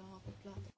avea pe plată.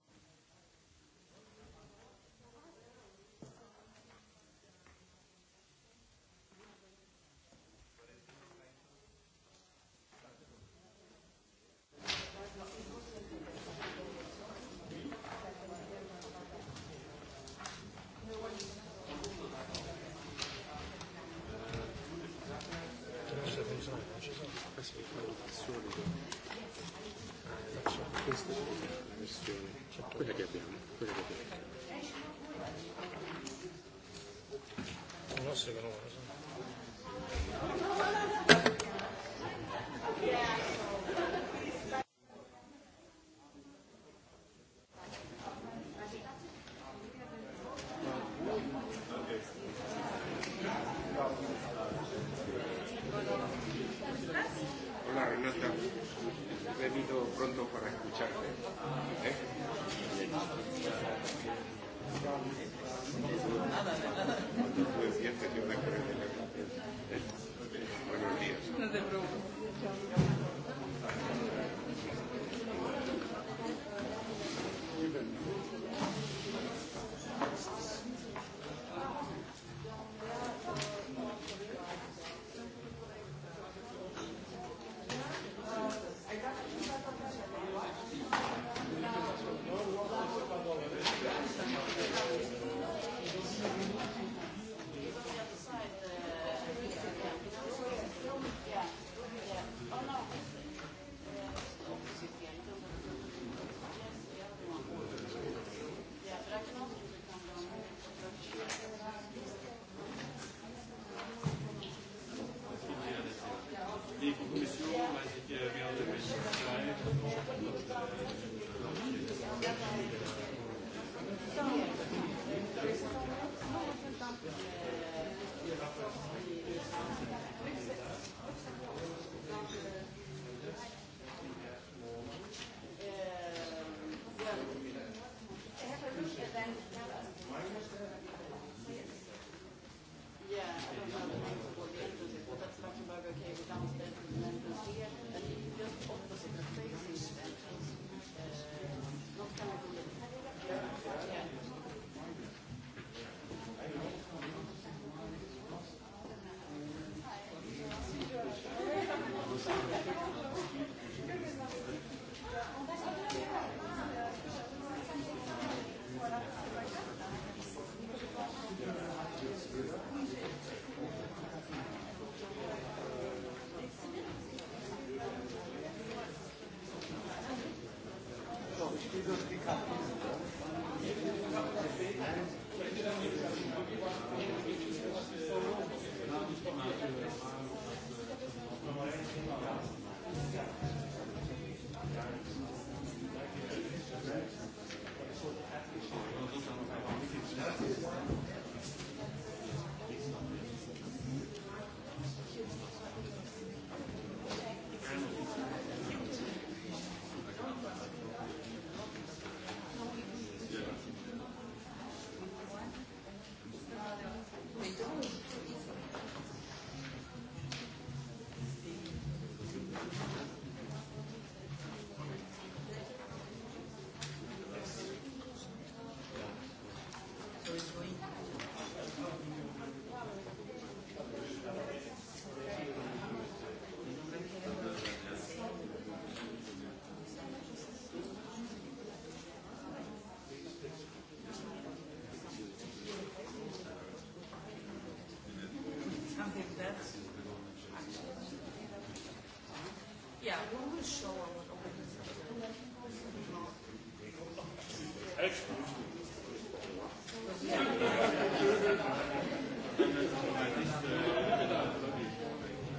Thank you.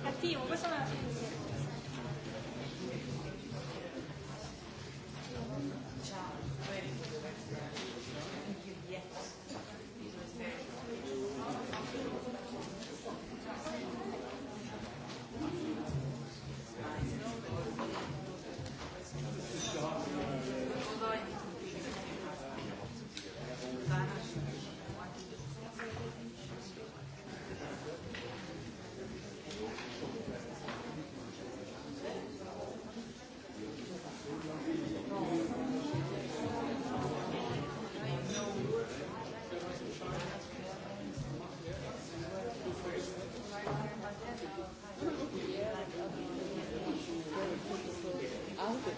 Cattivo, questo non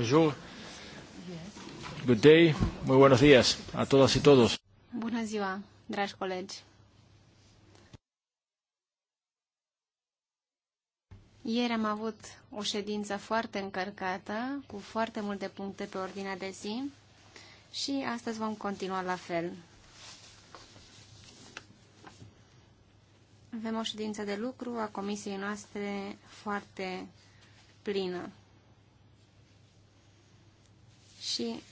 Bonjour. Good day. Muy buenos días a todas y todos. Bună ziua, dragi colegi. Ieri am avut o ședință foarte încărcată, cu foarte multe puncte pe ordinea de zi și astăzi vom continua la fel. Avem o ședință de lucru a comisiei noastre foarte plină. Și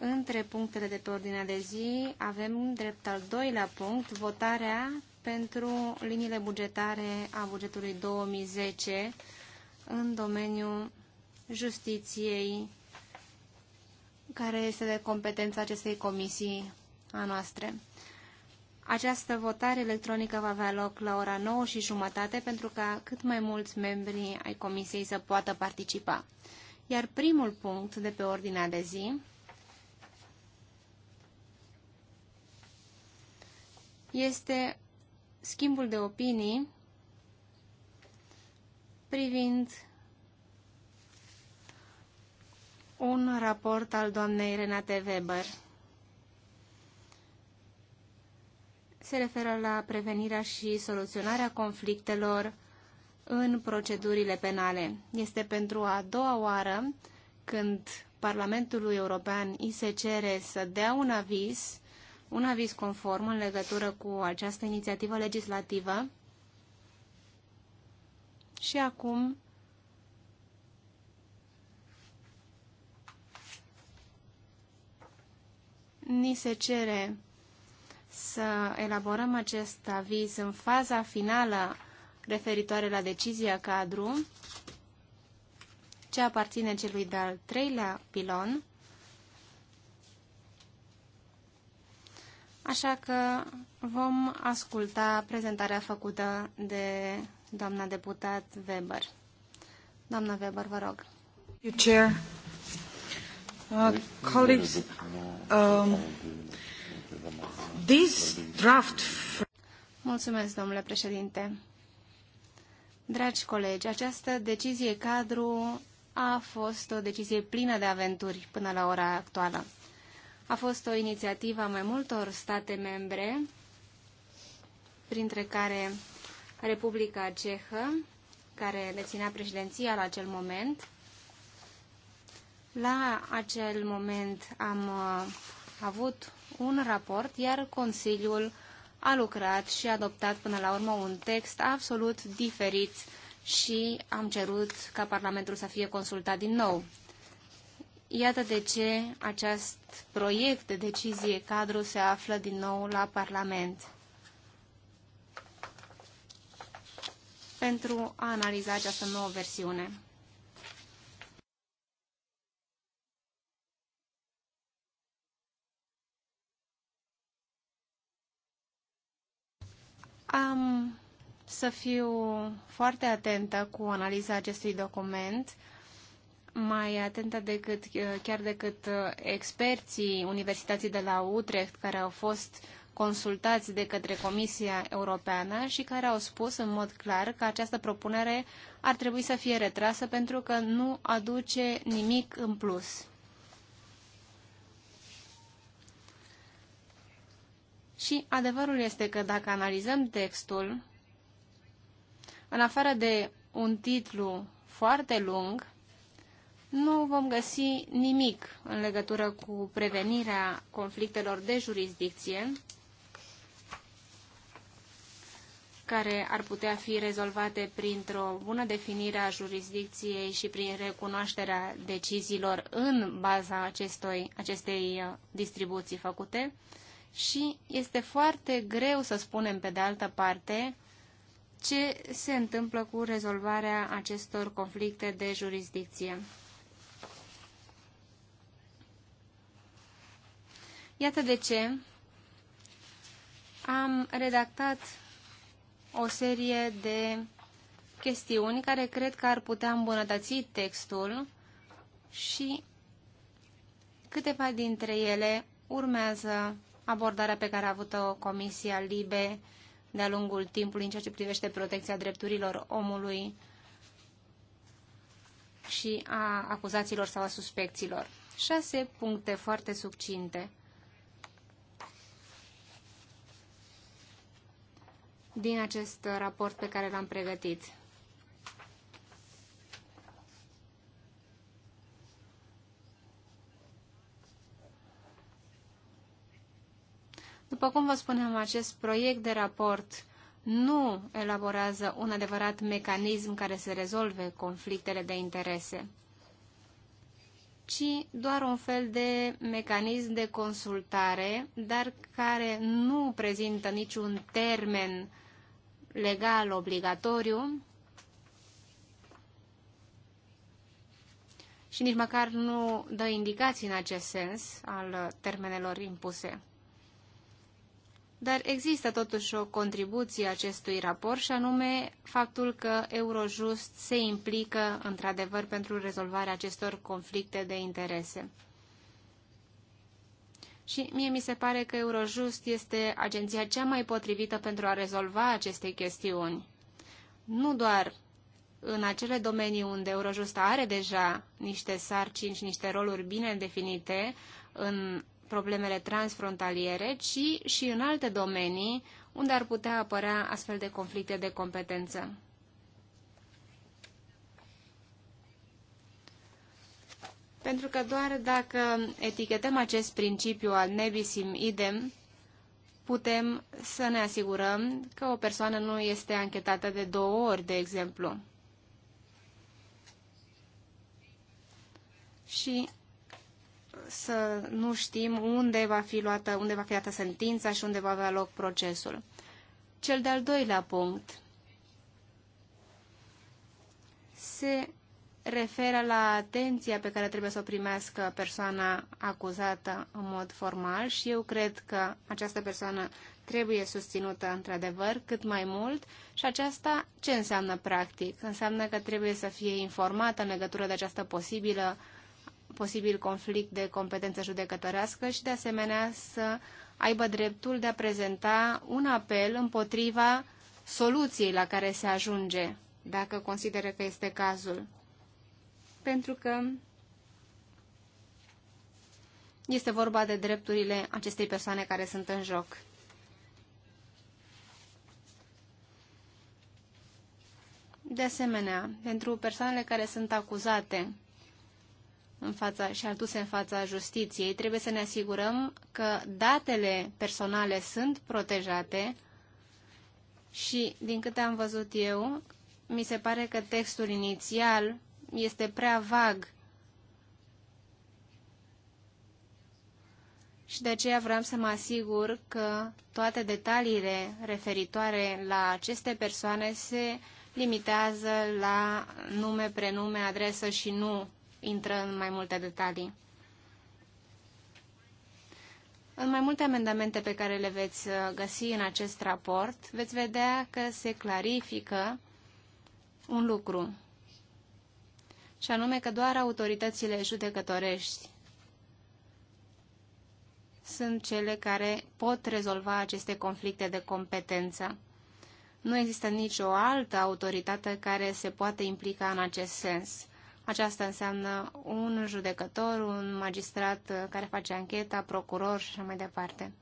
între punctele de pe ordinea de zi avem drept al doilea punct votarea pentru liniile bugetare a bugetului 2010 în domeniul justiției, care este de competența acestei comisii a noastre. Această votare electronică va avea loc la ora 9 și jumătate pentru ca cât mai mulți membri ai comisiei să poată participa. Iar primul punct de pe ordinea de zi este schimbul de opinii privind un raport al doamnei Renate Weber. Se referă la prevenirea și soluționarea conflictelor în procedurile penale. Este pentru a doua oară când Parlamentului European îi se cere să dea un aviz, un aviz conform în legătură cu această inițiativă legislativă. Și acum ni se cere să elaborăm acest aviz în faza finală referitoare la decizia cadru, ce aparține celui de-al treilea pilon, Așa că vom asculta prezentarea făcută de doamna deputat Weber. Doamna Weber, vă rog. You chair. Uh, colleagues, um, this draft... Mulțumesc, domnule președinte. Dragi colegi, această decizie cadru a fost o decizie plină de aventuri până la ora actuală. A fost o inițiativă a mai multor state membre, printre care Republica Cehă, care deținea președinția la acel moment. La acel moment am uh, avut un raport, iar Consiliul a lucrat și a adoptat până la urmă un text absolut diferit și am cerut ca Parlamentul să fie consultat din nou. Iată de ce acest proiect de decizie cadru se află din nou la Parlament. pentru a analiza această nouă versiune. Am să fiu foarte atentă cu analiza acestui document, mai atentă decât, chiar decât uh, experții Universității de la Utrecht, care au fost consultați de către Comisia Europeană și care au spus în mod clar că această propunere ar trebui să fie retrasă pentru că nu aduce nimic în plus. Și adevărul este că dacă analizăm textul, în afară de un titlu foarte lung, nu vom găsi nimic în legătură cu prevenirea conflictelor de jurisdicție care ar putea fi rezolvate printr-o bună definire a jurisdicției și prin recunoașterea deciziilor în baza acestui, acestei uh, distribuții făcute și este foarte greu să spunem pe de altă parte ce se întâmplă cu rezolvarea acestor conflicte de jurisdicție. Iată de ce am redactat o serie de chestiuni care cred că ar putea îmbunătăți textul și câteva dintre ele urmează abordarea pe care a avut-o Comisia Libe de-a lungul timpului în ceea ce privește protecția drepturilor omului și a acuzaților sau a suspecților. Șase puncte foarte succinte. din acest raport pe care l-am pregătit. După cum vă spuneam, acest proiect de raport nu elaborează un adevărat mecanism care să rezolve conflictele de interese, ci doar un fel de mecanism de consultare, dar care nu prezintă niciun termen legal obligatoriu și nici măcar nu dă indicații în acest sens al termenelor impuse. Dar există totuși o contribuție acestui raport și anume faptul că Eurojust se implică într-adevăr pentru rezolvarea acestor conflicte de interese. Și mie mi se pare că Eurojust este agenția cea mai potrivită pentru a rezolva aceste chestiuni. Nu doar în acele domenii unde Eurojust are deja niște sarcini, și niște roluri bine definite în problemele transfrontaliere, ci și în alte domenii unde ar putea apărea astfel de conflicte de competență. Pentru că doar dacă etichetăm acest principiu al nebisim idem, putem să ne asigurăm că o persoană nu este anchetată de două ori, de exemplu. Și să nu știm unde va fi luată, unde va fi dată sentința și unde va avea loc procesul. Cel de-al doilea punct se referă la atenția pe care trebuie să o primească persoana acuzată în mod formal și eu cred că această persoană trebuie susținută într-adevăr cât mai mult și aceasta ce înseamnă practic? Înseamnă că trebuie să fie informată în legătură de această posibilă posibil conflict de competență judecătorească și, de asemenea, să aibă dreptul de a prezenta un apel împotriva soluției la care se ajunge, dacă consideră că este cazul. Pentru că este vorba de drepturile acestei persoane care sunt în joc. De asemenea, pentru persoanele care sunt acuzate, în fața, și aduse în fața justiției, trebuie să ne asigurăm că datele personale sunt protejate și, din câte am văzut eu, mi se pare că textul inițial este prea vag și de aceea vreau să mă asigur că toate detaliile referitoare la aceste persoane se limitează la nume, prenume, adresă și nu intră în mai multe detalii. În mai multe amendamente pe care le veți uh, găsi în acest raport, veți vedea că se clarifică un lucru, și anume că doar autoritățile judecătorești sunt cele care pot rezolva aceste conflicte de competență. Nu există nicio altă autoritate care se poate implica în acest sens. Aceasta înseamnă un judecător, un magistrat uh, care face ancheta, procuror și așa mai departe.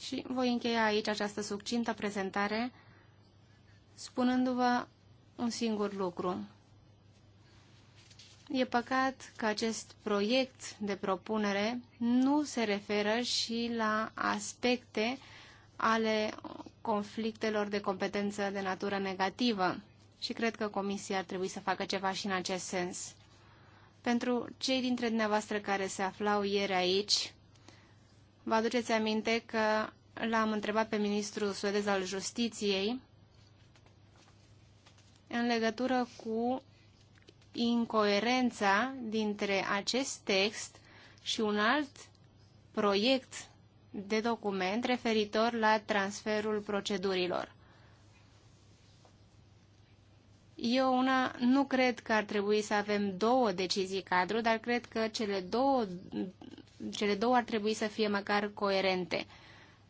Și voi încheia aici această succintă prezentare spunându-vă un singur lucru. E păcat că acest proiect de propunere nu se referă și la aspecte ale conflictelor de competență de natură negativă și cred că Comisia ar trebui să facă ceva și în acest sens. Pentru cei dintre dumneavoastră care se aflau ieri aici, vă aduceți aminte că l-am întrebat pe ministrul suedez al justiției în legătură cu incoerența dintre acest text și un alt proiect de document referitor la transferul procedurilor. Eu una nu cred că ar trebui să avem două decizii cadru, dar cred că cele două, cele două ar trebui să fie măcar coerente.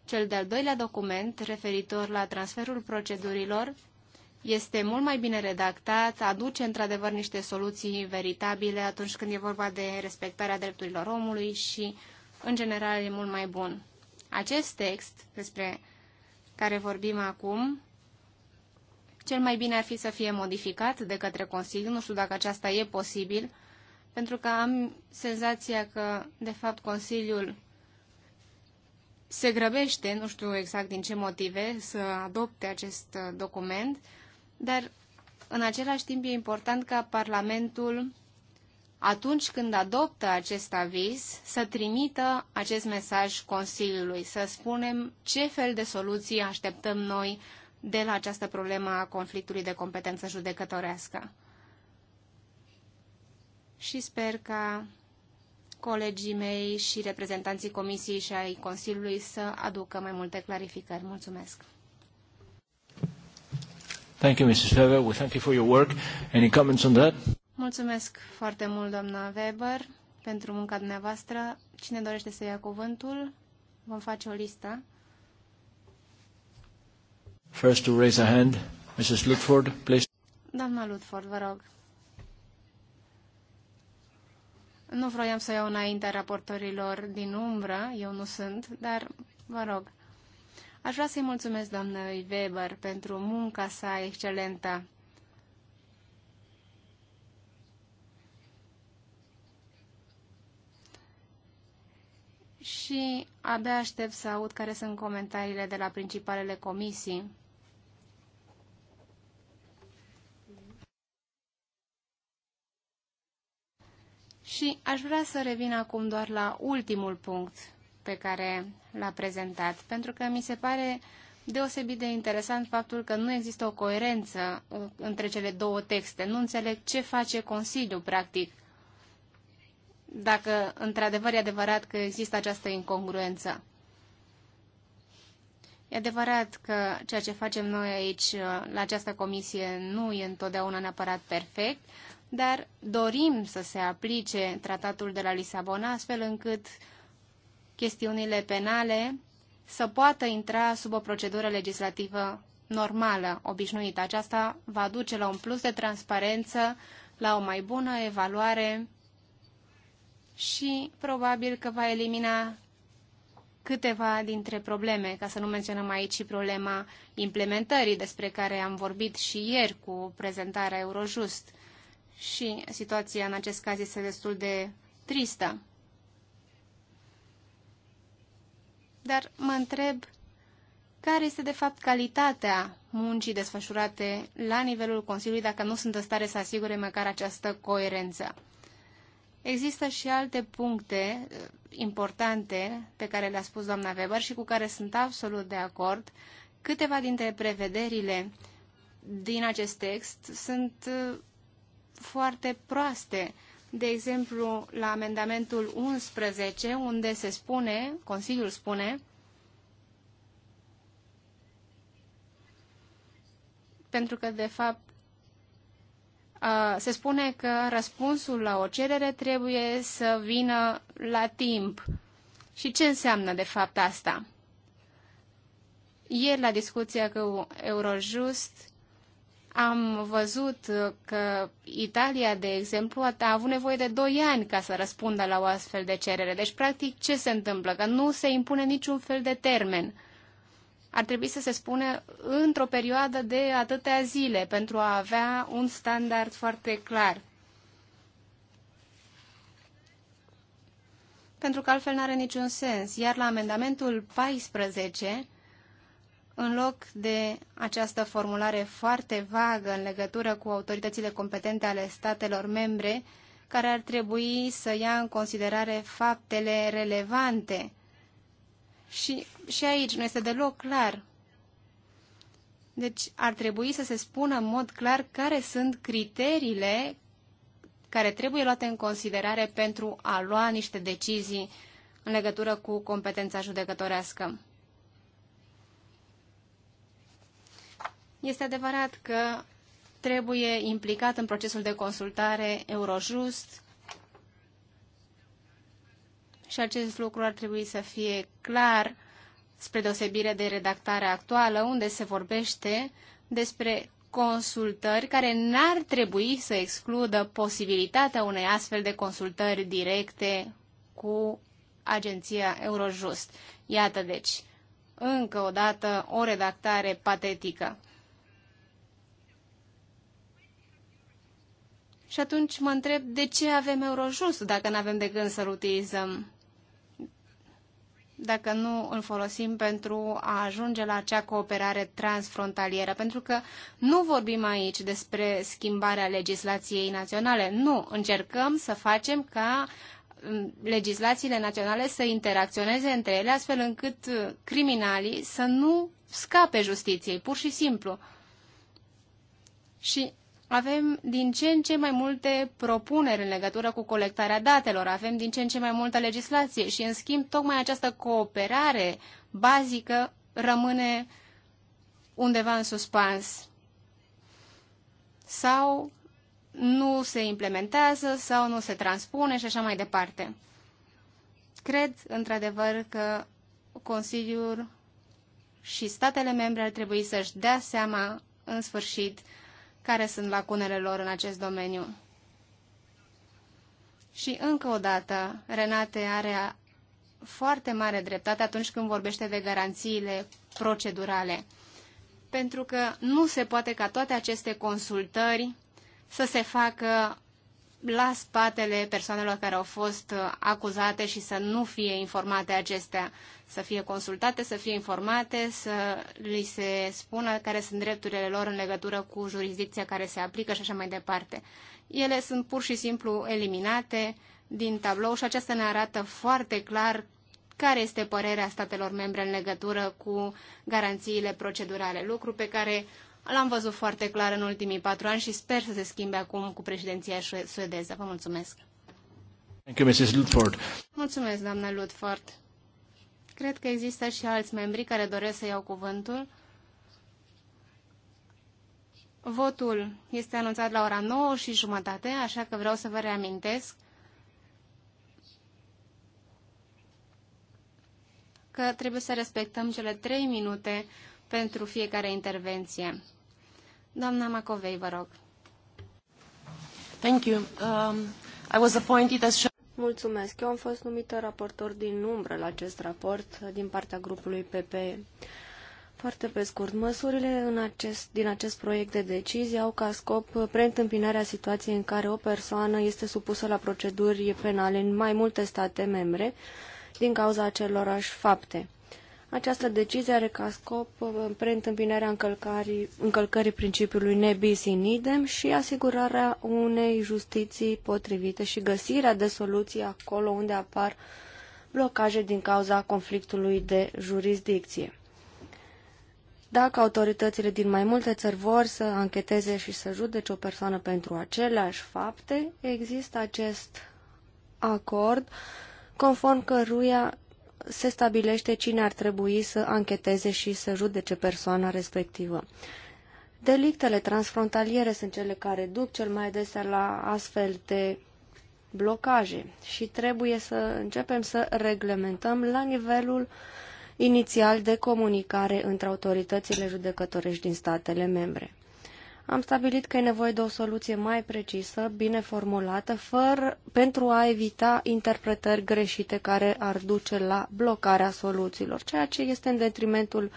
Cel de-al doilea document referitor la transferul procedurilor este mult mai bine redactat, aduce într-adevăr niște soluții veritabile atunci când e vorba de respectarea drepturilor omului și, în general, e mult mai bun. Acest text despre care vorbim acum, cel mai bine ar fi să fie modificat de către Consiliu, nu știu dacă aceasta e posibil, pentru că am senzația că, de fapt, Consiliul se grăbește, nu știu exact din ce motive, să adopte acest document, dar în același timp e important ca Parlamentul atunci când adoptă acest aviz, să trimită acest mesaj Consiliului, să spunem ce fel de soluții așteptăm noi de la această problemă a conflictului de competență judecătorească. Și sper ca colegii mei și reprezentanții Comisiei și ai Consiliului să aducă mai multe clarificări. Mulțumesc! Thank you, Mrs. Weber. We thank you for your work. Any comments on that? Mulțumesc foarte mult, doamna Weber, pentru munca dumneavoastră. Cine dorește să ia cuvântul, vom face o listă. First to raise a hand, Mrs. Lutford, please. Doamna Lutford, vă rog. Nu vroiam să iau înaintea raportorilor din umbră, eu nu sunt, dar vă rog. Aș vrea să-i mulțumesc doamnei Weber pentru munca sa excelentă. și abia aștept să aud care sunt comentariile de la principalele comisii. Și aș vrea să revin acum doar la ultimul punct pe care l-a prezentat, pentru că mi se pare deosebit de interesant faptul că nu există o coerență uh, între cele două texte. Nu înțeleg ce face Consiliul, practic dacă într-adevăr e adevărat că există această incongruență. E adevărat că ceea ce facem noi aici, uh, la această comisie, nu e întotdeauna neapărat perfect, dar dorim să se aplice tratatul de la Lisabona, astfel încât chestiunile penale să poată intra sub o procedură legislativă normală, obișnuită. Aceasta va duce la un plus de transparență, la o mai bună evaluare și probabil că va elimina câteva dintre probleme, ca să nu menționăm aici și problema implementării despre care am vorbit și ieri cu prezentarea Eurojust. Și situația în acest caz este destul de tristă. Dar mă întreb care este de fapt calitatea muncii desfășurate la nivelul Consiliului dacă nu sunt în stare să asigure măcar această coerență. Există și alte puncte uh, importante pe care le-a spus doamna Weber și cu care sunt absolut de acord. Câteva dintre prevederile din acest text sunt uh, foarte proaste. De exemplu, la amendamentul 11, unde se spune, Consiliul spune, pentru că, de fapt, se spune că răspunsul la o cerere trebuie să vină la timp. Și ce înseamnă de fapt asta? Ieri la discuția cu Eurojust am văzut că Italia, de exemplu, a avut nevoie de 2 ani ca să răspundă la o astfel de cerere. Deci, practic, ce se întâmplă? Că nu se impune niciun fel de termen ar trebui să se spune într-o perioadă de atâtea zile pentru a avea un standard foarte clar. Pentru că altfel nu are niciun sens. Iar la amendamentul 14, în loc de această formulare foarte vagă în legătură cu autoritățile competente ale statelor membre, care ar trebui să ia în considerare faptele relevante și, și aici nu este deloc clar. Deci ar trebui să se spună în mod clar care sunt criteriile care trebuie luate în considerare pentru a lua niște decizii în legătură cu competența judecătorească. Este adevărat că trebuie implicat în procesul de consultare Eurojust și acest lucru ar trebui să fie clar spre deosebire de redactarea actuală, unde se vorbește despre consultări care n-ar trebui să excludă posibilitatea unei astfel de consultări directe cu agenția Eurojust. Iată deci, încă o dată o redactare patetică. Și atunci mă întreb de ce avem Eurojust dacă nu avem de gând să-l utilizăm dacă nu îl folosim pentru a ajunge la acea cooperare transfrontalieră, pentru că nu vorbim aici despre schimbarea legislației naționale, nu, încercăm să facem ca mm, legislațiile naționale să interacționeze între ele, astfel încât criminalii să nu scape justiției, pur și simplu. Și avem din ce în ce mai multe propuneri în legătură cu colectarea datelor, avem din ce în ce mai multă legislație și, în schimb, tocmai această cooperare bazică rămâne undeva în suspans sau nu se implementează sau nu se transpune și așa mai departe. Cred, într-adevăr, că Consiliul și statele membre ar trebui să-și dea seama, în sfârșit, care sunt lacunele lor în acest domeniu. Și încă o dată, Renate are foarte mare dreptate atunci când vorbește de garanțiile procedurale. Pentru că nu se poate ca toate aceste consultări să se facă la spatele persoanelor care au fost uh, acuzate și să nu fie informate acestea, să fie consultate, să fie informate, să li se spună care sunt drepturile lor în legătură cu jurisdicția care se aplică și așa mai departe. Ele sunt pur și simplu eliminate din tablou și aceasta ne arată foarte clar care este părerea statelor membre în legătură cu garanțiile procedurale, lucru pe care L-am văzut foarte clar în ultimii patru ani și sper să se schimbe acum cu președinția suedeză. Vă mulțumesc. Thank you, Mrs. Lutford. Mulțumesc, doamna Ludford. Cred că există și alți membri care doresc să iau cuvântul. Votul este anunțat la ora 9 și jumătate, așa că vreau să vă reamintesc că trebuie să respectăm cele 3 minute pentru fiecare intervenție. Doamna Macovei, vă rog. Thank you. Um, I was appointed as... Mulțumesc. Eu am fost numită raportor din umbră la acest raport din partea grupului PPE. Foarte pe scurt, măsurile în acest, din acest proiect de decizie au ca scop preîntâmpinarea situației în care o persoană este supusă la proceduri penale în mai multe state membre din cauza acelorași fapte. Această decizie are ca scop uh, preîntâmpinarea încălcării, încălcării principiului nebis in idem și asigurarea unei justiții potrivite și găsirea de soluții acolo unde apar blocaje din cauza conflictului de jurisdicție. Dacă autoritățile din mai multe țări vor să ancheteze și să judece o persoană pentru aceleași fapte, există acest acord conform căruia se stabilește cine ar trebui să ancheteze și să judece persoana respectivă. Delictele transfrontaliere sunt cele care duc cel mai des la astfel de blocaje și trebuie să începem să reglementăm la nivelul inițial de comunicare între autoritățile judecătorești din statele membre am stabilit că e nevoie de o soluție mai precisă, bine formulată, fără, pentru a evita interpretări greșite care ar duce la blocarea soluțiilor, ceea ce este în detrimentul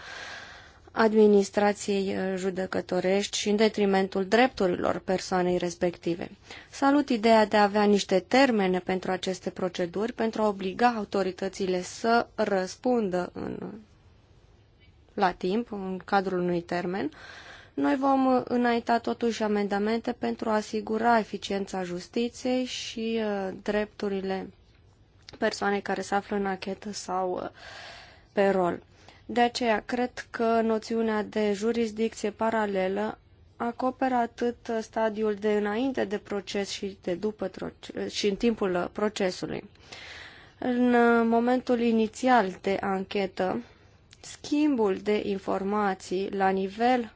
administrației uh, judecătorești și în detrimentul drepturilor persoanei respective. Salut ideea de a avea niște termene pentru aceste proceduri, pentru a obliga autoritățile să răspundă în, la timp, în cadrul unui termen, uh, noi vom înainta totuși amendamente pentru a asigura eficiența justiției și uh, drepturile persoanei care se află în achetă sau uh, pe rol. De aceea, cred că noțiunea de jurisdicție paralelă acoperă atât stadiul de înainte de proces și, de după și în timpul uh, procesului. În uh, momentul inițial de anchetă, schimbul de informații la nivel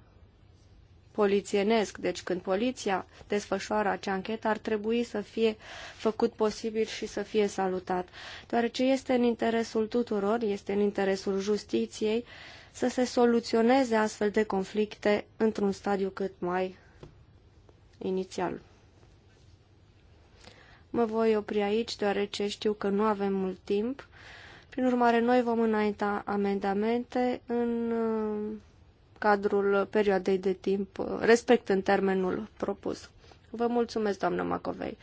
polițienesc. Deci când poliția desfășoară acea anchetă, ar trebui să fie făcut posibil și să fie salutat. Deoarece este în interesul tuturor, este în interesul justiției să se soluționeze astfel de conflicte într-un stadiu cât mai inițial. Mă voi opri aici, deoarece știu că nu avem mult timp. Prin urmare, noi vom înainta amendamente în cadrul perioadei de timp, uh, respectând termenul propus. Vă mulțumesc, doamnă Macovei.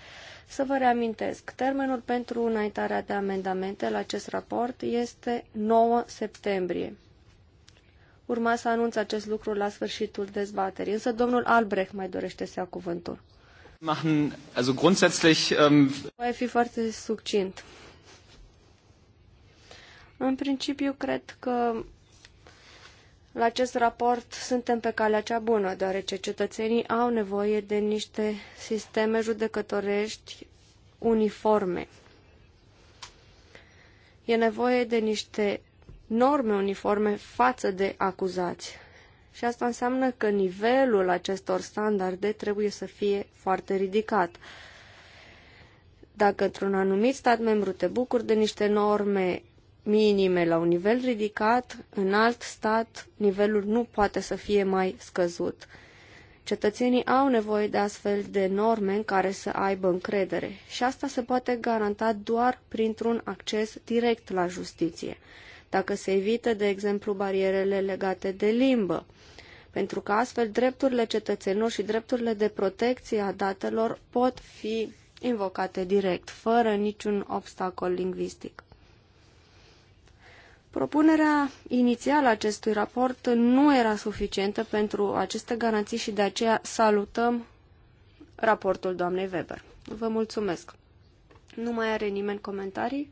Să vă reamintesc, termenul pentru înaintarea de amendamente la acest raport este 9 septembrie. Urma să anunț acest lucru la sfârșitul dezbaterii, însă domnul Albrecht mai dorește să ia cuvântul. Machen, also grundsätzlich, um... Voi fi foarte succint. În principiu, cred că la acest raport suntem pe calea cea bună, deoarece cetățenii au nevoie de niște sisteme judecătorești uniforme. E nevoie de niște norme uniforme față de acuzați. Și asta înseamnă că nivelul acestor standarde trebuie să fie foarte ridicat. Dacă într-un anumit stat membru te bucuri de niște norme minime la un nivel ridicat, în alt stat nivelul nu poate să fie mai scăzut. Cetățenii au nevoie de astfel de norme în care să aibă încredere și asta se poate garanta doar printr-un acces direct la justiție. Dacă se evită, de exemplu, barierele legate de limbă, pentru că astfel drepturile cetățenilor și drepturile de protecție a datelor pot fi invocate direct, fără niciun obstacol lingvistic. Propunerea inițială a acestui raport nu era suficientă pentru aceste garanții și de aceea salutăm raportul doamnei Weber. Vă mulțumesc. Nu mai are nimeni comentarii?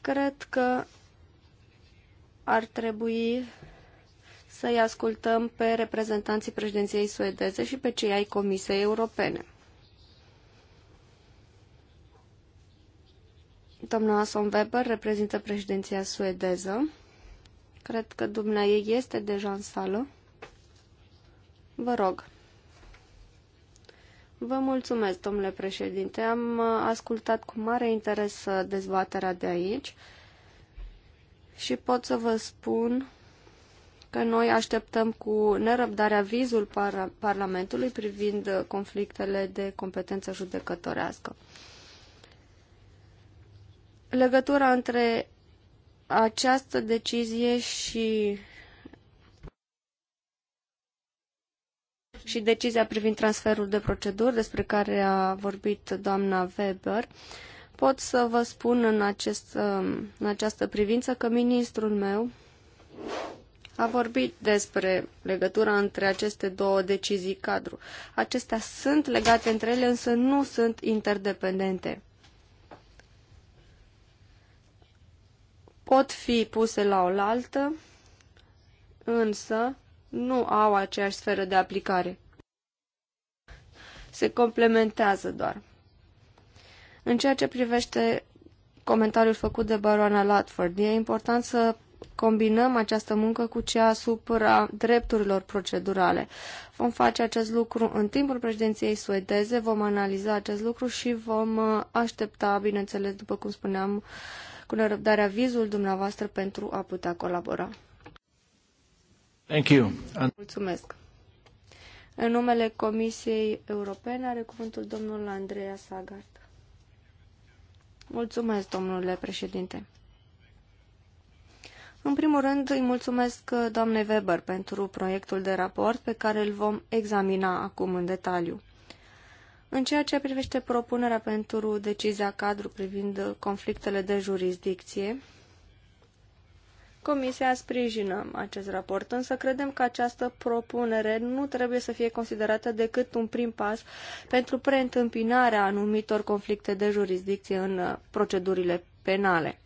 Cred că ar trebui să-i ascultăm pe reprezentanții președinției suedeze și pe cei ai Comisiei Europene. Doamna Asson Weber reprezintă președinția suedeză. Cred că dumnea ei este deja în sală. Vă rog. Vă mulțumesc, domnule președinte. Am uh, ascultat cu mare interes uh, dezbaterea de aici și pot să vă spun că noi așteptăm cu nerăbdare avizul par Parlamentului privind uh, conflictele de competență judecătorească legătura între această decizie și și decizia privind transferul de proceduri despre care a vorbit doamna Weber, pot să vă spun în, acest, um, în această privință că ministrul meu a vorbit despre legătura între aceste două decizii cadru. Acestea sunt legate între ele, însă nu sunt interdependente. pot fi puse la oaltă, însă nu au aceeași sferă de aplicare. Se complementează doar. În ceea ce privește comentariul făcut de baroana Latford, e important să combinăm această muncă cu cea asupra drepturilor procedurale. Vom face acest lucru în timpul președinției suedeze, vom analiza acest lucru și vom uh, aștepta, bineînțeles, după cum spuneam, uh, cu nerăbdare avizul dumneavoastră pentru a putea colabora. Thank you. Mulțumesc. În numele Comisiei Europene are cuvântul domnul Andreea Sagart. Mulțumesc, domnule președinte. În primul rând, îi mulțumesc doamnei Weber pentru proiectul de raport pe care îl vom examina acum în detaliu. În ceea ce privește propunerea pentru decizia cadru privind conflictele de jurisdicție, Comisia sprijină acest raport, însă credem că această propunere nu trebuie să fie considerată decât un prim pas pentru preîntâmpinarea anumitor conflicte de jurisdicție în procedurile penale.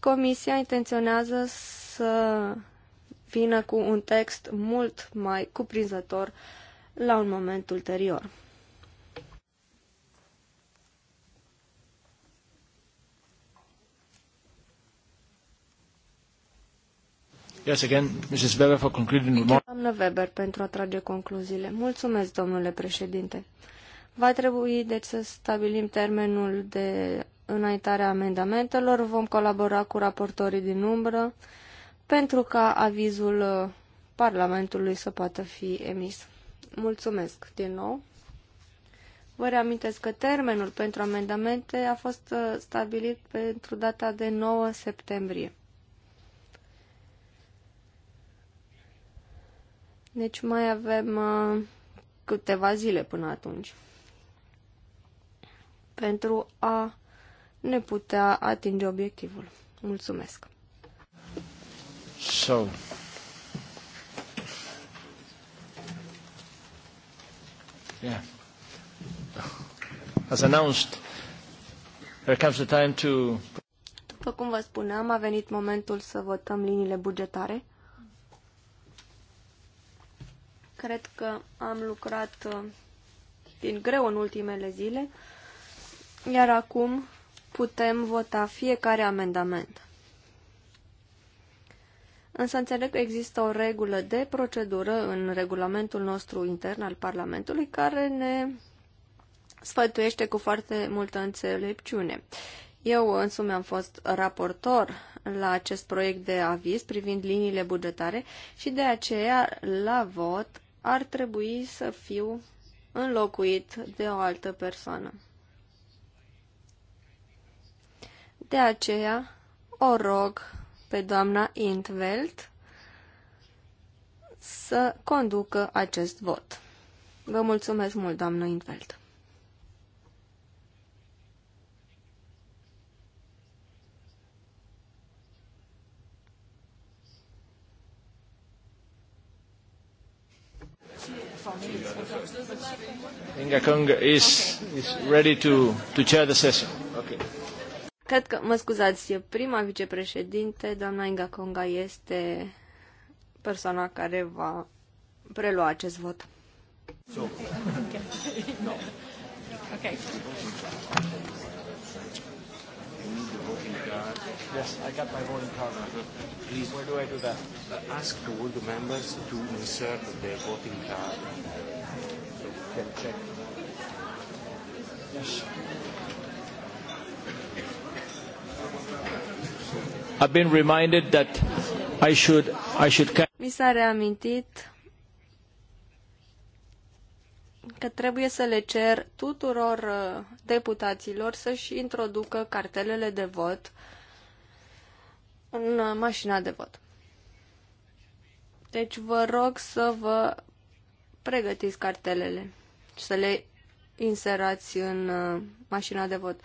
Comisia intenționează să vină cu un text mult mai cuprinzător la un moment ulterior. Yes, again, Mrs. Weber for concluding remarks. Doamnă Weber, pentru a trage concluziile. Mulțumesc, domnule președinte. Va trebui, deci, să stabilim termenul de înaintare a amendamentelor. Vom colabora cu raportorii din umbră pentru ca avizul uh, Parlamentului să poată fi emis. Mulțumesc din nou. Vă reamintesc că termenul pentru amendamente a fost uh, stabilit pentru data de 9 septembrie. Deci mai avem uh, câteva zile până atunci pentru a ne putea atinge obiectivul. Mulțumesc! So. Yeah. As announced, there comes the time to... După cum vă spuneam, a venit momentul să votăm liniile bugetare. Cred că am lucrat uh, din greu în ultimele zile, iar acum putem vota fiecare amendament. Însă înțeleg că există o regulă de procedură în regulamentul nostru intern al Parlamentului care ne sfătuiește cu foarte multă înțelepciune. Eu însumi am fost raportor la acest proiect de aviz privind liniile bugetare și de aceea la vot ar trebui să fiu înlocuit de o altă persoană. De aceea o rog pe doamna Intveld să conducă acest vot. Vă mulțumesc mult, doamnă Intveld. Inga Kung is, is ready to, to chair the session. Okay. Cred că, mă scuzați, prima vicepreședinte, doamna Inga Conga, este persoana care va prelua acest vot. So. Okay. no. okay. Yes, I got my voting card. Please, where do I do that? Ask all the members to insert their voting card. So can check. Yes. I've been reminded that I should I should Mi s-a reamintit că trebuie să le cer tuturor uh, deputaților să-și introducă cartelele de vot în uh, mașina de vot. Deci vă rog să vă pregătiți cartelele și să le inserați în uh, mașina de vot.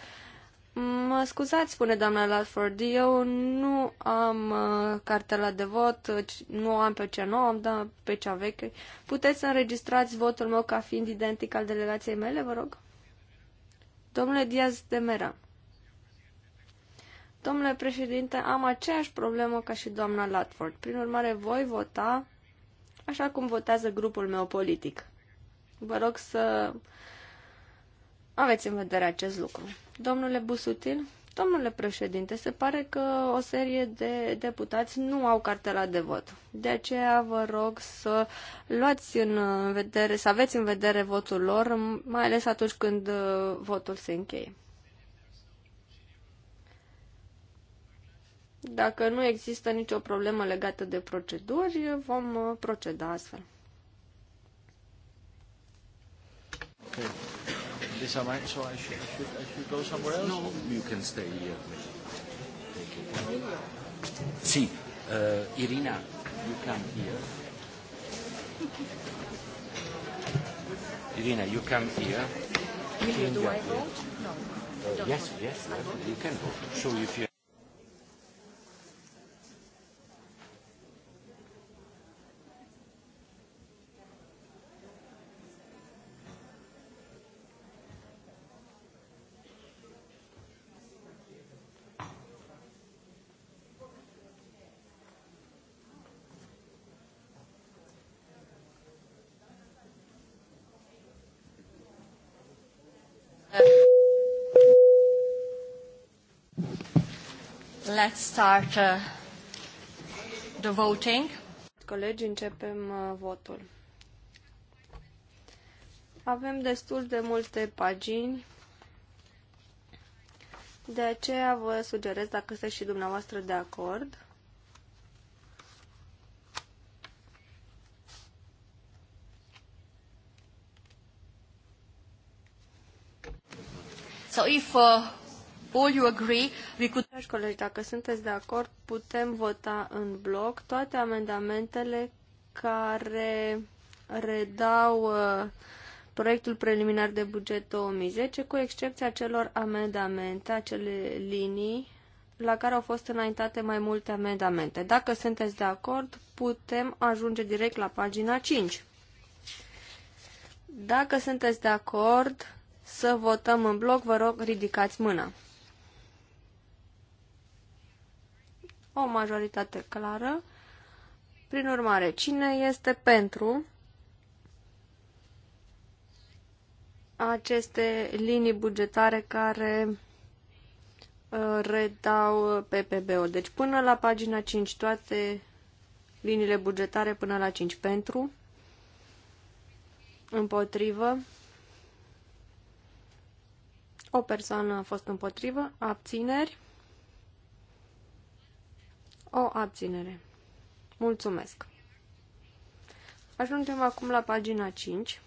Mă scuzați, spune doamna Latford, eu nu am uh, cartela de vot, nu am pe cea nouă, am dat pe cea veche. Puteți să înregistrați votul meu ca fiind identic al delegației mele, vă rog? Domnule Diaz de Mera. Domnule președinte, am aceeași problemă ca și doamna Latford. Prin urmare, voi vota așa cum votează grupul meu politic. Vă rog să aveți în vedere acest lucru. Domnule Busutin, domnule președinte, se pare că o serie de deputați nu au cartela de vot. De aceea vă rog să luați în vedere, să aveți în vedere votul lor, mai ales atunci când uh, votul se încheie. Dacă nu există nicio problemă legată de proceduri, vom uh, proceda astfel. Okay. This I might, so I should, I should, I should go somewhere else? No, you can stay here. Take it. See, uh, Irina, you come here. Irina, you come here. Will you do I vote? No. Uh, yes, yes, you can vote. So if you Let's start uh, the voting. Colegi, începem uh, votul. Avem destul de multe pagini, de aceea vă sugerez, dacă sunteți și dumneavoastră de acord, So if uh, all you agree, we could... Dragi colegi, dacă sunteți de acord, putem vota în bloc toate amendamentele care redau uh, proiectul preliminar de buget 2010, cu excepția celor amendamente, acele linii la care au fost înaintate mai multe amendamente. Dacă sunteți de acord, putem ajunge direct la pagina 5. Dacă sunteți de acord să votăm în bloc, vă rog, ridicați mâna. o majoritate clară. Prin urmare, cine este pentru aceste linii bugetare care uh, redau PPB-ul? Deci până la pagina 5, toate liniile bugetare până la 5 pentru, împotrivă, o persoană a fost împotrivă, abțineri, o abținere. Mulțumesc! Ajungem acum la pagina 5.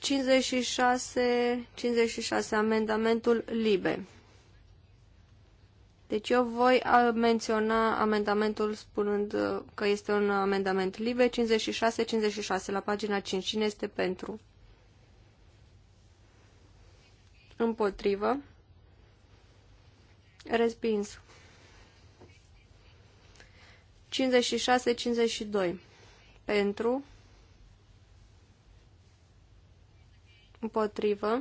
Cincizeci și șase amendamentul libe. Deci eu voi menționa amendamentul spunând uh, că este un amendament liber 56-56 la pagina 5. Cine este pentru? Împotrivă. Respins. 56-52. Pentru. Împotrivă.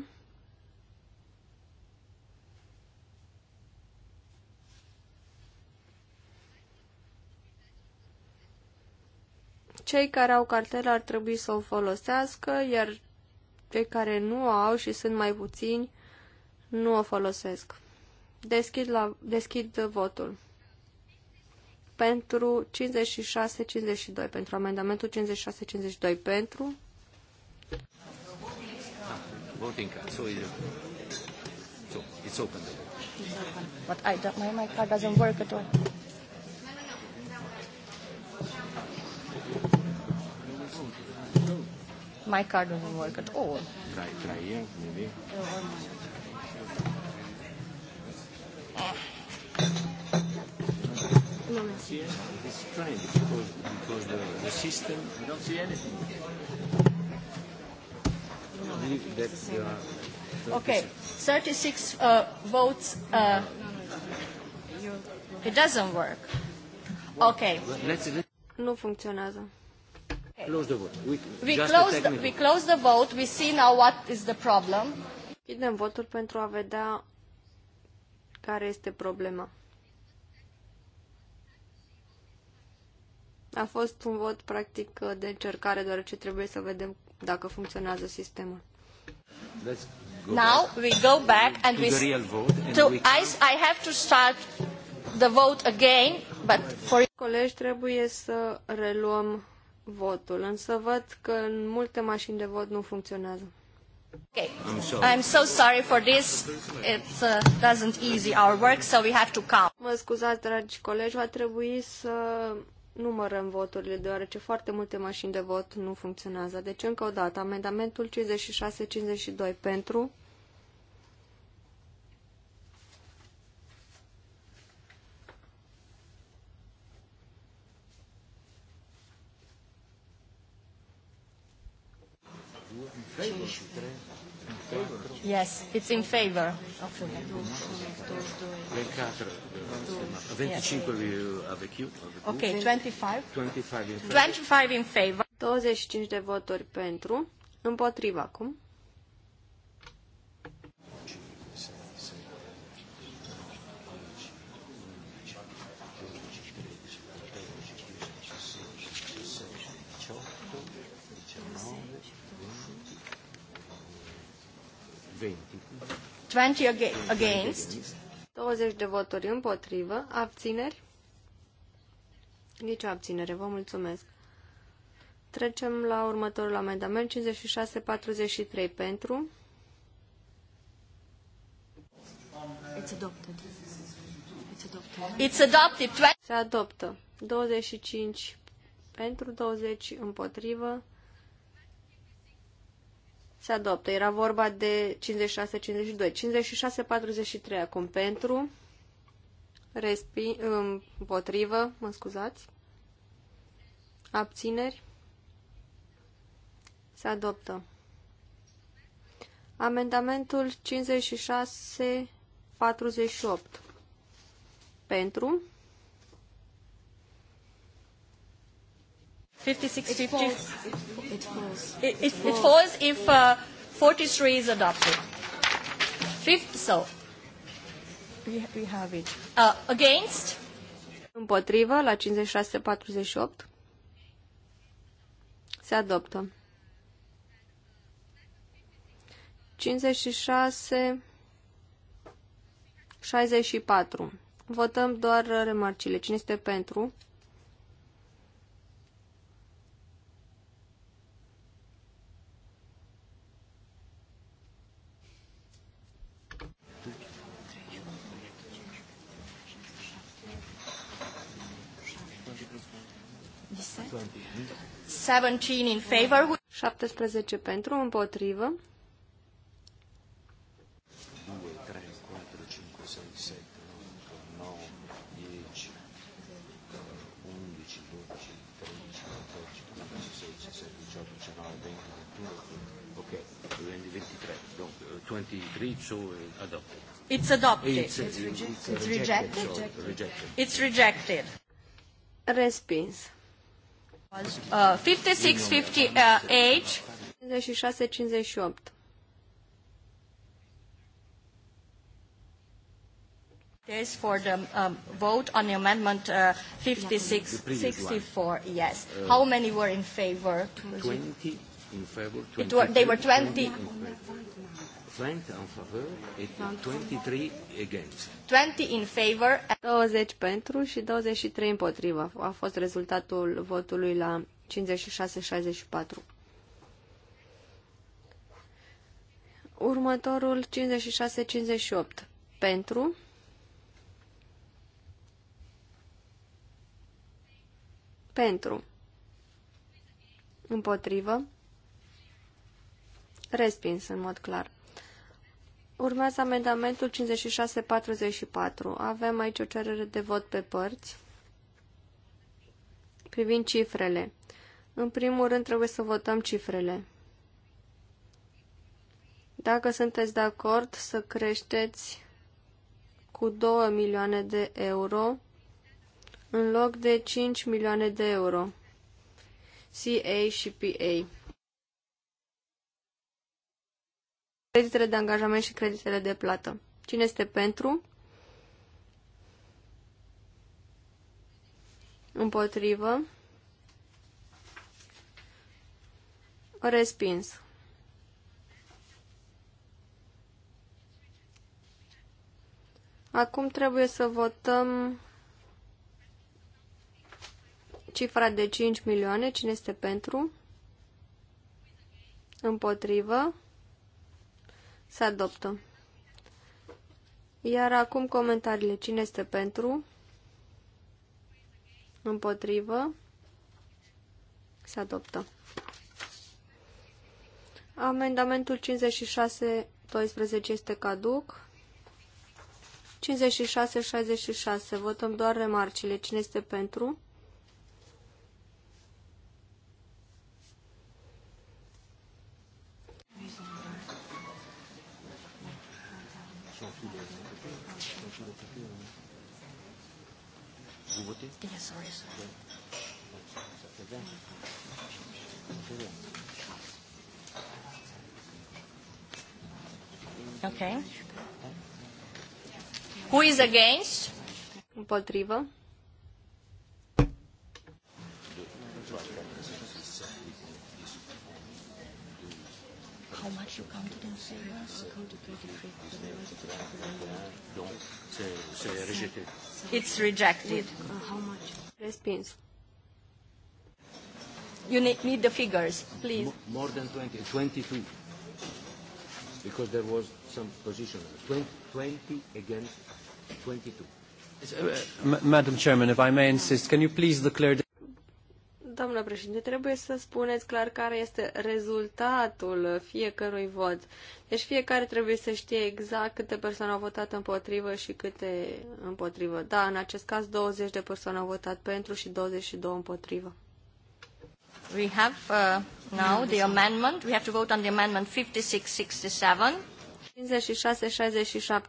Cei care au cartela ar trebui să o folosească, iar cei care nu o au și sunt mai puțini nu o folosesc. Deschid, la, deschid votul. Pentru 56-52, pentru amendamentul 56-52, pentru... Voting card, so so it's open. It's open. But I don't, my, my card doesn't work at all. My car doesn't work at all. Try, try here, maybe. it's strange because, because the, the system, I don't see anything. No, I the same. Okay, 36 uh, votes. Uh, it doesn't work. Okay. Let's, let's... Nu funcționează. Close the vote. We, we, close the, we close the vote. We see now what is the problem. Închidem votul pentru a vedea care este problema. A fost un vot practic de încercare, deoarece trebuie să vedem dacă funcționează sistemul. Let's go Now back. we go back and we the real vote and to we I, I have to start the vote again, but for colegi trebuie să reluăm votul, însă văd că în multe mașini de vot nu funcționează. Okay. I'm, sorry. I'm so sorry for this. It uh, doesn't easy our work, so we have to count. Mă scuzați, dragi colegi, va trebui să numărăm voturile, deoarece foarte multe mașini de vot nu funcționează. Deci, încă o dată, amendamentul 56-52 pentru, Yes, it's in favor. 24, 25 uh, avec Ok, 25. 25 in favor. 25 de voturi pentru, împotriva acum. 20 against. 20 de voturi împotrivă. Abțineri? Nici o abținere. Vă mulțumesc. Trecem la următorul amendament. 56-43 pentru. It's adopted. It's adopted. It's adopted. Se adoptă. 25 pentru 20 împotrivă se adoptă. Era vorba de 56-52. 56-43 acum pentru, respi, împotrivă, mă scuzați, abțineri, se adoptă. Amendamentul 56-48 pentru, 56, It falls. It, falls. It, it, it falls if uh, 43 is adopted. Fifth, so. We, we have it. Uh, against. Împotrivă, la 56-48. Se adoptă. 56... 64. Votăm doar remarcile. Cine este pentru? 17 in favor. 17 pentru, împotrivă. 2, 3, 4, 5, 6, 7, 8, 9, 10, 11, 12, 13, 14, 15, 16, 17, 18, 19, 20, 21. Ok, 23. Donc, 23, so adopted. It's adopted. It's, it's, it's rejected. It's rejected. It's rejected. It's rejected. Respins. Uh, 56 uh, uh, for the um, vote on the amendment uh, 5664, yes. Uh, How many were in favor? 20 in favor. 20, it were, they were 20. 20 20 în favor și 23 against. 20 in favor. 20 pentru și 23 împotriva. A fost rezultatul votului la 56-64. Următorul 56-58 pentru pentru împotrivă respins în mod clar Urmează amendamentul 5644. Avem aici o cerere de vot pe părți. Privind cifrele. În primul rând trebuie să votăm cifrele. Dacă sunteți de acord să creșteți cu 2 milioane de euro în loc de 5 milioane de euro. CA și PA. Creditele de angajament și creditele de plată. Cine este pentru? Împotrivă. Respins. Acum trebuie să votăm cifra de 5 milioane. Cine este pentru? Împotrivă. Se adoptă. Iar acum comentariile. Cine este pentru? Împotrivă? Se adoptă. Amendamentul 56 12 este caduc. 56-66. Votăm doar remarcile. Cine este pentru? Okay. Who is against? Împotrivă. how much you counted in favor? It's rejected. Uh, how much? Respins. You need, need the figures, please. More than 20, 22. Because there was some position. 20, 20 against 22. Uh, uh Madam Chairman, if I may insist, can you please declare... Doamnă președinte, trebuie să spuneți clar care este rezultatul fiecărui vot. Deci fiecare trebuie să știe exact câte persoane au votat împotrivă și câte împotrivă. Da, în acest caz 20 de persoane au votat pentru și 22 împotrivă. We have uh, now the amendment. We have to vote on the amendment 56-67.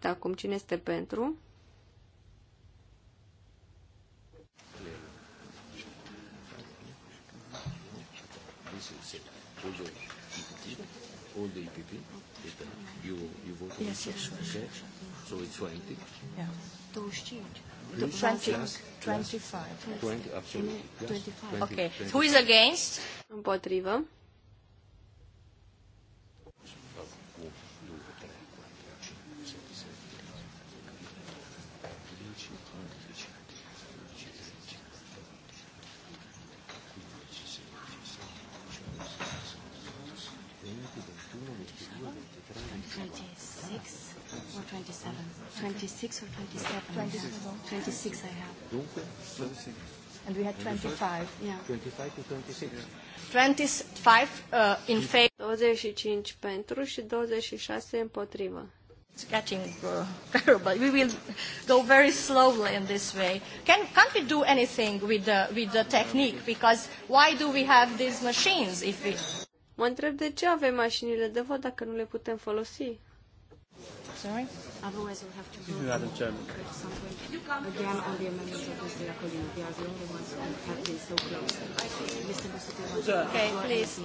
56-67 acum. Cine este pentru? all the EPP. You, you vote yes, yes, sure, okay. sure, sure. So it's 20. Yeah. 25. 20, 25. 20, absolutely. 25. Okay. Who is against? Împotrivă. 26 or 27? 26. 26 I have. 26. And we had 25. Yeah. 25 to 26. 25 uh, in favor. 25 pentru și 26 împotrivă. It's getting uh, terrible. We will go very slowly in this way. Can, can't we do anything with the, with the technique? Because why do we have these machines if we... Mă întreb de ce avem mașinile de vot dacă nu le putem folosi? Sorry? Otherwise, we'll have to vote Madam Chairman. something again on the amendments of Mr. Iacolino. They are the only ones who have been so close. Mr. Busuttil, okay, please.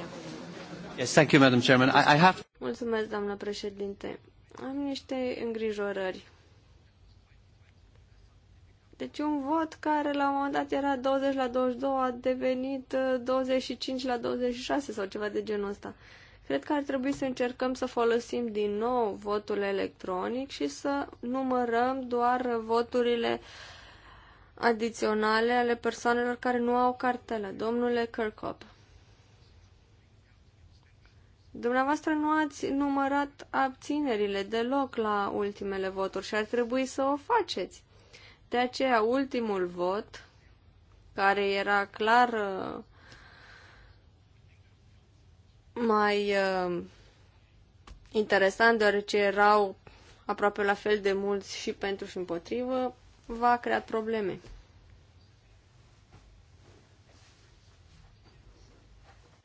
Yes, thank you, Madam Chairman. I, I have... Mulțumesc, doamnă președinte. Am niște îngrijorări. Deci un vot care la un moment dat era 20 la 22 a devenit 25 uh, la 26 sau ceva de genul ăsta. Uh, Cred că ar trebui să încercăm să folosim din nou votul electronic și să numărăm doar voturile adiționale ale persoanelor care nu au cartelă. Domnule Kirkhop, Dumneavoastră nu ați numărat abținerile deloc la ultimele voturi și ar trebui să o faceți. De aceea, ultimul vot, care era clar uh, mai uh, interesant, deoarece erau aproape la fel de mulți și pentru și împotrivă, va crea probleme.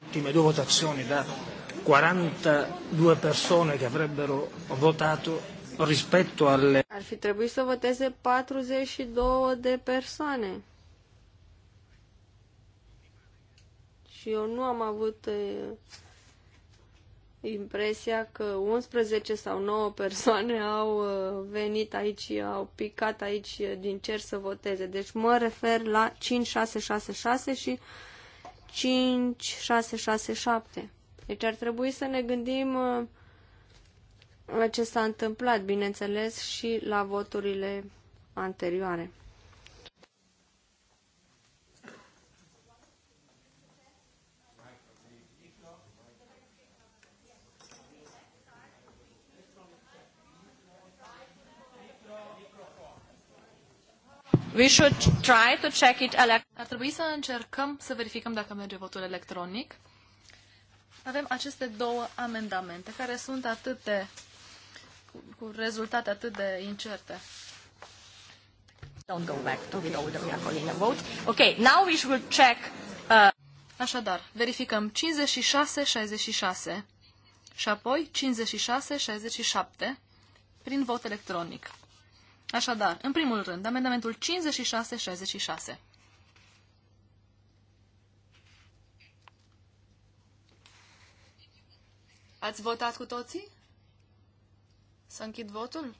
Ultime due votazioni da 42 persone che avrebbero votato rispetto alle... Ar fi trebuit să voteze 42 de persoane. Și eu nu am avut eh, impresia că 11 sau 9 persoane au uh, venit aici, au picat aici uh, din cer să voteze. Deci mă refer la 5666 și 5667. Deci ar trebui să ne gândim uh, la ce s-a întâmplat, bineînțeles, și la voturile anterioare. We should try to check it Ar trebui să încercăm să verificăm dacă merge votul electronic. Avem aceste două amendamente care sunt atât de cu, cu rezultate atât de incerte. Don't go back to the the Iacolina vote. Ok, now we should check uh... Așadar, verificăm 56-66 și apoi 56-67 prin vot electronic. Așadar, în primul rând, amendamentul 5666. Ați votat cu toții? Să închid votul?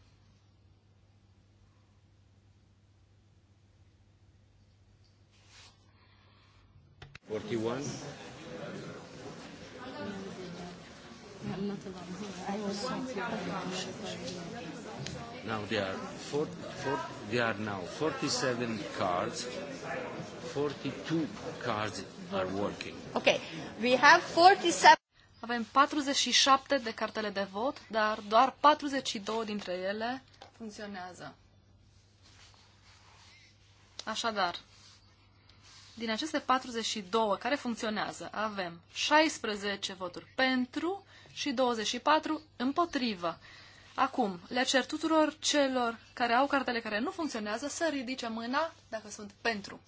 Forty-one. Now there are four, four, there are now 47 cards. 42 cards are working. Okay, we have 47. Avem 47 de cartele de vot, dar doar 42 dintre ele funcționează. Așadar, din aceste 42 care funcționează, avem 16 voturi pentru și 24 împotrivă. Acum, le cer tuturor celor care au cartele care nu funcționează să ridice mâna dacă sunt pentru.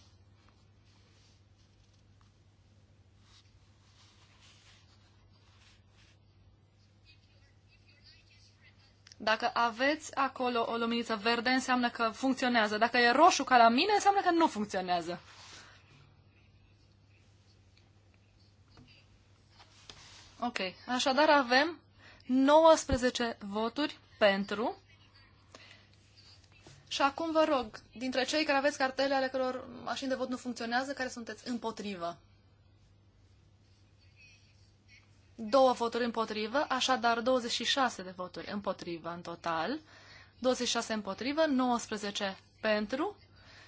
Dacă aveți acolo o luminiță verde, înseamnă că funcționează. Dacă e roșu ca la mine, înseamnă că nu funcționează. Ok. Așadar avem 19 voturi pentru. Și acum vă rog, dintre cei care aveți cartele ale căror mașini de vot nu funcționează, care sunteți împotrivă? Două voturi împotrivă, așadar 26 de voturi împotrivă în total. 26 împotrivă, 19 pentru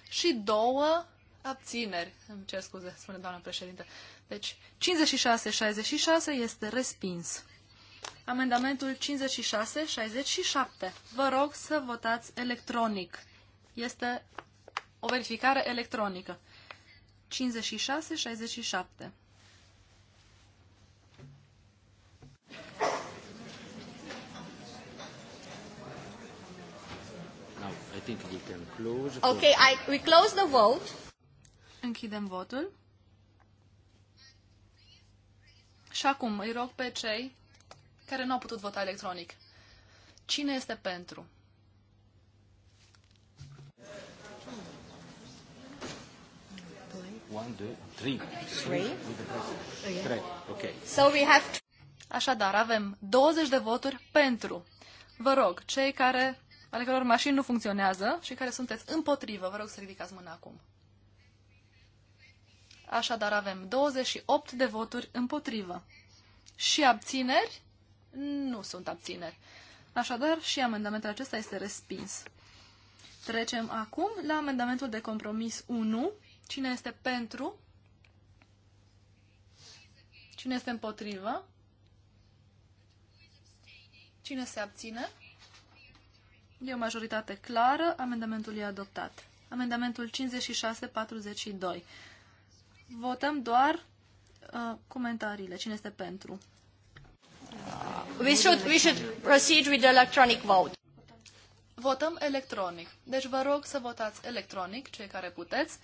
și două abțineri. Îmi cer scuze, spune doamna președinte. Deci 56-66 este respins. Amendamentul 56-67. Vă rog să votați electronic. Este o verificare electronică. 56-67. Okay, I, we close the vote. Închidem votul. Și acum îi rog pe cei care nu au putut vota electronic. Cine este pentru? One, two, three. Three? Așadar, avem 20 de voturi pentru. Vă rog, cei care, ale căror mașini nu funcționează și care sunteți împotrivă, vă rog să ridicați mâna acum. Așadar avem 28 de voturi împotrivă. Și abțineri? Nu sunt abțineri. Așadar, și amendamentul acesta este respins. Trecem acum la amendamentul de compromis 1. Cine este pentru? Cine este împotrivă? Cine se abține? E o majoritate clară. Amendamentul e adoptat. Amendamentul 56-42. Votăm doar uh, comentariile. Cine este pentru? We should, we should proceed with electronic vote. Votăm electronic. Deci vă rog să votați electronic, cei care puteți.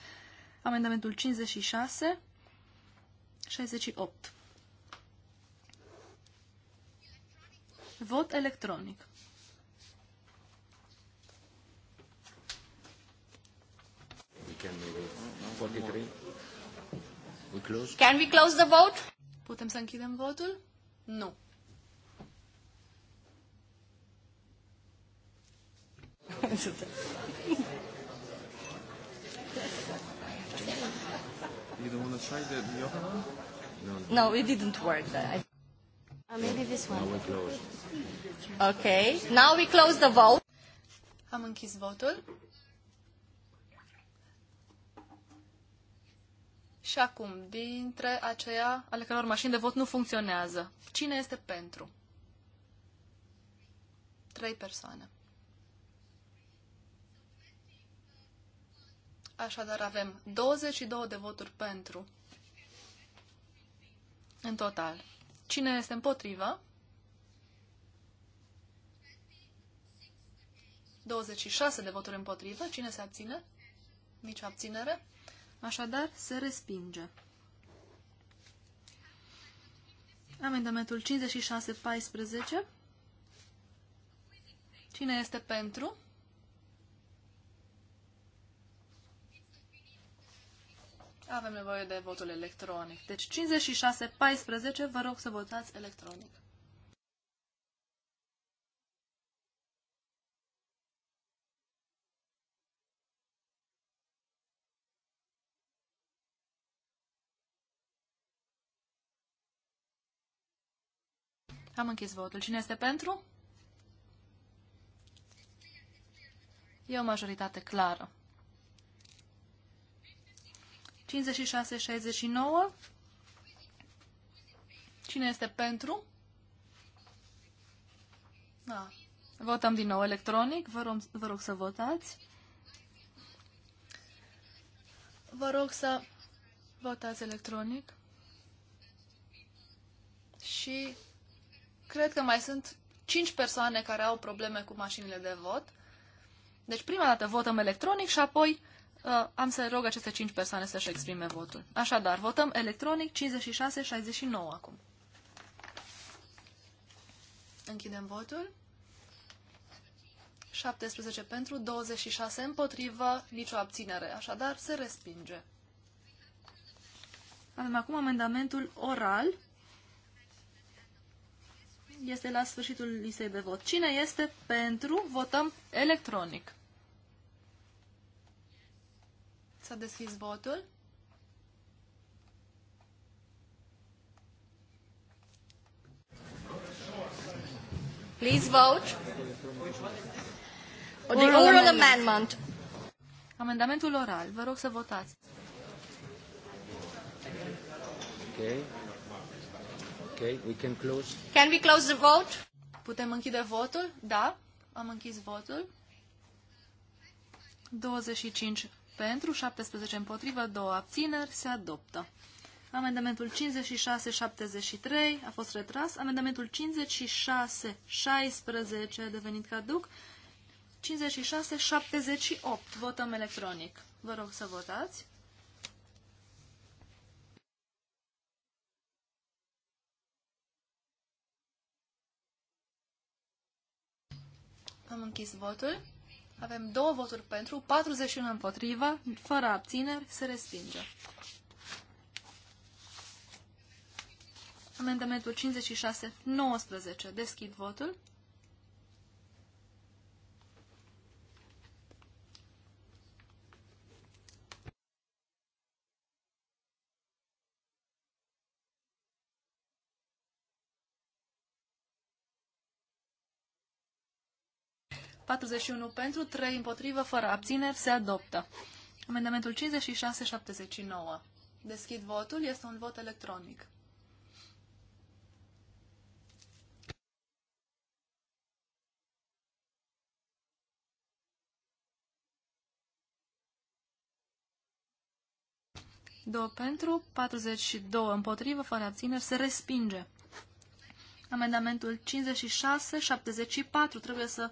Amendamentul 56, 68. Vot electronic. We can move it. 43. We close. Can we close the vote? Putem să închidem votul? Nu. you don't want to try the Yohanan? No, it didn't work. I... Uh, maybe this one. Now we close. Okay, now we close the vote. Am închis votul. Și acum, dintre aceia ale căror mașini de vot nu funcționează, cine este pentru? Trei persoane. Așadar, avem 22 de voturi pentru în total. Cine este împotrivă? 26 de voturi împotrivă. Cine se abține? Nici abținere. Așadar, se respinge. Amendamentul 56.14. Cine este pentru? Avem nevoie de votul electronic. Deci 56.14, vă rog să votați electronic. Am închis votul. Cine este pentru? E o majoritate clară. 56-69. Cine este pentru? Da. Votăm din nou electronic. Vă rog, vă rog să votați. Vă rog să votați electronic. Și cred că mai sunt 5 persoane care au probleme cu mașinile de vot. Deci prima dată votăm electronic și apoi uh, am să rog aceste 5 persoane să-și exprime votul. Așadar, votăm electronic 56-69 acum. Închidem votul. 17 pentru, 26 împotrivă, nicio abținere. Așadar, se respinge. Avem acum amendamentul oral este la sfârșitul listei de vot. Cine este pentru? Votăm electronic. Să deschis votul. Please vote. Or the oral amendment. Amendamentul oral. Vă rog să votați. Okay. Okay, we can close. Can we close the vote? Putem închide votul? Da, am închis votul. 25 pentru, 17 împotrivă, 2 abțineri, se adoptă. Amendamentul 56-73 a fost retras. Amendamentul 56-16 a devenit caduc. 56-78. Votăm electronic. Vă rog să votați. Am închis votul. Avem două voturi pentru, 41 împotriva, fără abțineri, se respinge. Amendamentul 56, 19. Deschid votul. 41 pentru, 3 împotrivă, fără abțineri, se adoptă. Amendamentul 56-79. Deschid votul, este un vot electronic. Două pentru, 42 împotrivă, fără abțineri, se respinge. Amendamentul 56-74 trebuie să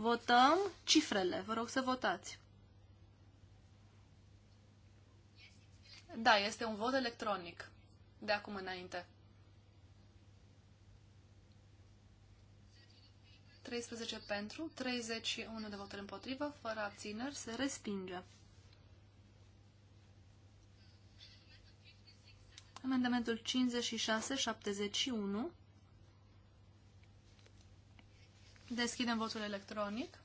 Votăm cifrele. Vă rog să votați. Da, este un vot electronic de acum înainte. 13 pentru, 31 de voturi împotrivă, fără abțineri, se respinge. Amendamentul 56-71 Deschidem votul electronic.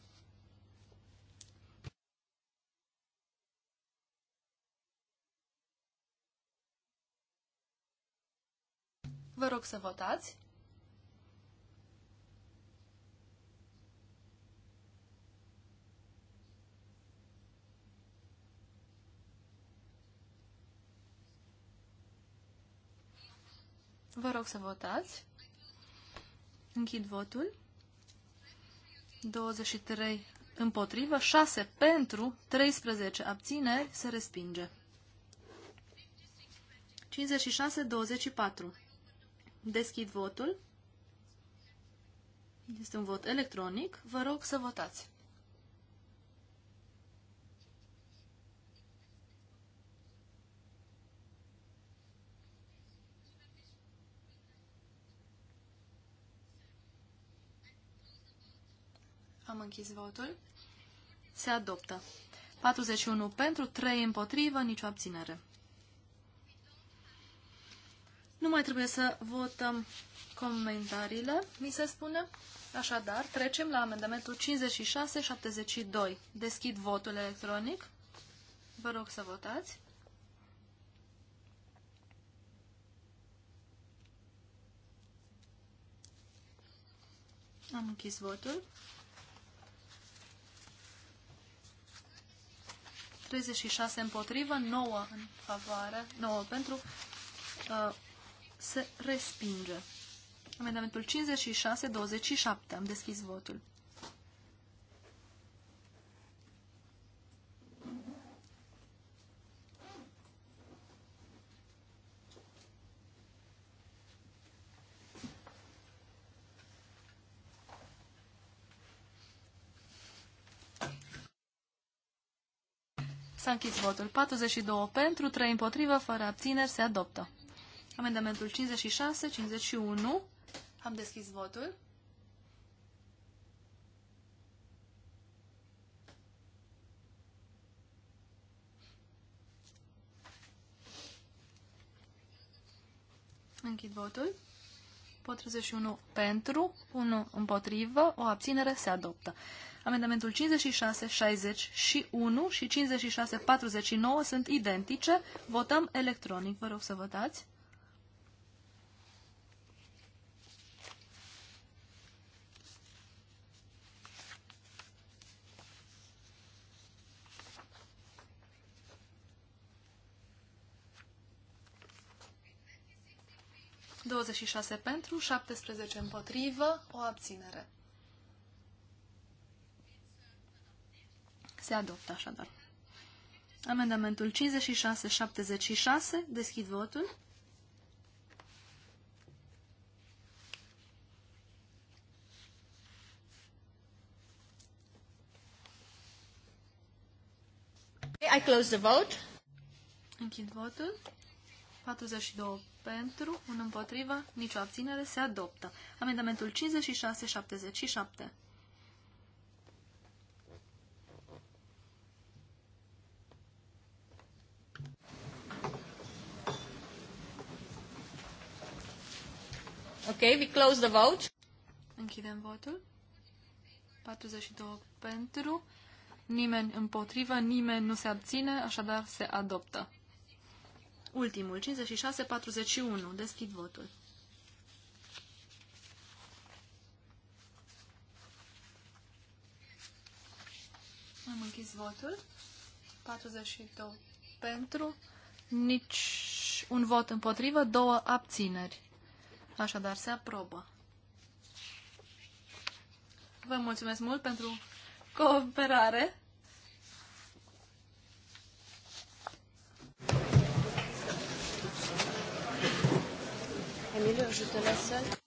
Vă rog să votați. Vă rog să votați. Închid votul. 23 împotrivă, 6 pentru, 13 abțineri, se respinge. 56-24. Deschid votul. Este un vot electronic. Vă rog să votați. Am închis votul. Se adoptă. 41 pentru, 3 împotrivă, nicio abținere. Nu mai trebuie să votăm comentariile, mi se spune. Așadar, trecem la amendamentul 56-72. Deschid votul electronic. Vă rog să votați. Am închis votul. 36 împotrivă, 9 în favoare, 9 pentru, uh, se respinge. Amendamentul 56, 27. Am deschis votul. S-a închis votul. 42 pentru, 3 împotrivă, fără abțineri, se adoptă. Amendamentul 56, 51. Am deschis votul. Închid votul. 41 pentru, 1 împotrivă, o abținere se adoptă. Amendamentul 56, 60 și 1 și 56, 49 sunt identice. Votăm electronic. Vă rog să votați. 26 pentru, 17 împotrivă, o abținere. Se adoptă așadar. Amendamentul 56-76, deschid votul. I close the vote. Închid votul. 42 pentru, 1 împotriva, nicio abținere, se adoptă. Amendamentul 56-77. Ok, we close the vote. Închidem votul. 42 pentru, nimeni împotrivă, nimeni nu se abține, așadar se adoptă ultimul, 56-41. Deschid votul. Am închis votul. 42 pentru, nici un vot împotrivă, două abțineri. Așadar, se aprobă. Vă mulțumesc mult pentru cooperare. Emilio, je te laisse seul.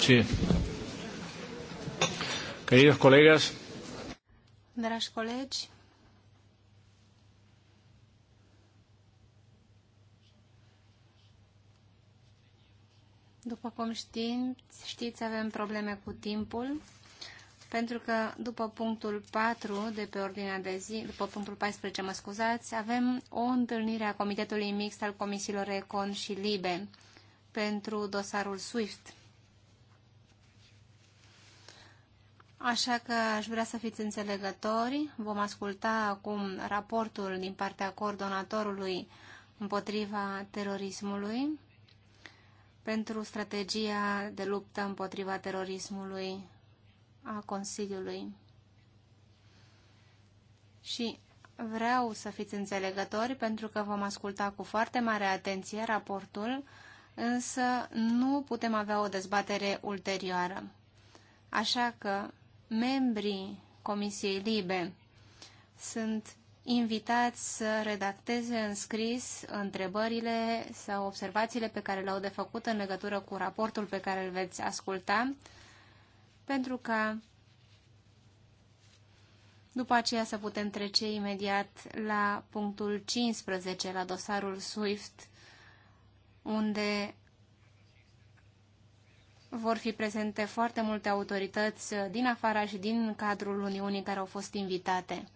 Sí. Queridos colegas. Dragi colegi. După cum știți, știți, avem probleme cu timpul pentru că după punctul 4 de pe ordinea de zi, după punctul 14, mă scuzați, avem o întâlnire a Comitetului Mixt al Comisiilor Econ și Libe pentru dosarul SWIFT. Așa că aș vrea să fiți înțelegători. Vom asculta acum raportul din partea coordonatorului împotriva terorismului pentru strategia de luptă împotriva terorismului a Consiliului. Și vreau să fiți înțelegători pentru că vom asculta cu foarte mare atenție raportul, însă nu putem avea o dezbatere ulterioară. Așa că membrii Comisiei Libe sunt invitați să redacteze în scris întrebările sau observațiile pe care le-au de făcut în legătură cu raportul pe care îl veți asculta pentru ca după aceea să putem trece imediat la punctul 15, la dosarul SWIFT, unde vor fi prezente foarte multe autorități din afara și din cadrul Uniunii care au fost invitate.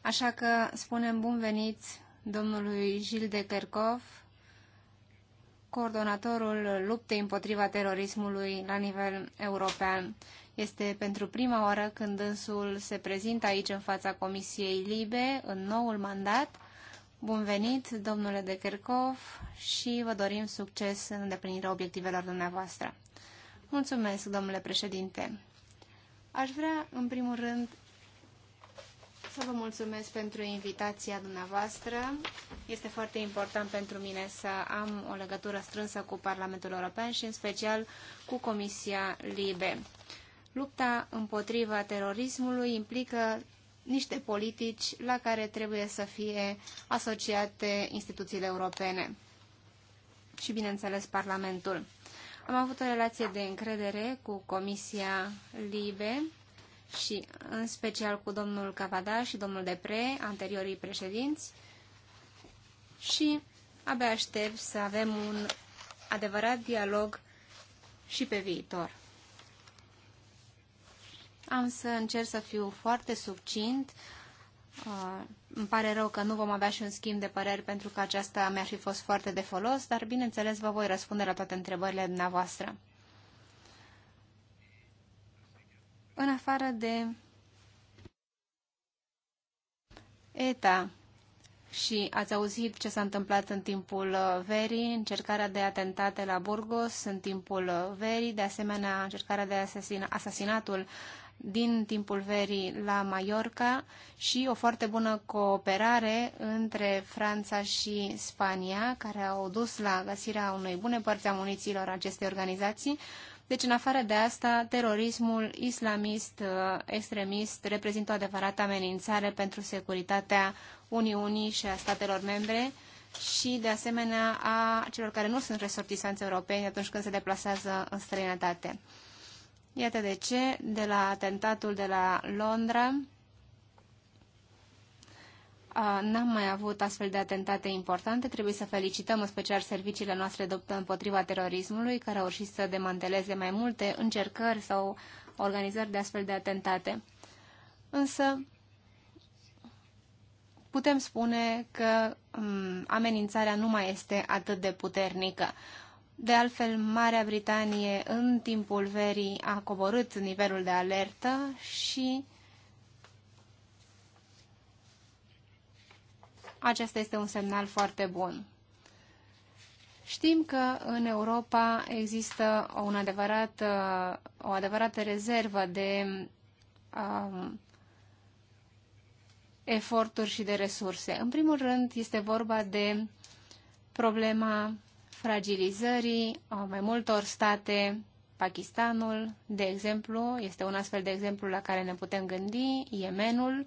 Așa că spunem bun venit domnului Gilles de Kerkov, coordonatorul luptei împotriva terorismului la nivel european. Este pentru prima oară când dânsul se prezintă aici în fața Comisiei Libe, în noul mandat. Bun venit, domnule de Kerkov, și vă dorim succes în îndeplinirea obiectivelor dumneavoastră. Mulțumesc, domnule președinte. Aș vrea, în primul rând, să vă mulțumesc pentru invitația dumneavoastră. Este foarte important pentru mine să am o legătură strânsă cu Parlamentul European și în special cu Comisia Libe. Lupta împotriva terorismului implică niște politici la care trebuie să fie asociate instituțiile europene și, bineînțeles, Parlamentul. Am avut o relație de încredere cu Comisia Libe și în special cu domnul Cavada și domnul Depre, anteriorii președinți, și abia aștept să avem un adevărat dialog și pe viitor. Am să încerc să fiu foarte subțint. Uh, îmi pare rău că nu vom avea și un schimb de păreri pentru că aceasta mi-ar fi fost foarte de folos, dar bineînțeles vă voi răspunde la toate întrebările dumneavoastră. în afară de ETA și ați auzit ce s-a întâmplat în timpul uh, verii, încercarea de atentate la Burgos în timpul uh, verii, de asemenea încercarea de asasin asasinatul din timpul verii la Mallorca și o foarte bună cooperare între Franța și Spania, care au dus la găsirea unei bune părți a munițiilor acestei organizații, deci, în afară de asta, terorismul islamist, uh, extremist, reprezintă o adevărată amenințare pentru securitatea Uniunii și a statelor membre și, de asemenea, a celor care nu sunt resortisanți europeni atunci când se deplasează în străinătate. Iată de ce, de la atentatul de la Londra, N-am mai avut astfel de atentate importante. Trebuie să felicităm în special serviciile noastre de optă împotriva terorismului, care au reușit să demanteleze mai multe încercări sau organizări de astfel de atentate. Însă, putem spune că amenințarea nu mai este atât de puternică. De altfel, Marea Britanie în timpul verii a coborât nivelul de alertă și acesta este un semnal foarte bun. Știm că în Europa există un adevărat, uh, o adevărată rezervă de um, eforturi și de resurse. În primul rând, este vorba de problema fragilizării uh, mai multor state. Pakistanul, de exemplu, este un astfel de exemplu la care ne putem gândi, Yemenul, uh,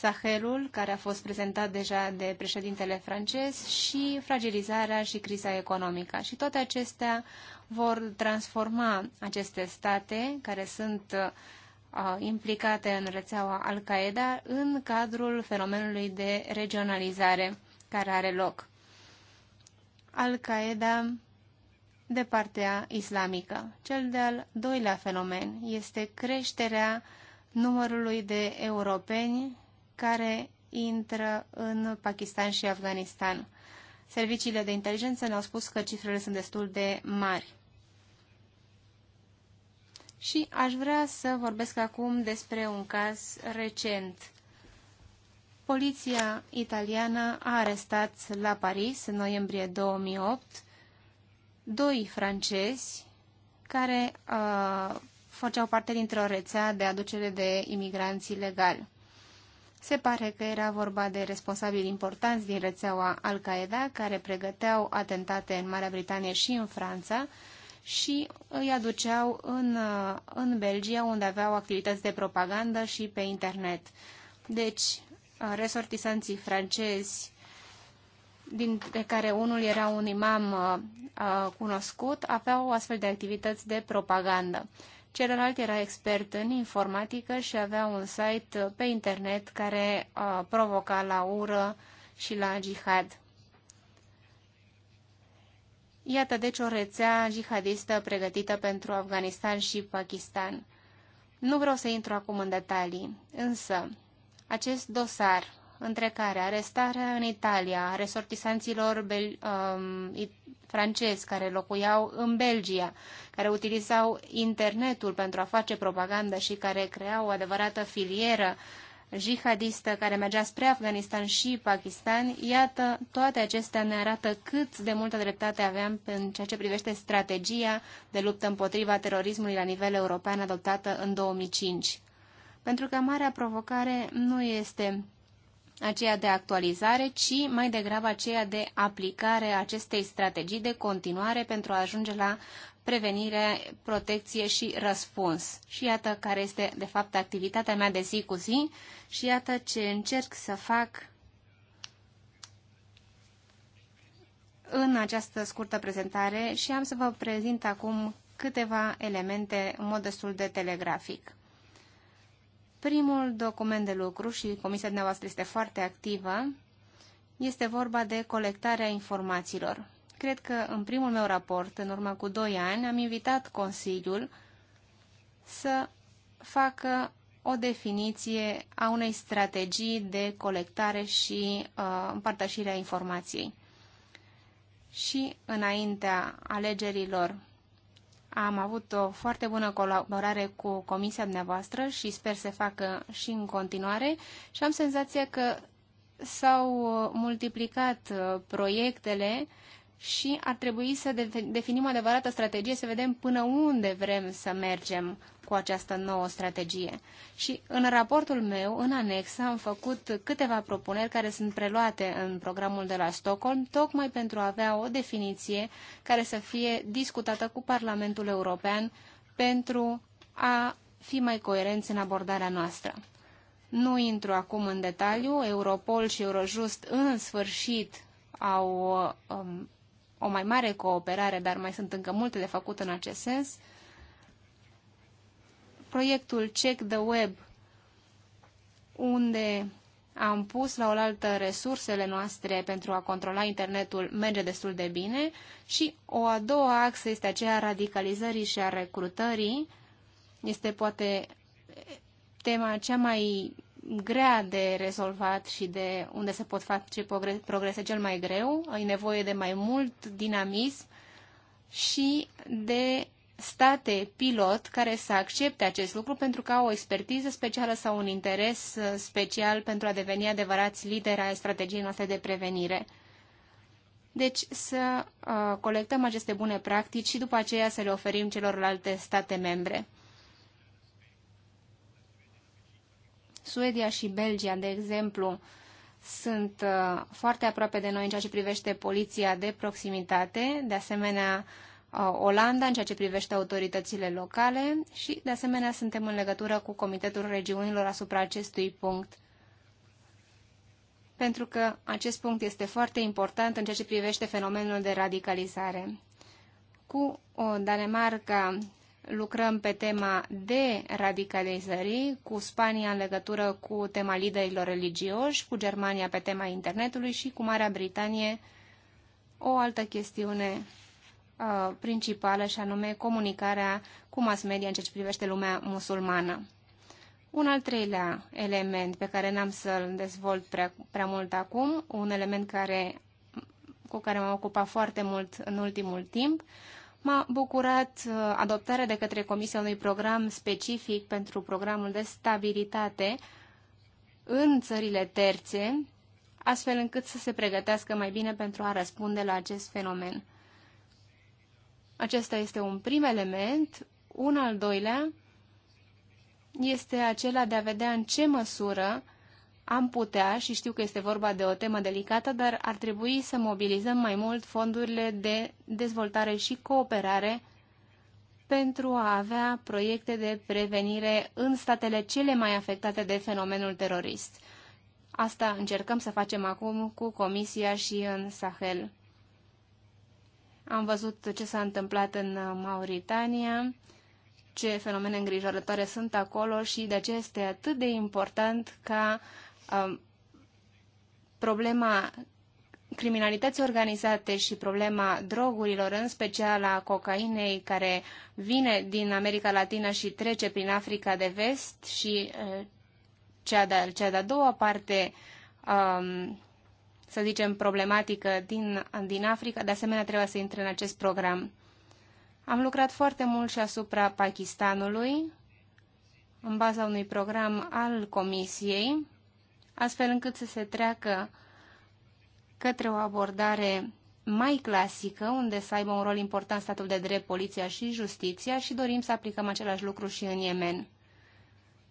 Sahelul, care a fost prezentat deja de președintele francez, și fragilizarea și criza economică. Și toate acestea vor transforma aceste state, care sunt uh, implicate în rețeaua Al-Qaeda, în cadrul fenomenului de regionalizare care are loc. Al-Qaeda de partea islamică. Cel de-al doilea fenomen este creșterea numărului de europeni care intră în Pakistan și Afganistan. Serviciile de inteligență ne-au spus că cifrele sunt destul de mari. Și aș vrea să vorbesc acum despre un caz recent. Poliția italiană a arestat la Paris, în noiembrie 2008, doi francezi care uh, făceau parte dintr-o rețea de aducere de imigranți ilegali. Se pare că era vorba de responsabili importanți din rețeaua Al-Qaeda care pregăteau atentate în Marea Britanie și în Franța și îi aduceau în, uh, în Belgia unde aveau activități de propagandă și pe internet. Deci, uh, resortisanții francezi, dintre care unul era un imam uh, cunoscut, aveau astfel de activități de propagandă. Celălalt era expert în informatică și avea un site pe internet care uh, provoca la ură și la jihad. Iată deci o rețea jihadistă pregătită pentru Afganistan și Pakistan. Nu vreau să intru acum în detalii, însă acest dosar între care arestarea în Italia a resortisanților bel, um, francezi care locuiau în Belgia, care utilizau internetul pentru a face propagandă și care creau o adevărată filieră jihadistă care mergea spre Afganistan și Pakistan, iată, toate acestea ne arată cât de multă dreptate aveam în ceea ce privește strategia de luptă împotriva terorismului la nivel european adoptată în 2005. Pentru că marea provocare nu este aceea de actualizare, ci mai degrabă aceea de aplicare a acestei strategii de continuare pentru a ajunge la prevenire, protecție și răspuns. Și iată care este, de fapt, activitatea mea de zi cu zi și iată ce încerc să fac în această scurtă prezentare și am să vă prezint acum câteva elemente în mod destul de telegrafic. Primul document de lucru, și comisia dumneavoastră este foarte activă, este vorba de colectarea informațiilor. Cred că în primul meu raport, în urmă cu 2 ani, am invitat Consiliul să facă o definiție a unei strategii de colectare și uh, împărtășire a informației. Și înaintea alegerilor am avut o foarte bună colaborare cu comisia dumneavoastră și sper să facă și în continuare și am senzația că s-au uh, multiplicat uh, proiectele și ar trebui să definim o adevărată strategie, să vedem până unde vrem să mergem cu această nouă strategie. Și în raportul meu, în anexă, am făcut câteva propuneri care sunt preluate în programul de la Stockholm, tocmai pentru a avea o definiție care să fie discutată cu Parlamentul European pentru a fi mai coerenți în abordarea noastră. Nu intru acum în detaliu, Europol și Eurojust în sfârșit au um, o mai mare cooperare, dar mai sunt încă multe de făcut în acest sens proiectul Check the Web, unde am pus la oaltă resursele noastre pentru a controla internetul merge destul de bine și o a doua axă este aceea a radicalizării și a recrutării. Este poate tema cea mai grea de rezolvat și de unde se pot face progrese cel mai greu. Ai nevoie de mai mult dinamism și de state pilot care să accepte acest lucru pentru că au o expertiză specială sau un interes uh, special pentru a deveni adevărați lideri ai strategiei noastre de prevenire. Deci să uh, colectăm aceste bune practici și după aceea să le oferim celorlalte state membre. Suedia și Belgia, de exemplu, sunt uh, foarte aproape de noi în ceea ce privește poliția de proximitate. De asemenea, uh, Olanda în ceea ce privește autoritățile locale și, de asemenea, suntem în legătură cu Comitetul Regiunilor asupra acestui punct. Pentru că acest punct este foarte important în ceea ce privește fenomenul de radicalizare. Cu o Danemarca lucrăm pe tema de radicalizării, cu Spania în legătură cu tema liderilor religioși, cu Germania pe tema internetului și cu Marea Britanie o altă chestiune Uh, principală și anume comunicarea cu mass media în ceea ce privește lumea musulmană. Un al treilea element pe care n-am să-l dezvolt prea, prea mult acum, un element care, cu care m-am ocupat foarte mult în ultimul timp, m-a bucurat uh, adoptarea de către Comisia unui program specific pentru programul de stabilitate în țările terțe, astfel încât să se pregătească mai bine pentru a răspunde la acest fenomen. Acesta este un prim element. Un al doilea este acela de a vedea în ce măsură am putea, și știu că este vorba de o temă delicată, dar ar trebui să mobilizăm mai mult fondurile de dezvoltare și cooperare pentru a avea proiecte de prevenire în statele cele mai afectate de fenomenul terorist. Asta încercăm să facem acum cu Comisia și în Sahel. Am văzut ce s-a întâmplat în uh, Mauritania, ce fenomene îngrijorătoare sunt acolo și de aceea este atât de important ca um, problema criminalității organizate și problema drogurilor, în special a cocainei care vine din America Latină și trece prin Africa de Vest și uh, cea de-a cea de doua parte um, să zicem, problematică din, din Africa, de asemenea trebuie să intre în acest program. Am lucrat foarte mult și asupra Pakistanului, în baza unui program al Comisiei, astfel încât să se treacă către o abordare mai clasică, unde să aibă un rol important statul de drept, poliția și justiția și dorim să aplicăm același lucru și în Yemen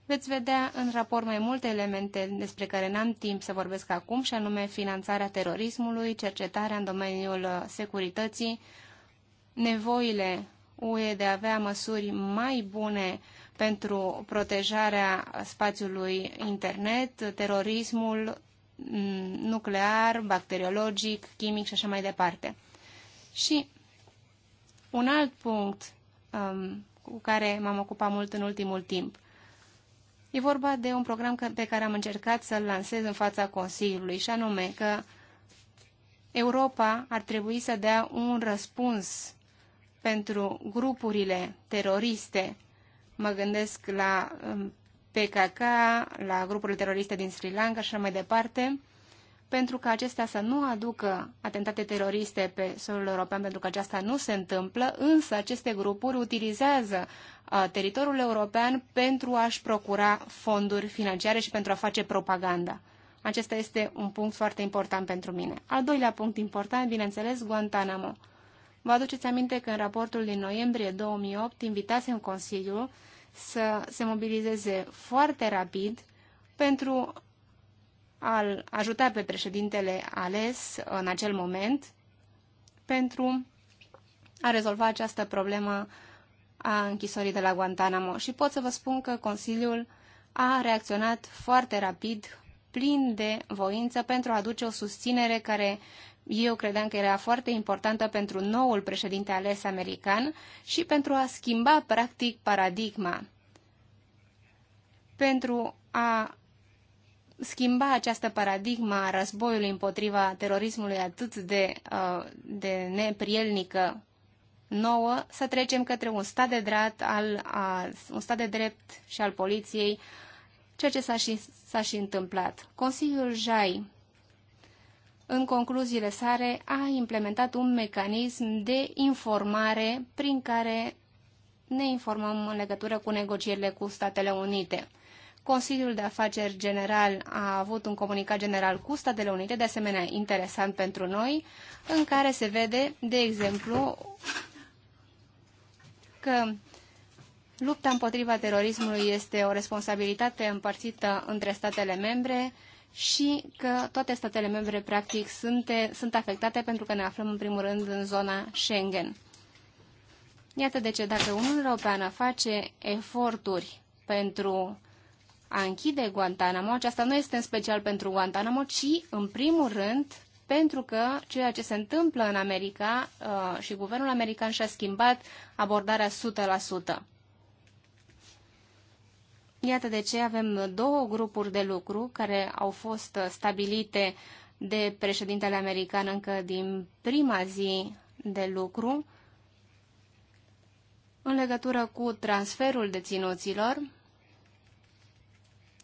veți vedea în raport mai multe elemente despre care n-am timp să vorbesc acum, și anume finanțarea terorismului, cercetarea în domeniul uh, securității, nevoile UE de a avea măsuri mai bune pentru protejarea spațiului internet, terorismul mm, nuclear, bacteriologic, chimic și așa mai departe. Și un alt punct um, cu care m-am ocupat mult în ultimul timp. E vorba de un program pe care am încercat să-l lansez în fața Consiliului, și anume că Europa ar trebui să dea un răspuns pentru grupurile teroriste. Mă gândesc la um, PKK, la grupurile teroriste din Sri Lanka și așa mai departe pentru ca acestea să nu aducă atentate teroriste pe solul european, pentru că aceasta nu se întâmplă, însă aceste grupuri utilizează uh, teritoriul european pentru a-și procura fonduri financiare și pentru a face propaganda. Acesta este un punct foarte important pentru mine. Al doilea punct important, bineînțeles, Guantanamo. Vă aduceți aminte că în raportul din noiembrie 2008 în consiliu să se mobilizeze foarte rapid pentru a-l ajuta pe președintele ales în acel moment pentru a rezolva această problemă a închisorii de la Guantanamo. Și pot să vă spun că Consiliul a reacționat foarte rapid, plin de voință, pentru a aduce o susținere care eu credeam că era foarte importantă pentru noul președinte ales american și pentru a schimba, practic, paradigma, pentru a schimba această paradigmă a războiului împotriva terorismului atât de, uh, de neprielnică nouă, să trecem către un stat de drept, al, a, un stat de drept și al poliției, ceea ce s-a și, s-a și întâmplat. Consiliul Jai, în concluziile sare, a implementat un mecanism de informare prin care ne informăm în legătură cu negocierile cu Statele Unite. Consiliul de Afaceri General a avut un comunicat general cu Statele Unite, de asemenea interesant pentru noi, în care se vede, de exemplu, că lupta împotriva terorismului este o responsabilitate împărțită între statele membre și că toate statele membre, practic, sunt, sunt afectate pentru că ne aflăm, în primul rând, în zona Schengen. Iată de ce, dacă Uniunea Europeană face eforturi pentru a închide Guantanamo, aceasta nu este în special pentru Guantanamo, ci în primul rând pentru că ceea ce se întâmplă în America uh, și guvernul american și-a schimbat abordarea 100%. Iată de ce avem două grupuri de lucru care au fost stabilite de președintele american încă din prima zi de lucru în legătură cu transferul deținuților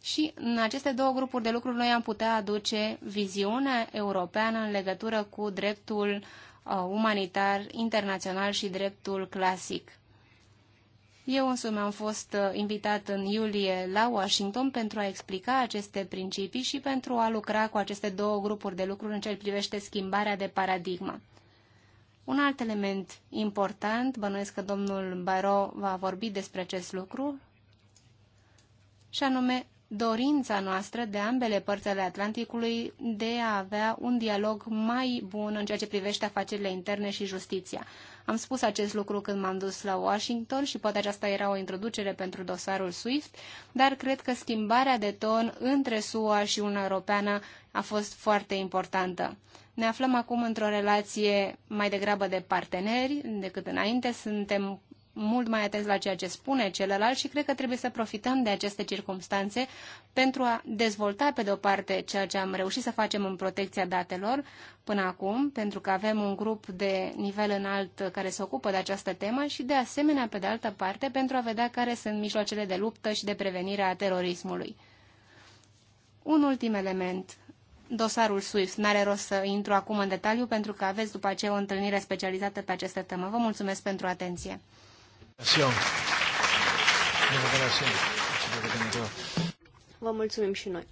și în aceste două grupuri de lucruri noi am putea aduce viziunea europeană în legătură cu dreptul uh, umanitar internațional și dreptul clasic. Eu însumi am fost uh, invitat în iulie la Washington pentru a explica aceste principii și pentru a lucra cu aceste două grupuri de lucruri în ce privește schimbarea de paradigmă. Un alt element important, bănuiesc că domnul Baro va vorbi despre acest lucru, și anume dorința noastră de ambele părți ale Atlanticului de a avea un dialog mai bun în ceea ce privește afacerile interne și justiția. Am spus acest lucru când m-am dus la Washington și poate aceasta era o introducere pentru dosarul SWIFT, dar cred că schimbarea de ton între SUA și Uniunea Europeană a fost foarte importantă. Ne aflăm acum într-o relație mai degrabă de parteneri decât înainte, suntem mult mai atenți la ceea ce spune celălalt și cred că trebuie să profităm de aceste circumstanțe pentru a dezvolta, pe de-o parte, ceea ce am reușit să facem în protecția datelor până acum, pentru că avem un grup de nivel înalt care se ocupă de această temă și, de asemenea, pe de altă parte, pentru a vedea care sunt mijloacele de luptă și de prevenire a terorismului. Un ultim element dosarul SWIFT. N-are rost să intru acum în detaliu pentru că aveți după aceea o întâlnire specializată pe această temă. Vă mulțumesc pentru atenție. Vă mulțumim și noi.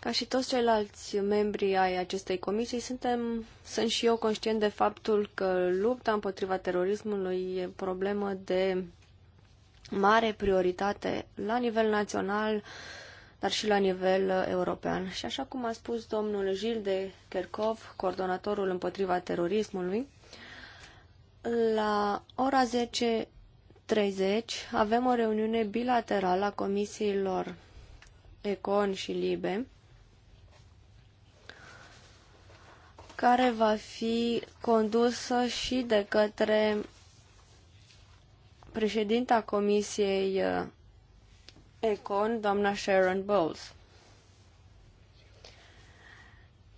Ca și toți ceilalți membri ai acestei comisii, suntem, sunt și eu conștient de faptul că lupta împotriva terorismului e problemă de mare prioritate la nivel național, dar și la nivel uh, european. Și așa cum a spus domnul Gilles de Kerkov, coordonatorul împotriva terorismului, la ora 10.30 avem o reuniune bilaterală a comisiilor Econ și Libe, care va fi condusă și de către președinta Comisiei uh, Econ, doamna Sharon Bowles.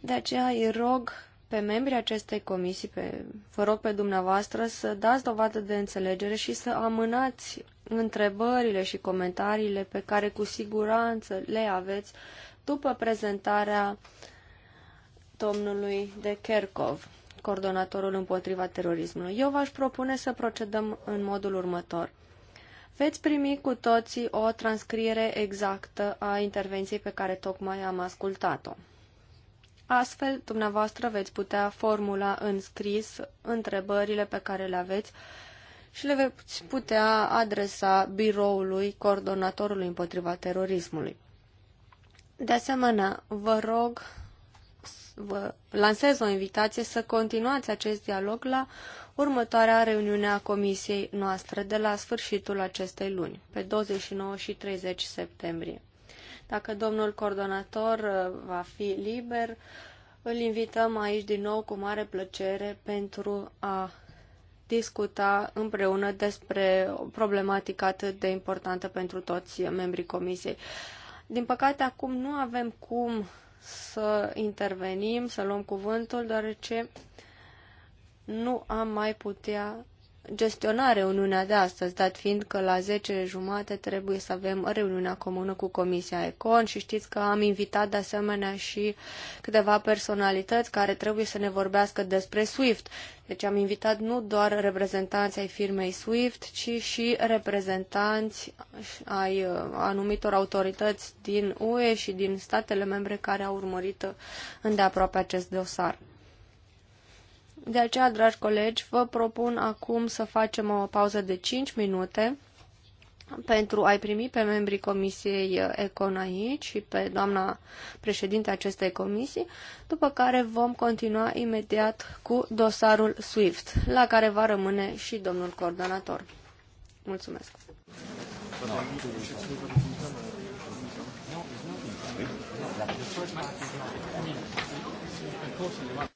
De aceea îi rog pe membrii acestei comisii, pe, vă rog pe dumneavoastră să dați dovadă de înțelegere și să amânați întrebările și comentariile pe care cu siguranță le aveți după prezentarea domnului de Kerkov, coordonatorul împotriva terorismului. Eu v-aș propune să procedăm în modul următor veți primi cu toții o transcriere exactă a intervenției pe care tocmai am ascultat-o. Astfel, dumneavoastră veți putea formula în scris întrebările pe care le aveți și le veți putea adresa biroului coordonatorului împotriva terorismului. De asemenea, vă rog, vă lansez o invitație să continuați acest dialog la următoarea reuniune a comisiei noastre de la sfârșitul acestei luni, pe 29 și 30 septembrie. Dacă domnul coordonator uh, va fi liber, îl invităm aici din nou cu mare plăcere pentru a discuta împreună despre o problematică atât de importantă pentru toți membrii comisiei. Din păcate, acum nu avem cum să intervenim, să luăm cuvântul, deoarece nu am mai putea gestiona reuniunea de astăzi, dat fiind că la 10 jumate trebuie să avem reuniunea comună cu Comisia Econ și știți că am invitat de asemenea și câteva personalități care trebuie să ne vorbească despre SWIFT. Deci am invitat nu doar reprezentanți ai firmei SWIFT, ci și reprezentanți ai uh, anumitor autorități din UE și din statele membre care au urmărit îndeaproape acest dosar. De aceea, dragi colegi, vă propun acum să facem o pauză de 5 minute pentru a-i primi pe membrii Comisiei Econ aici și pe doamna președinte acestei comisii, după care vom continua imediat cu dosarul SWIFT, la care va rămâne și domnul coordonator. Mulțumesc! No.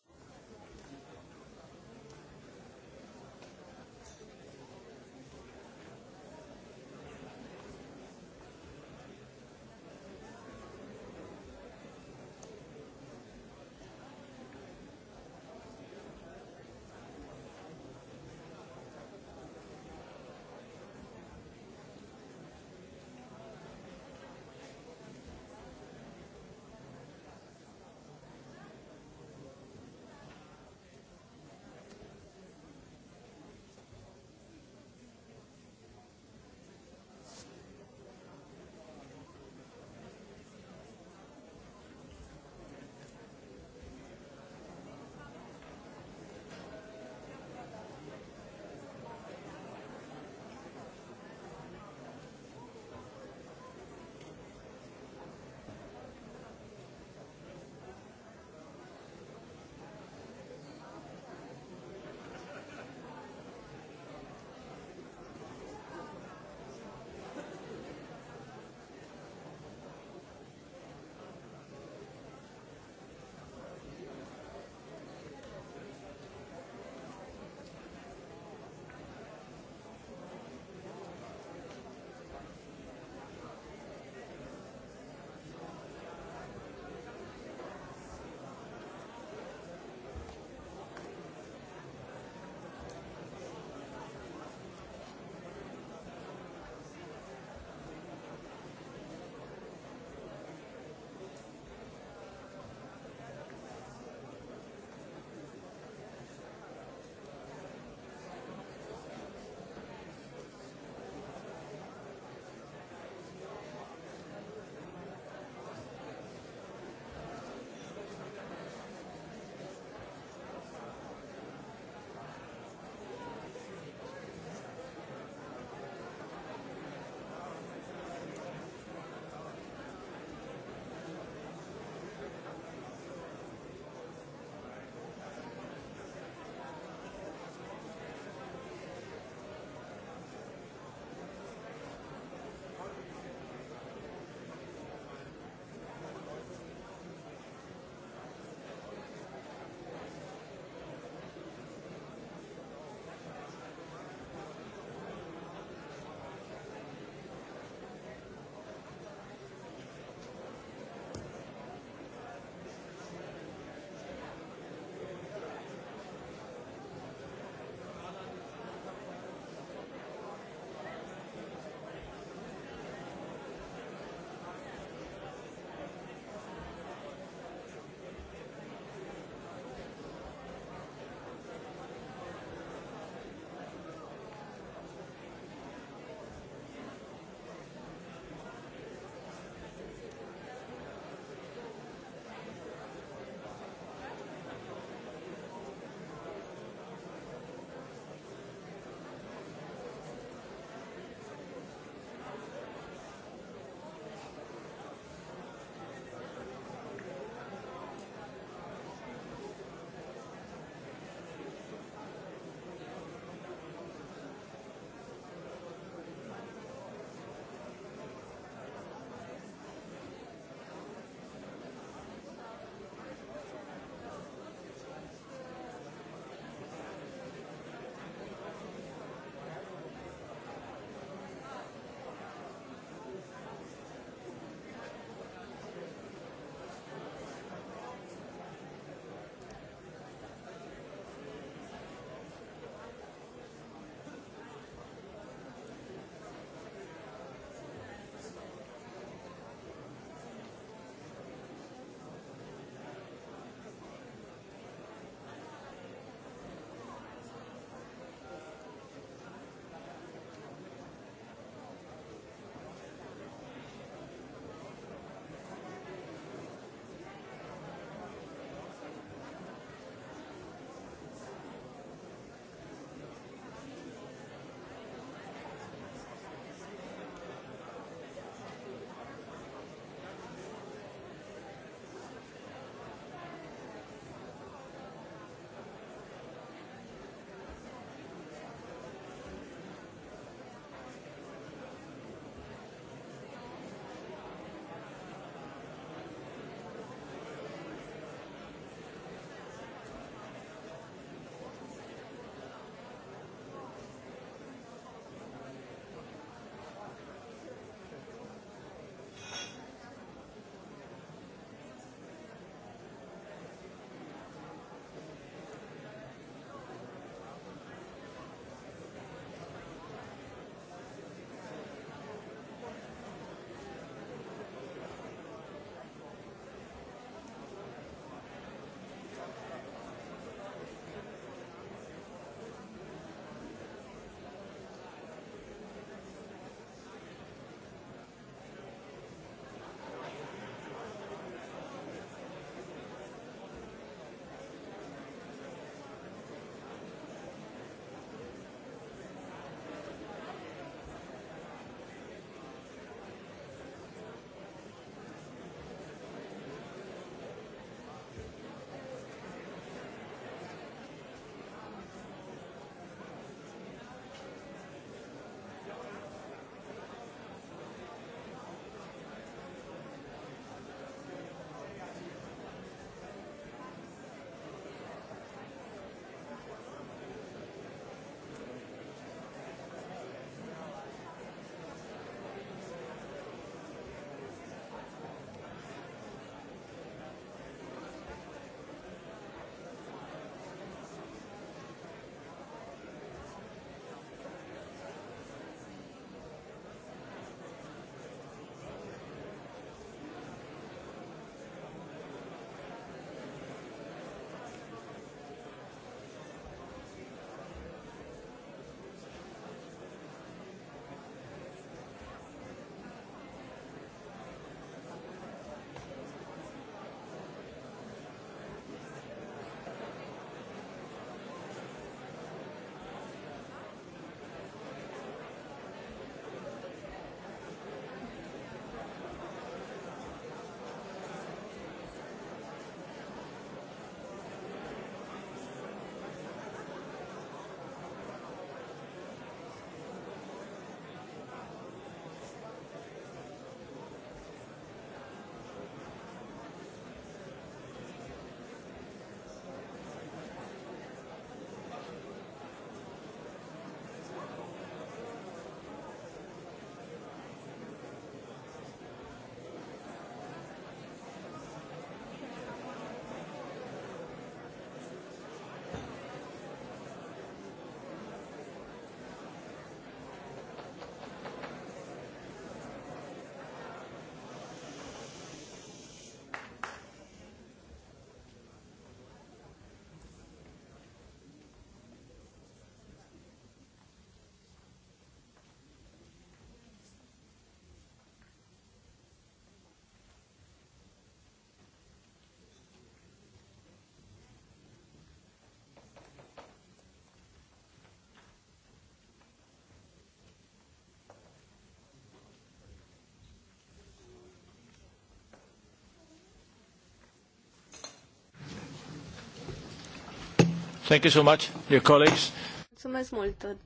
Thank you so much, dear colleagues. Mulțumesc mult,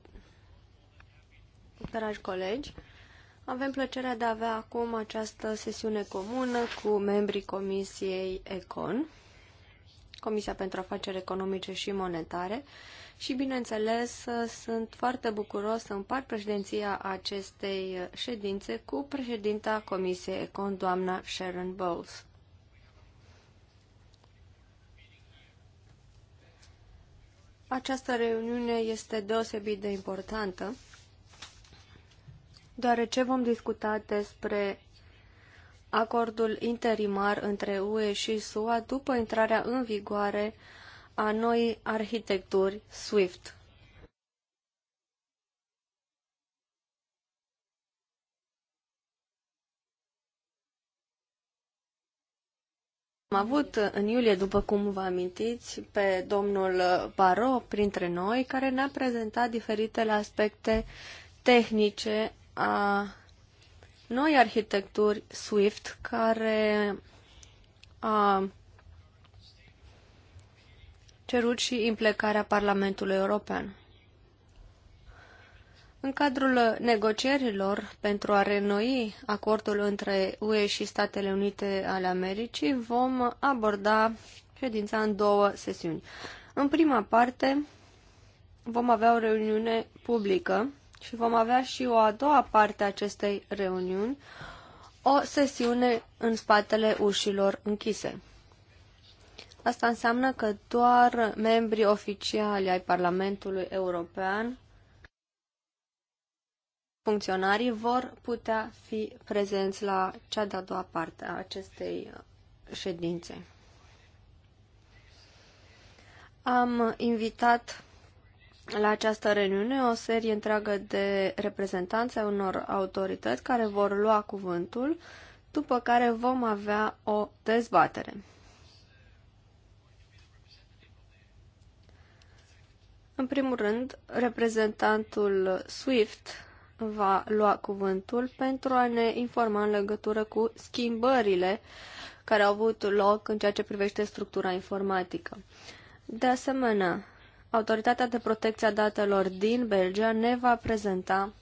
dragi colegi. Avem plăcerea de a avea acum această sesiune comună cu membrii Comisiei ECON, Comisia pentru Afaceri Economice și Monetare, și, bineînțeles, sunt foarte bucuros să împart președinția acestei ședințe cu președinta Comisiei ECON, doamna Sharon Bowles. Această reuniune este deosebit de importantă, deoarece vom discuta despre acordul interimar între UE și SUA după intrarea în vigoare a noii arhitecturi SWIFT. Am avut uh, în iulie, după cum vă amintiți, pe domnul uh, Baro printre noi, care ne-a prezentat diferitele aspecte tehnice a noi arhitecturi SWIFT, care a cerut și implicarea Parlamentului European. În cadrul negocierilor pentru a renoi acordul între UE și Statele Unite ale Americii, vom aborda ședința în două sesiuni. În prima parte vom avea o reuniune publică și vom avea și o a doua parte a acestei reuniuni, o sesiune în spatele ușilor închise. Asta înseamnă că doar membrii oficiali ai Parlamentului European funcționarii vor putea fi prezenți la cea de-a doua parte a acestei uh, ședințe. Am invitat la această reuniune o serie întreagă de reprezentanți ai unor autorități care vor lua cuvântul, după care vom avea o dezbatere. În primul rând, reprezentantul SWIFT va lua cuvântul pentru a ne informa în legătură cu schimbările care au avut loc în ceea ce privește structura informatică. De asemenea, Autoritatea de Protecție a Datelor din Belgia ne va prezenta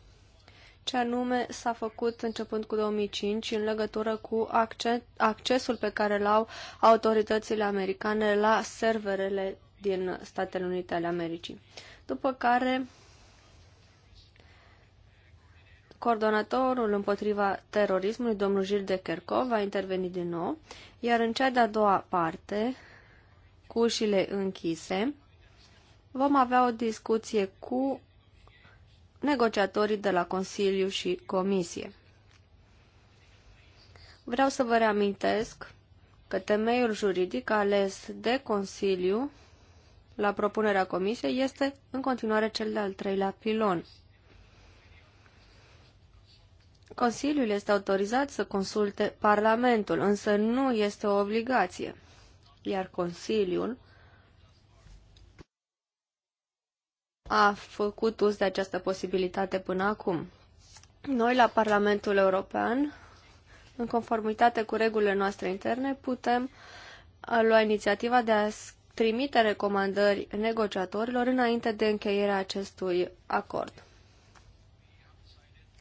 ce anume s-a făcut începând cu 2005 în legătură cu accesul pe care l au autoritățile americane la serverele din Statele Unite ale Americii. După care Coordonatorul împotriva terorismului, domnul Gil de Kerkov, va interveni din nou, iar în cea de-a doua parte, cu ușile închise, vom avea o discuție cu negociatorii de la Consiliu și Comisie. Vreau să vă reamintesc că temeiul juridic ales de Consiliu la propunerea Comisiei este în continuare cel de-al treilea pilon Consiliul este autorizat să consulte Parlamentul, însă nu este o obligație, iar Consiliul a făcut uz de această posibilitate până acum. Noi, la Parlamentul European, în conformitate cu regulile noastre interne, putem lua inițiativa de a trimite recomandări negociatorilor înainte de încheierea acestui acord.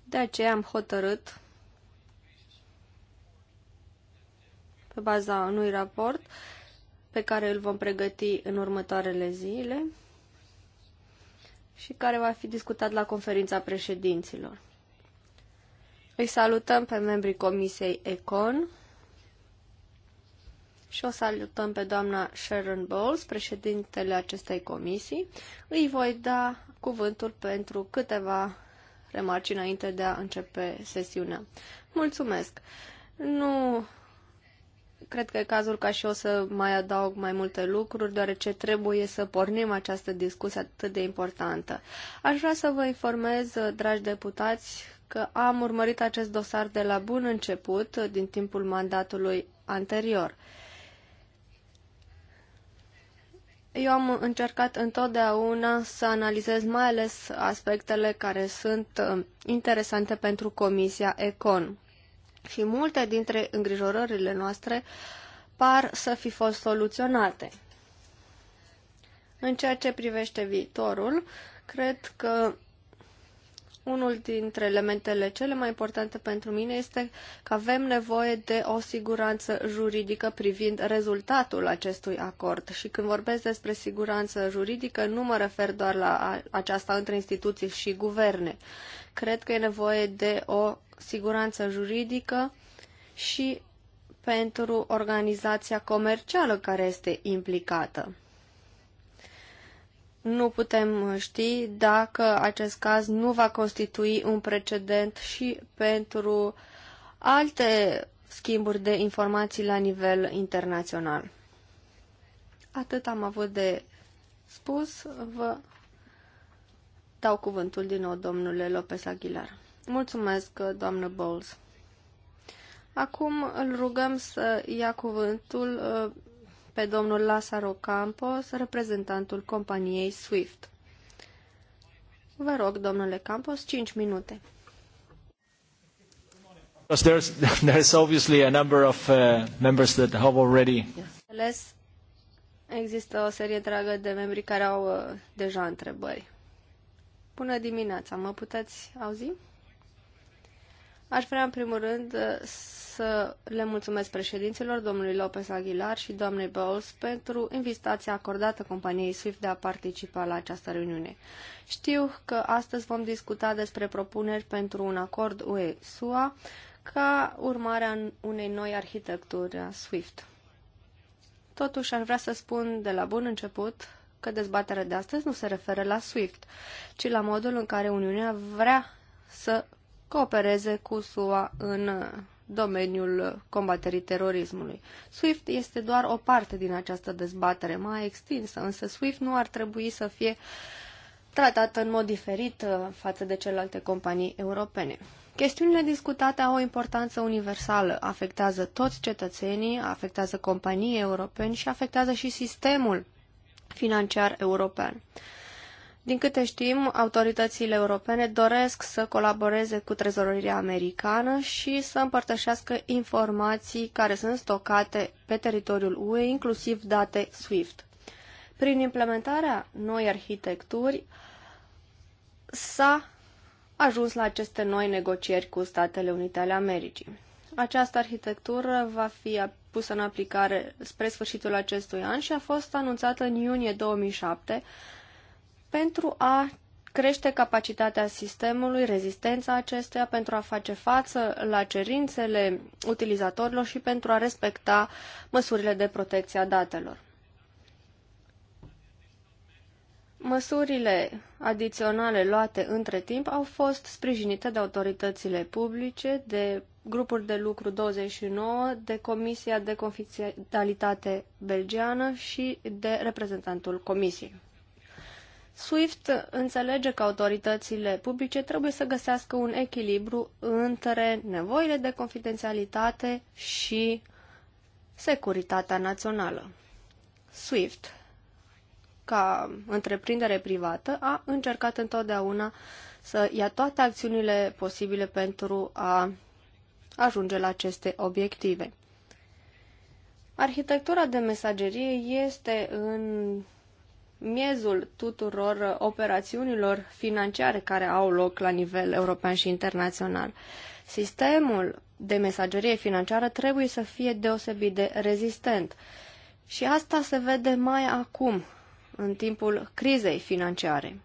De aceea am hotărât, pe baza unui raport pe care îl vom pregăti în următoarele zile și care va fi discutat la conferința președinților. Îi salutăm pe membrii Comisiei ECON și o salutăm pe doamna Sharon Bowles, președintele acestei comisii. Îi voi da cuvântul pentru câteva remarci înainte de a începe sesiunea. Mulțumesc! Nu cred că e cazul ca și eu să mai adaug mai multe lucruri, deoarece trebuie să pornim această discuție atât de importantă. Aș vrea să vă informez, dragi deputați, că am urmărit acest dosar de la bun început, din timpul mandatului anterior. Eu am încercat întotdeauna să analizez mai ales aspectele care sunt uh, interesante pentru Comisia Econ. Și multe dintre îngrijorările noastre par să fi fost soluționate. În ceea ce privește viitorul, cred că unul dintre elementele cele mai importante pentru mine este că avem nevoie de o siguranță juridică privind rezultatul acestui acord. Și când vorbesc despre siguranță juridică, nu mă refer doar la aceasta între instituții și guverne. Cred că e nevoie de o siguranță juridică și pentru organizația comercială care este implicată nu putem uh, ști dacă acest caz nu va constitui un precedent și pentru alte schimburi de informații la nivel internațional. Atât am avut de spus. Vă dau cuvântul din nou, domnule Lopez Aguilar. Mulțumesc, uh, doamnă Bowles. Acum îl rugăm să ia cuvântul uh, pe domnul Lazaro Campos, reprezentantul companiei SWIFT. Vă rog, domnule Campos, 5 minute. There's, there's obviously a number of uh, members that have already... Yes. Există o serie dragă de membri care au uh, deja întrebări. Bună dimineața, mă puteți auzi? Aș vrea, în primul rând, să le mulțumesc președinților, domnului Lopez Aguilar și doamnei Bowles, pentru invitația acordată companiei SWIFT de a participa la această reuniune. Știu că astăzi vom discuta despre propuneri pentru un acord UE-SUA ca urmare a unei noi arhitecturi a SWIFT. Totuși, aș vrea să spun de la bun început că dezbaterea de astăzi nu se referă la SWIFT, ci la modul în care Uniunea vrea să coopereze cu SUA în domeniul combaterii terorismului. SWIFT este doar o parte din această dezbatere mai extinsă, însă SWIFT nu ar trebui să fie tratată în mod diferit uh, față de celelalte companii europene. Chestiunile discutate au o importanță universală, afectează toți cetățenii, afectează companii europeni și afectează și sistemul financiar european. Din câte știm, autoritățile europene doresc să colaboreze cu trezoreria americană și să împărtășească informații care sunt stocate pe teritoriul UE, inclusiv date SWIFT. Prin implementarea noi arhitecturi s-a ajuns la aceste noi negocieri cu Statele Unite ale Americii. Această arhitectură va fi pusă în aplicare spre sfârșitul acestui an și a fost anunțată în iunie 2007 pentru a crește capacitatea sistemului, rezistența acestuia pentru a face față la cerințele utilizatorilor și pentru a respecta măsurile de protecție a datelor. Măsurile adiționale luate între timp au fost sprijinite de autoritățile publice, de grupuri de lucru 29, de Comisia de Confidențialitate Belgiană și de reprezentantul Comisiei. SWIFT înțelege că autoritățile publice trebuie să găsească un echilibru între nevoile de confidențialitate și securitatea națională. SWIFT, ca întreprindere privată, a încercat întotdeauna să ia toate acțiunile posibile pentru a ajunge la aceste obiective. Arhitectura de mesagerie este în miezul tuturor uh, operațiunilor financiare care au loc la nivel european și internațional. Sistemul de mesagerie financiară trebuie să fie deosebit de rezistent. Și asta se vede mai acum, în timpul crizei financiare.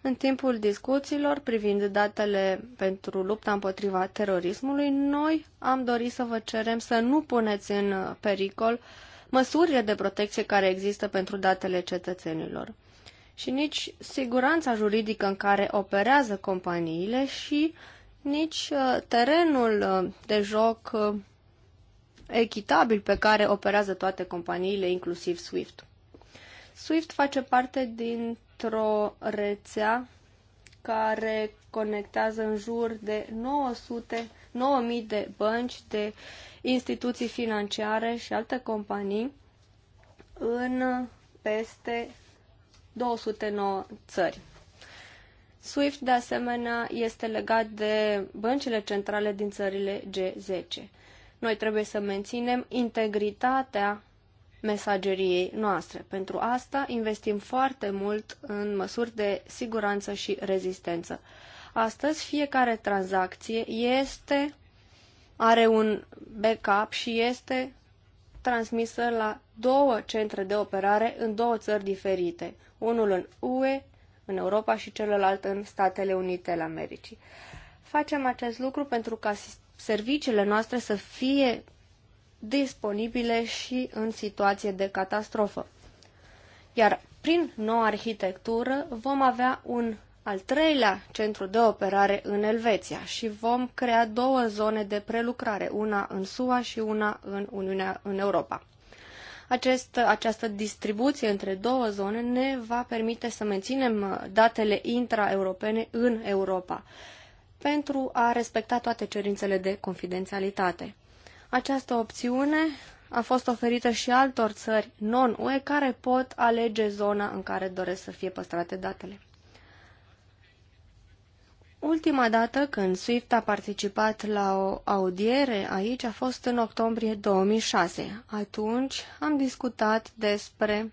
În timpul discuțiilor privind datele pentru lupta împotriva terorismului, noi am dorit să vă cerem să nu puneți în uh, pericol uh, măsurile de protecție care există pentru datele cetățenilor și nici siguranța juridică în care operează companiile și nici uh, terenul uh, de joc uh, echitabil pe care operează toate companiile, inclusiv SWIFT. SWIFT face parte dintr-o rețea care conectează în jur de 900 9.000 de bănci, de instituții financiare și alte companii în peste 209 țări. SWIFT, de asemenea, este legat de băncile centrale din țările G10. Noi trebuie să menținem integritatea mesageriei noastre. Pentru asta investim foarte mult în măsuri de siguranță și rezistență. Astăzi fiecare tranzacție este, are un backup și este transmisă la două centre de operare în două țări diferite, unul în UE, în Europa și celălalt în Statele Unite ale Americii. Facem acest lucru pentru ca serviciile noastre să fie disponibile și în situație de catastrofă. Iar prin noua arhitectură vom avea un al treilea centru de operare în Elveția și vom crea două zone de prelucrare, una în SUA și una în Uniunea în Europa. Acest, această distribuție între două zone ne va permite să menținem datele intraeuropene în Europa pentru a respecta toate cerințele de confidențialitate. Această opțiune a fost oferită și altor țări non-UE care pot alege zona în care doresc să fie păstrate datele. Ultima dată când SWIFT a participat la o audiere aici a fost în octombrie 2006. Atunci am discutat despre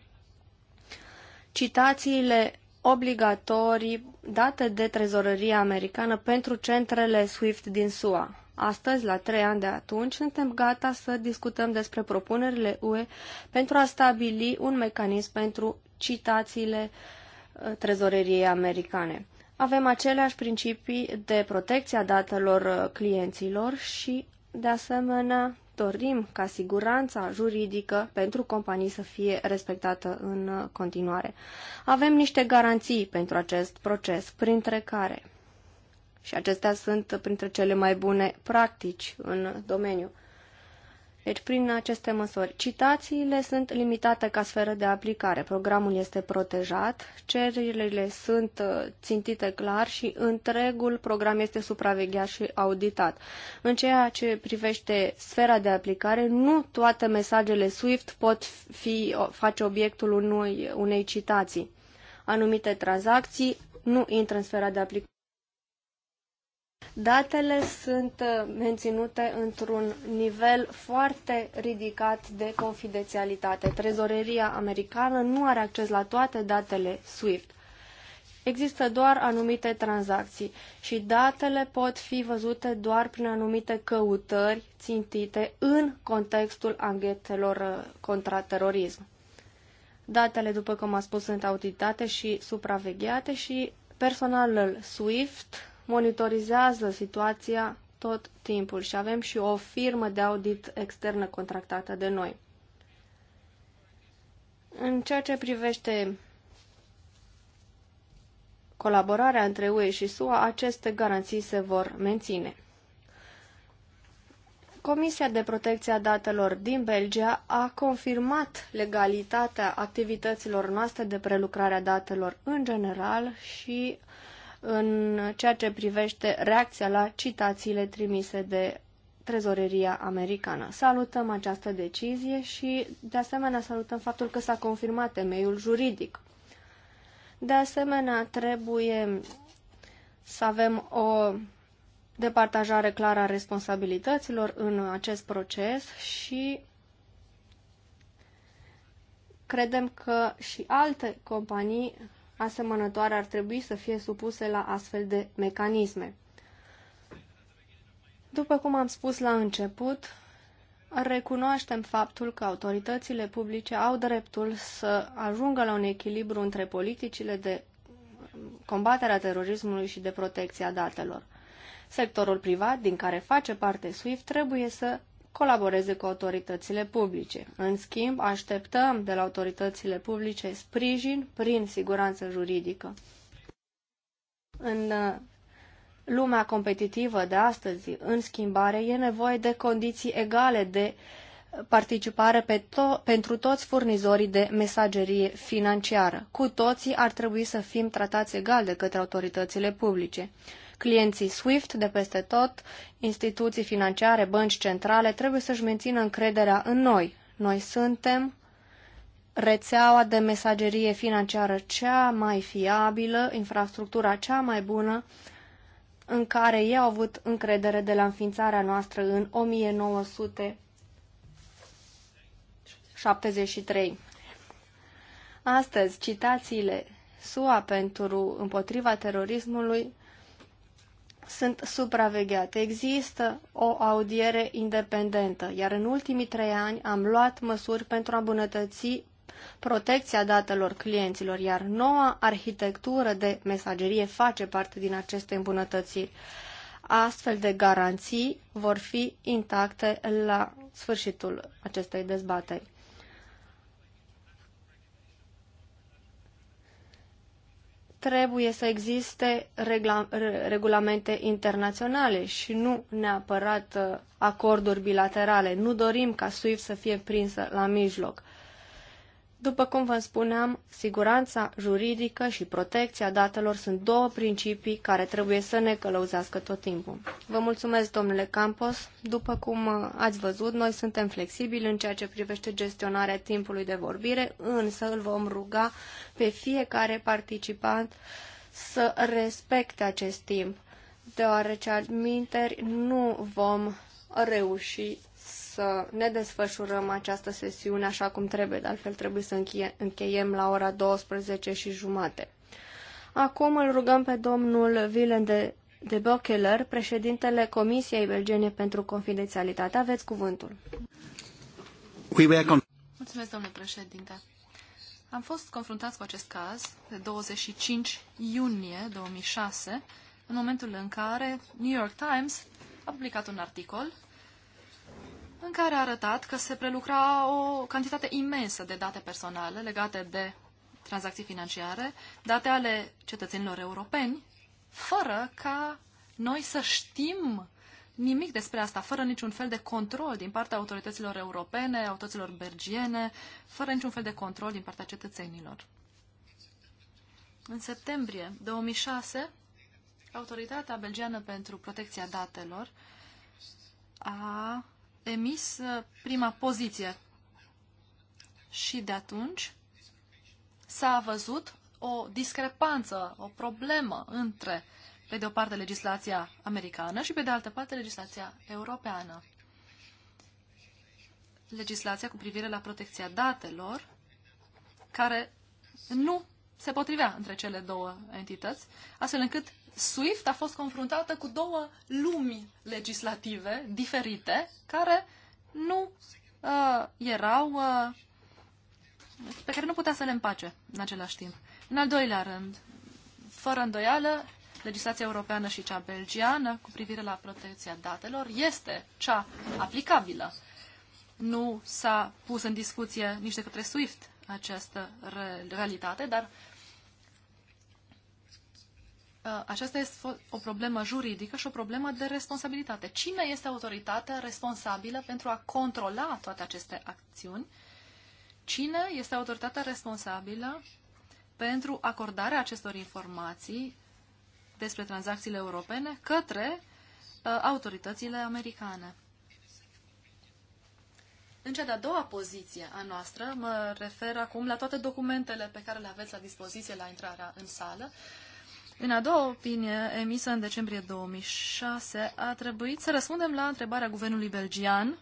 citațiile obligatorii date de trezorăria americană pentru centrele SWIFT din SUA. Astăzi, la trei ani de atunci, suntem gata să discutăm despre propunerile UE pentru a stabili un mecanism pentru citațiile uh, trezoreriei americane avem aceleași principii de protecție a datelor uh, clienților și, de asemenea, dorim ca siguranța juridică pentru companii să fie respectată în uh, continuare. Avem niște garanții pentru acest proces, printre care, și acestea sunt printre cele mai bune practici în domeniu, deci, prin aceste măsuri, citațiile sunt limitate ca sferă de aplicare. Programul este protejat, cererile sunt uh, țintite clar și întregul program este supravegheat și auditat. În ceea ce privește sfera de aplicare, nu toate mesajele SWIFT pot fi, face obiectul unui, unei citații. Anumite tranzacții nu intră în sfera de aplicare. Datele sunt uh, menținute într-un nivel foarte ridicat de confidențialitate. Trezoreria americană nu are acces la toate datele SWIFT. Există doar anumite tranzacții și datele pot fi văzute doar prin anumite căutări țintite în contextul anghetelor uh, contra terorism. Datele, după cum am spus, sunt auditate și supravegheate și personalul SWIFT monitorizează situația tot timpul și avem și o firmă de audit externă contractată de noi. În ceea ce privește colaborarea între UE și SUA, aceste garanții se vor menține. Comisia de Protecție a Datelor din Belgia a confirmat legalitatea activităților noastre de prelucrare a datelor în general și în ceea ce privește reacția la citațiile trimise de trezoreria americană. Salutăm această decizie și, de asemenea, salutăm faptul că s-a confirmat temeiul juridic. De asemenea, trebuie să avem o departajare clară a responsabilităților în acest proces și credem că și alte companii asemănătoare ar trebui să fie supuse la astfel de mecanisme. După cum am spus la început, recunoaștem faptul că autoritățile publice au dreptul să ajungă la un echilibru între politicile de combaterea terorismului și de protecția datelor. Sectorul privat, din care face parte SWIFT, trebuie să colaboreze cu autoritățile publice. În schimb, așteptăm de la autoritățile publice sprijin prin siguranță juridică. În uh, lumea competitivă de astăzi, în schimbare, e nevoie de condiții egale de participare pe to- pentru toți furnizorii de mesagerie financiară. Cu toții ar trebui să fim tratați egal de către autoritățile publice. Clienții SWIFT de peste tot, instituții financiare, bănci centrale, trebuie să-și mențină încrederea în noi. Noi suntem rețeaua de mesagerie financiară cea mai fiabilă, infrastructura cea mai bună, în care ei au avut încredere de la înființarea noastră în 1973. Astăzi, citațiile SUA pentru împotriva terorismului sunt supravegheate. Există o audiere independentă, iar în ultimii trei ani am luat măsuri pentru a îmbunătăți protecția datelor clienților, iar noua arhitectură de mesagerie face parte din aceste îmbunătățiri. Astfel de garanții vor fi intacte la sfârșitul acestei dezbateri. trebuie să existe regla, regulamente internaționale și nu neapărat uh, acorduri bilaterale. Nu dorim ca SWIFT să fie prinsă la mijloc. După cum vă spuneam, siguranța juridică și protecția datelor sunt două principii care trebuie să ne călăuzească tot timpul. Vă mulțumesc, domnule Campos. După cum ați văzut, noi suntem flexibili în ceea ce privește gestionarea timpului de vorbire, însă îl vom ruga pe fiecare participant să respecte acest timp, deoarece adminteri nu vom reuși să ne desfășurăm această sesiune așa cum trebuie, de altfel trebuie să încheiem la ora 12 și jumate. Acum îl rugăm pe domnul Willem de, de Böckeler, președintele Comisiei Belgene pentru Confidențialitate. Aveți cuvântul. Mulțumesc, domnule președinte. Am fost confruntați cu acest caz de 25 iunie 2006, în momentul în care New York Times a publicat un articol în care a arătat că se prelucra o cantitate imensă de date personale legate de tranzacții financiare, date ale cetățenilor europeni, fără ca noi să știm nimic despre asta, fără niciun fel de control din partea autorităților europene, autorităților belgiene, fără niciun fel de control din partea cetățenilor. În septembrie 2006, Autoritatea Belgiană pentru Protecția Datelor a emis uh, prima poziție. Și de atunci s-a văzut o discrepanță, o problemă între, pe de o parte, legislația americană și, pe de altă parte, legislația europeană. Legislația cu privire la protecția datelor, care nu se potrivea între cele două entități, astfel încât SWIFT a fost confruntată cu două lumi legislative diferite care nu uh, erau uh, pe care nu putea să le împace în același timp. În al doilea rând, fără îndoială, legislația europeană și cea belgiană cu privire la protecția datelor este cea aplicabilă. Nu s-a pus în discuție nici de către SWIFT această realitate, dar Uh, aceasta este o problemă juridică și o problemă de responsabilitate. Cine este autoritatea responsabilă pentru a controla toate aceste acțiuni? Cine este autoritatea responsabilă pentru acordarea acestor informații despre tranzacțiile europene către uh, autoritățile americane? În cea de-a doua poziție a noastră, mă refer acum la toate documentele pe care le aveți la dispoziție la intrarea în sală, uh, în a doua opinie, emisă în decembrie 2006, a trebuit să răspundem la întrebarea guvernului belgian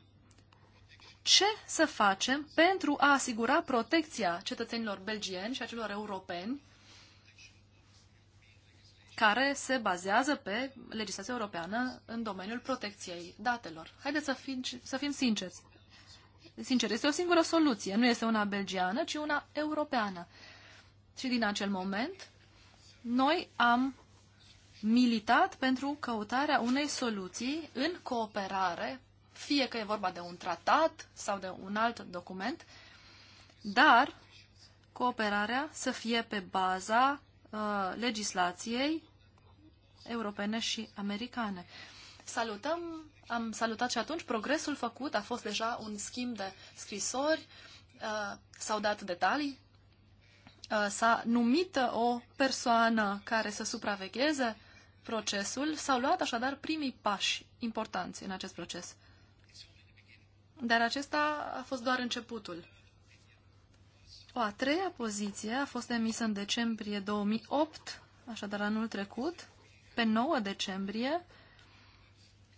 ce să facem pentru a asigura protecția cetățenilor belgieni și a celor europeni care se bazează pe legislația europeană în domeniul protecției datelor. Haideți să fim, să fim sinceri. Sincer, este o singură soluție. Nu este una belgiană, ci una europeană. Și din acel moment, noi am militat pentru căutarea unei soluții în cooperare, fie că e vorba de un tratat sau de un alt document, dar cooperarea să fie pe baza uh, legislației europene și americane. Salutăm, am salutat și atunci progresul făcut, a fost deja un schimb de scrisori, uh, s-au dat detalii Uh, s-a numit o persoană care să supravegheze procesul, s-au luat așadar primii pași importanți în acest proces. Dar acesta a fost doar începutul. O a treia poziție a fost emisă în decembrie 2008, așadar anul trecut. Pe 9 decembrie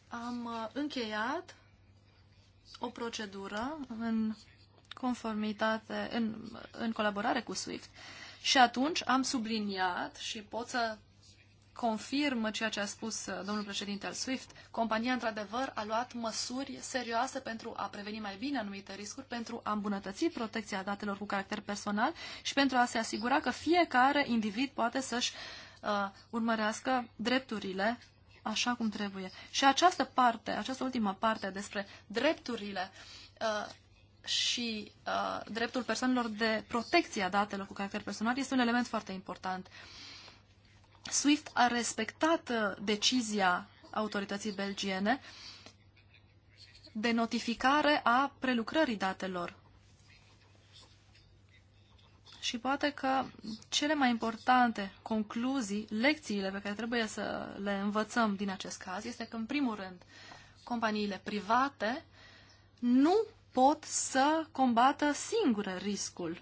am uh, încheiat o procedură în conformitate, în, în colaborare cu SWIFT. Și atunci am subliniat și pot să confirm ceea ce a spus uh, domnul președinte al SWIFT. Compania, într-adevăr, a luat măsuri serioase pentru a preveni mai bine anumite riscuri, pentru a îmbunătăți protecția datelor cu caracter personal și pentru a se asigura că fiecare individ poate să-și uh, urmărească drepturile așa cum trebuie. Și această parte, această ultimă parte despre drepturile uh, și uh, dreptul persoanelor de protecție a datelor cu caracter personal este un element foarte important. SWIFT a respectat uh, decizia autorității belgiene de notificare a prelucrării datelor. Și poate că cele mai importante concluzii, lecțiile pe care trebuie să le învățăm din acest caz, este că, în primul rând, companiile private nu pot să combată singure riscul.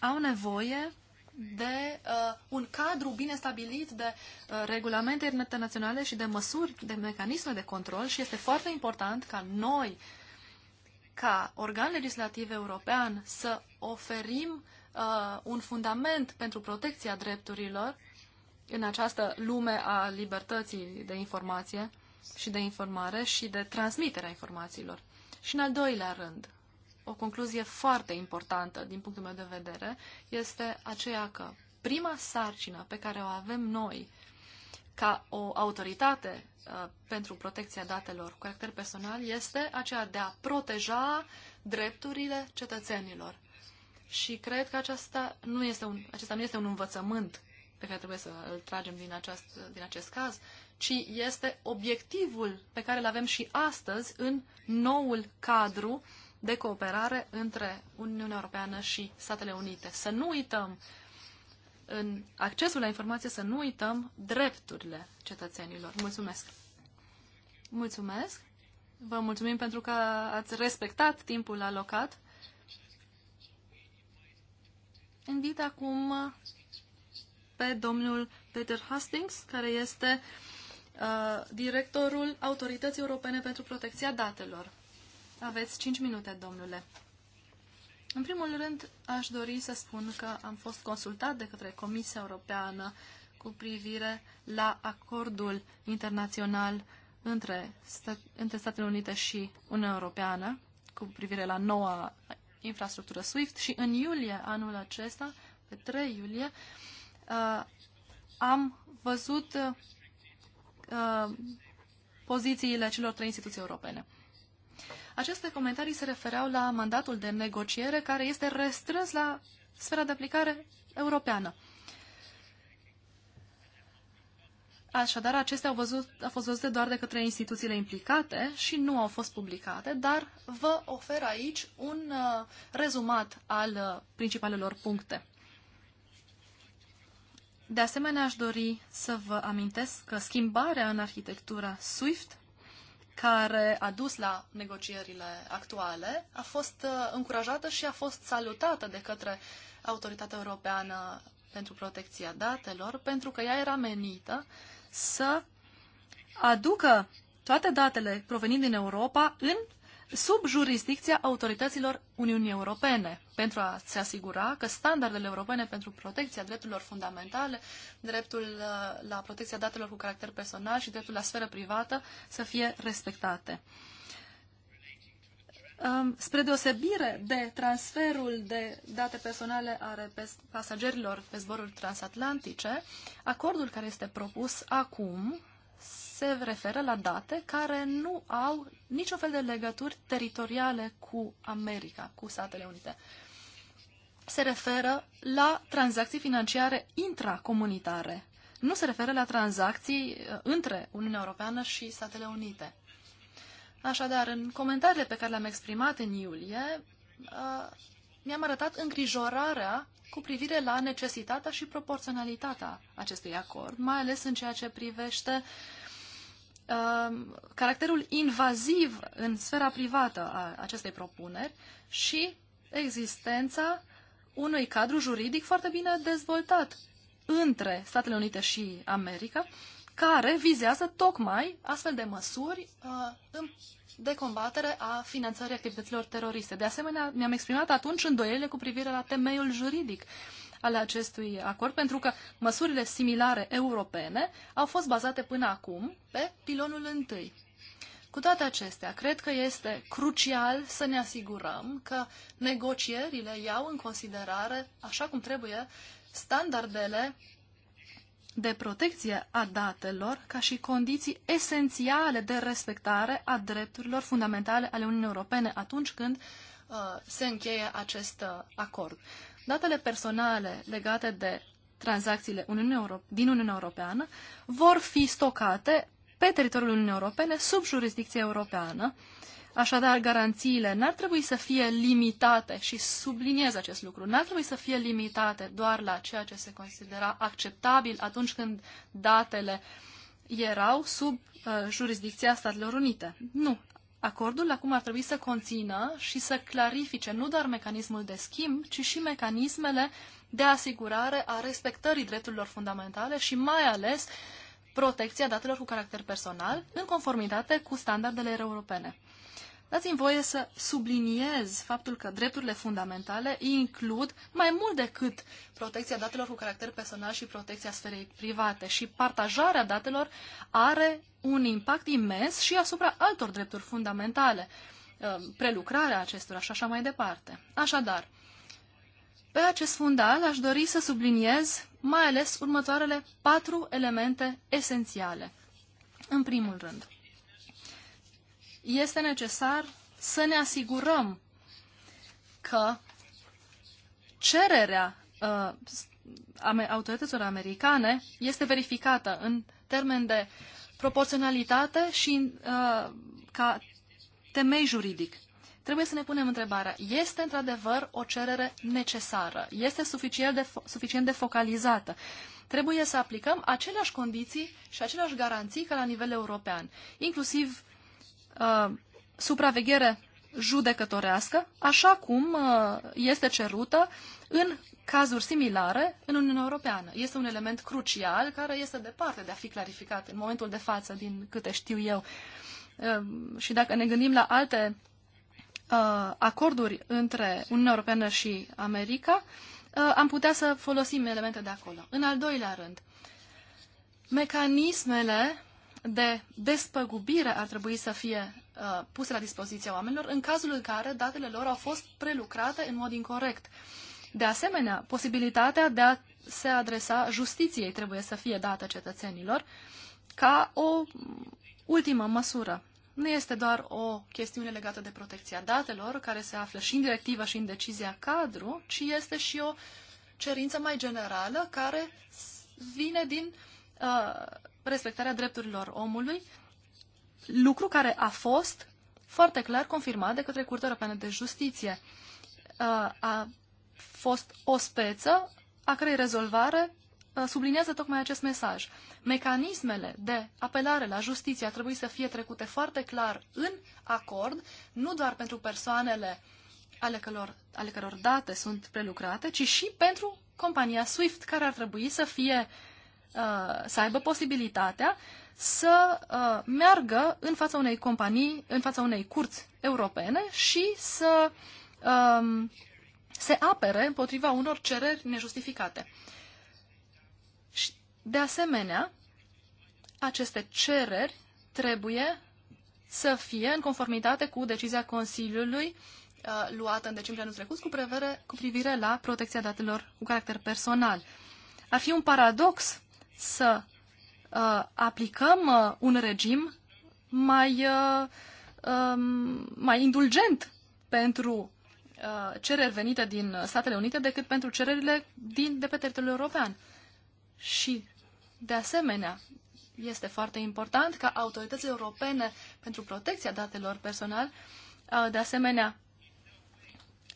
Au nevoie de uh, un cadru bine stabilit de uh, regulamente internaționale și de măsuri, de mecanisme de control și este foarte important ca noi, ca organ legislativ european, să oferim uh, un fundament pentru protecția drepturilor în această lume a libertății de informație și de informare și de transmiterea informațiilor. Și în al doilea rând, o concluzie foarte importantă din punctul meu de vedere este aceea că prima sarcină pe care o avem noi ca o autoritate uh, pentru protecția datelor cu caracter personal este aceea de a proteja drepturile cetățenilor. Și cred că aceasta nu este un, acesta nu este un învățământ pe care trebuie să îl tragem din acest, din acest caz, ci este obiectivul pe care îl avem și astăzi în noul cadru de cooperare între Uniunea Europeană și Statele Unite. Să nu uităm în accesul la informație, să nu uităm drepturile cetățenilor. Mulțumesc! Mulțumesc! Vă mulțumim pentru că ați respectat timpul alocat. Invit acum pe domnul Peter Hastings, care este uh, Uh, directorul Autorității Europene pentru Protecția Datelor. Aveți 5 minute, domnule. În primul rând, aș dori să spun că am fost consultat de către Comisia Europeană cu privire la acordul internațional între, stat, între Statele Unite și Uniunea Europeană cu privire la noua infrastructură SWIFT și în iulie anul acesta, pe 3 iulie, uh, am văzut Uh, pozițiile celor trei instituții europene. Aceste comentarii se refereau la mandatul de negociere care este restrâns la sfera de aplicare europeană. Așadar, acestea au, văzut, au fost văzute doar de către instituțiile implicate și nu au fost publicate, dar vă ofer aici un uh, rezumat al uh, principalelor puncte. De asemenea, aș dori să vă amintesc că schimbarea în arhitectura SWIFT, care a dus la negocierile actuale, a fost uh, încurajată și a fost salutată de către Autoritatea Europeană pentru Protecția Datelor, pentru că ea era menită să aducă toate datele provenind din Europa în sub jurisdicția autorităților Uniunii Europene, pentru a se asigura că standardele europene pentru protecția drepturilor fundamentale, dreptul uh, la protecția datelor cu caracter personal și dreptul la sferă privată să fie respectate. Um, spre deosebire de transferul de date personale ale pasagerilor pe zboruri transatlantice, acordul care este propus acum se referă la date care nu au niciun fel de legături teritoriale cu America, cu Statele Unite. Se referă la tranzacții financiare intracomunitare. Nu se referă la tranzacții uh, între Uniunea Europeană și Statele Unite. Așadar, în comentariile pe care le-am exprimat în iulie, uh, mi-am arătat îngrijorarea cu privire la necesitatea și proporționalitatea acestui acord, mai ales în ceea ce privește uh, caracterul invaziv în sfera privată a acestei propuneri și existența unui cadru juridic foarte bine dezvoltat între Statele Unite și America, care vizează tocmai astfel de măsuri uh, de combatere a finanțării activităților teroriste. De asemenea, mi-am exprimat atunci îndoielile cu privire la temeiul juridic ale acestui acord, pentru că măsurile similare europene au fost bazate până acum pe pilonul întâi. Cu toate acestea, cred că este crucial să ne asigurăm că negocierile iau în considerare, așa cum trebuie, standardele de protecție a datelor ca și condiții esențiale de respectare a drepturilor fundamentale ale Uniunii Europene atunci când uh, se încheie acest uh, acord. Datele personale legate de tranzacțiile Uniunii Euro- din Uniunea Europeană vor fi stocate pe teritoriul Uniunii Europene sub jurisdicție europeană Așadar, garanțiile n-ar trebui să fie limitate, și subliniez acest lucru, n-ar trebui să fie limitate doar la ceea ce se considera acceptabil atunci când datele erau sub uh, jurisdicția Statelor Unite. Nu. Acordul acum ar trebui să conțină și să clarifice nu doar mecanismul de schimb, ci și mecanismele de asigurare a respectării drepturilor fundamentale și mai ales protecția datelor cu caracter personal în conformitate cu standardele europene. Dați-mi voie să subliniez faptul că drepturile fundamentale includ mai mult decât protecția datelor cu caracter personal și protecția sferei private și partajarea datelor are un impact imens și asupra altor drepturi fundamentale, uh, prelucrarea acestora și așa mai departe. Așadar, pe acest fundal aș dori să subliniez mai ales următoarele patru elemente esențiale. În primul rând, este necesar să ne asigurăm că cererea uh, autorităților americane este verificată în termen de proporționalitate și uh, ca temei juridic. Trebuie să ne punem întrebarea, este într-adevăr o cerere necesară? Este suficient de, suficient de focalizată? Trebuie să aplicăm aceleași condiții și aceleași garanții ca la nivel european, inclusiv Uh, supraveghere judecătorească, așa cum uh, este cerută în cazuri similare în Uniunea Europeană. Este un element crucial care este departe de a fi clarificat în momentul de față, din câte știu eu. Uh, și dacă ne gândim la alte acorduri între Uniunea Europeană și America, am putea să folosim elemente de acolo. În al doilea rând, mecanismele de despăgubire ar trebui să fie uh, puse la dispoziția oamenilor în cazul în care datele lor au fost prelucrate în mod incorrect. De asemenea, posibilitatea de a se adresa justiției trebuie să fie dată cetățenilor ca o ultimă măsură. Nu este doar o chestiune legată de protecția datelor, care se află și în directivă și în decizia cadru, ci este și o cerință mai generală care vine din uh, respectarea drepturilor omului, lucru care a fost foarte clar confirmat de către Curtea Europeană de Justiție. A fost o speță a cărei rezolvare subliniază tocmai acest mesaj. Mecanismele de apelare la justiție ar trebui să fie trecute foarte clar în acord, nu doar pentru persoanele ale căror, ale căror date sunt prelucrate, ci și pentru compania SWIFT, care ar trebui să fie uh, Uh, să aibă posibilitatea să uh, meargă în fața unei companii, în fața unei curți europene și să um, se apere împotriva unor cereri nejustificate. Și, de asemenea, aceste cereri trebuie să fie în conformitate cu decizia Consiliului uh, luată în decembrie anul trecut cu, prevere, cu privire la protecția datelor cu caracter personal. Ar fi un paradox să uh, aplicăm uh, un regim mai, uh, um, mai indulgent pentru uh, cereri venite din Statele Unite decât pentru cererile din, de pe teritoriul european. Și, de asemenea, este foarte important ca autoritățile europene pentru protecția datelor personal, uh, de asemenea,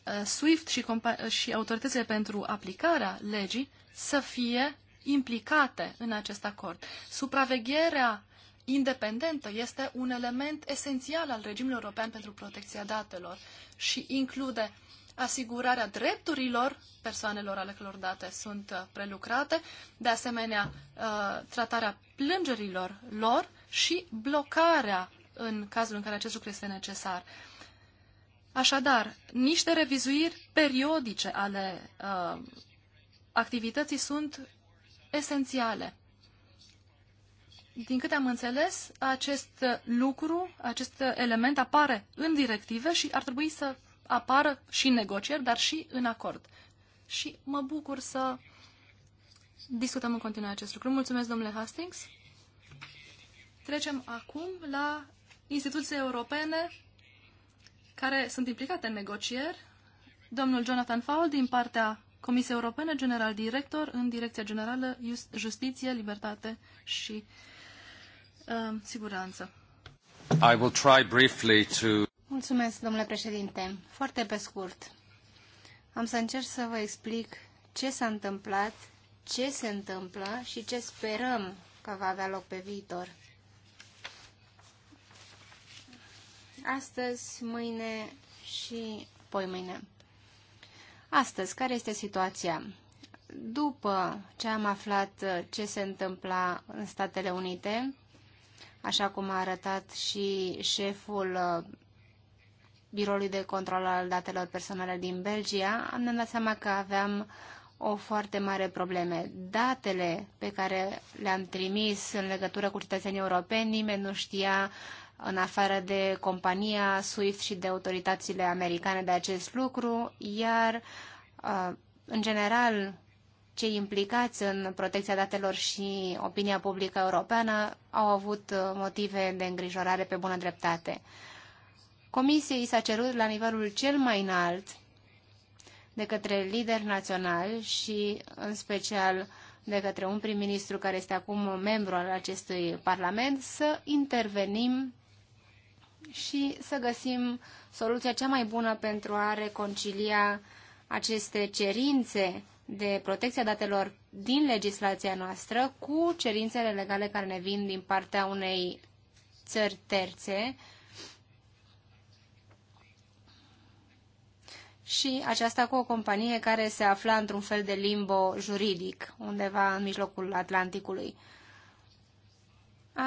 uh, SWIFT și, și autoritățile pentru aplicarea legii să fie implicate în acest acord. Supravegherea independentă este un element esențial al regimului european pentru protecția datelor și include asigurarea drepturilor persoanelor ale căror date sunt uh, prelucrate, de asemenea uh, tratarea plângerilor lor și blocarea în cazul în care acest lucru este necesar. Așadar, niște revizuiri periodice ale uh, activității sunt esențiale. Din câte am înțeles, acest lucru, acest element apare în directive și ar trebui să apară și în negocieri, dar și în acord. Și mă bucur să discutăm în continuare acest lucru. Mulțumesc, domnule Hastings. Trecem acum la instituții europene care sunt implicate în negocieri. Domnul Jonathan Fowl din partea Comisia Europeană, general director în Direcția Generală Justiție, Libertate și uh, Siguranță. I will try briefly to... Mulțumesc, domnule președinte. Foarte pe scurt. Am să încerc să vă explic ce s-a întâmplat, ce se întâmplă și ce sperăm că va avea loc pe viitor. Astăzi, mâine și poi mâine. Astăzi, care este situația? După ce am aflat uh, ce se întâmpla în Statele Unite, așa cum a arătat și șeful uh, Biroului de Control al Datelor Personale din Belgia, am dat seama că aveam o foarte mare probleme. Datele pe care le-am trimis în legătură cu cetățenii europeni, nimeni nu știa în afară de compania SWIFT și de autoritățile americane de acest lucru, iar, uh, în general, cei implicați în protecția datelor și opinia publică europeană au avut uh, motive de îngrijorare pe bună dreptate. Comisiei s-a cerut la nivelul cel mai înalt de către lideri naționali și în special de către un prim-ministru care este acum membru al acestui parlament să intervenim și să găsim soluția cea mai bună pentru a reconcilia aceste cerințe de protecția datelor din legislația noastră cu cerințele legale care ne vin din partea unei țări terțe și aceasta cu o companie care se afla într-un fel de limbo juridic undeva în mijlocul Atlanticului.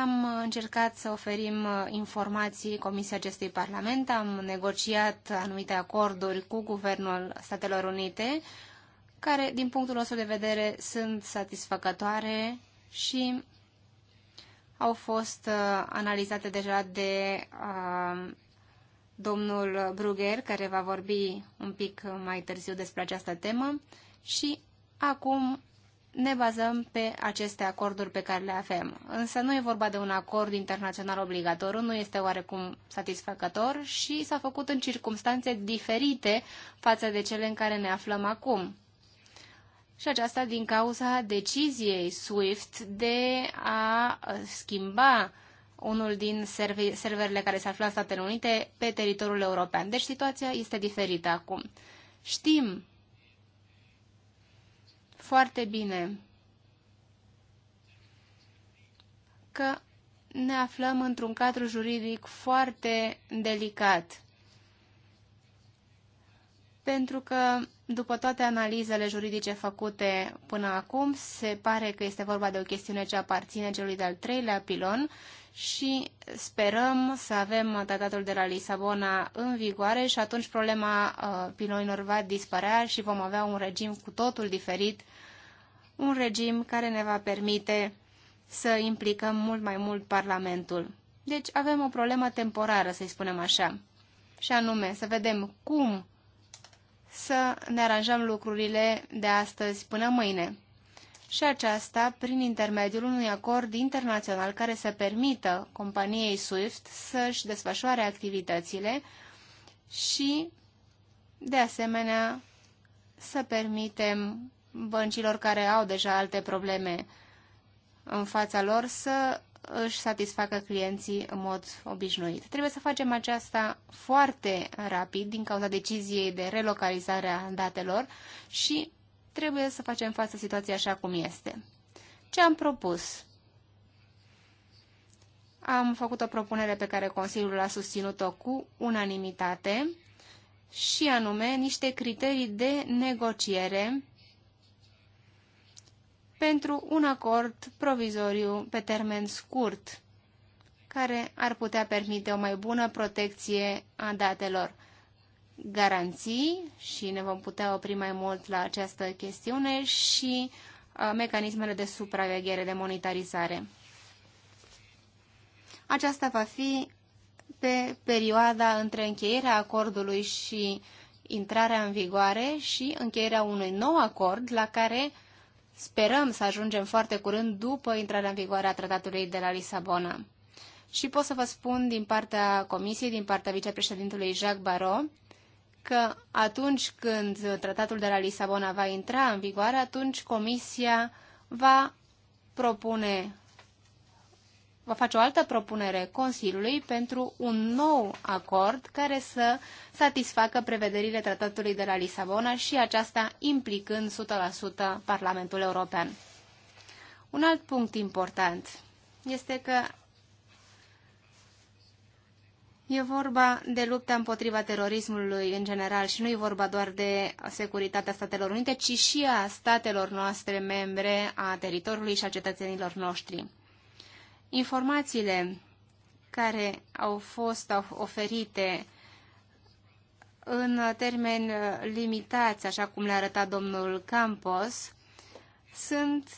Am încercat să oferim uh, informații Comisiei acestui Parlament, am negociat anumite acorduri cu Guvernul Statelor Unite, care, din punctul nostru de vedere, sunt satisfăcătoare și au fost uh, analizate deja de uh, domnul Brugger, care va vorbi un pic mai târziu despre această temă, și acum ne bazăm pe aceste acorduri pe care le avem. Însă nu e vorba de un acord internațional obligatoriu, nu este oarecum satisfăcător și s-a făcut în circunstanțe diferite față de cele în care ne aflăm acum. Și aceasta din cauza deciziei SWIFT de a schimba unul din serverele care se află în Statele Unite pe teritoriul european. Deci situația este diferită acum. Știm foarte bine că ne aflăm într-un cadru juridic foarte delicat. Pentru că, după toate analizele juridice făcute până acum, se pare că este vorba de o chestiune ce aparține celui de-al treilea pilon și sperăm să avem tratatul de la Lisabona în vigoare și atunci problema uh, pilonilor va dispărea și vom avea un regim cu totul diferit un regim care ne va permite să implicăm mult mai mult Parlamentul. Deci avem o problemă temporară, să-i spunem așa, și anume să vedem cum să ne aranjăm lucrurile de astăzi până mâine. Și aceasta prin intermediul unui acord internațional care să permită companiei SWIFT să-și desfășoare activitățile și, de asemenea, să permitem băncilor care au deja alte probleme în fața lor să își satisfacă clienții în mod obișnuit. Trebuie să facem aceasta foarte rapid din cauza deciziei de relocalizare a datelor și trebuie să facem față situației așa cum este. Ce am propus? Am făcut o propunere pe care Consiliul a susținut-o cu unanimitate și anume niște criterii de negociere pentru un acord provizoriu pe termen scurt, care ar putea permite o mai bună protecție a datelor. Garanții, și ne vom putea opri mai mult la această chestiune, și uh, mecanismele de supraveghere, de monitorizare. Aceasta va fi pe perioada între încheierea acordului și intrarea în vigoare și încheierea unui nou acord la care Sperăm să ajungem foarte curând după intrarea în vigoare a tratatului de la Lisabona. Și pot să vă spun din partea Comisiei, din partea vicepreședintelui Jacques Barrot, că atunci când tratatul de la Lisabona va intra în vigoare, atunci Comisia va propune va face o altă propunere Consiliului pentru un nou acord care să satisfacă prevederile tratatului de la Lisabona și aceasta implicând 100% Parlamentul European. Un alt punct important este că E vorba de lupta împotriva terorismului în general și nu e vorba doar de securitatea Statelor Unite, ci și a statelor noastre membre, a teritoriului și a cetățenilor noștri. Informațiile care au fost oferite în termeni limitați, așa cum le-a arătat domnul Campos, sunt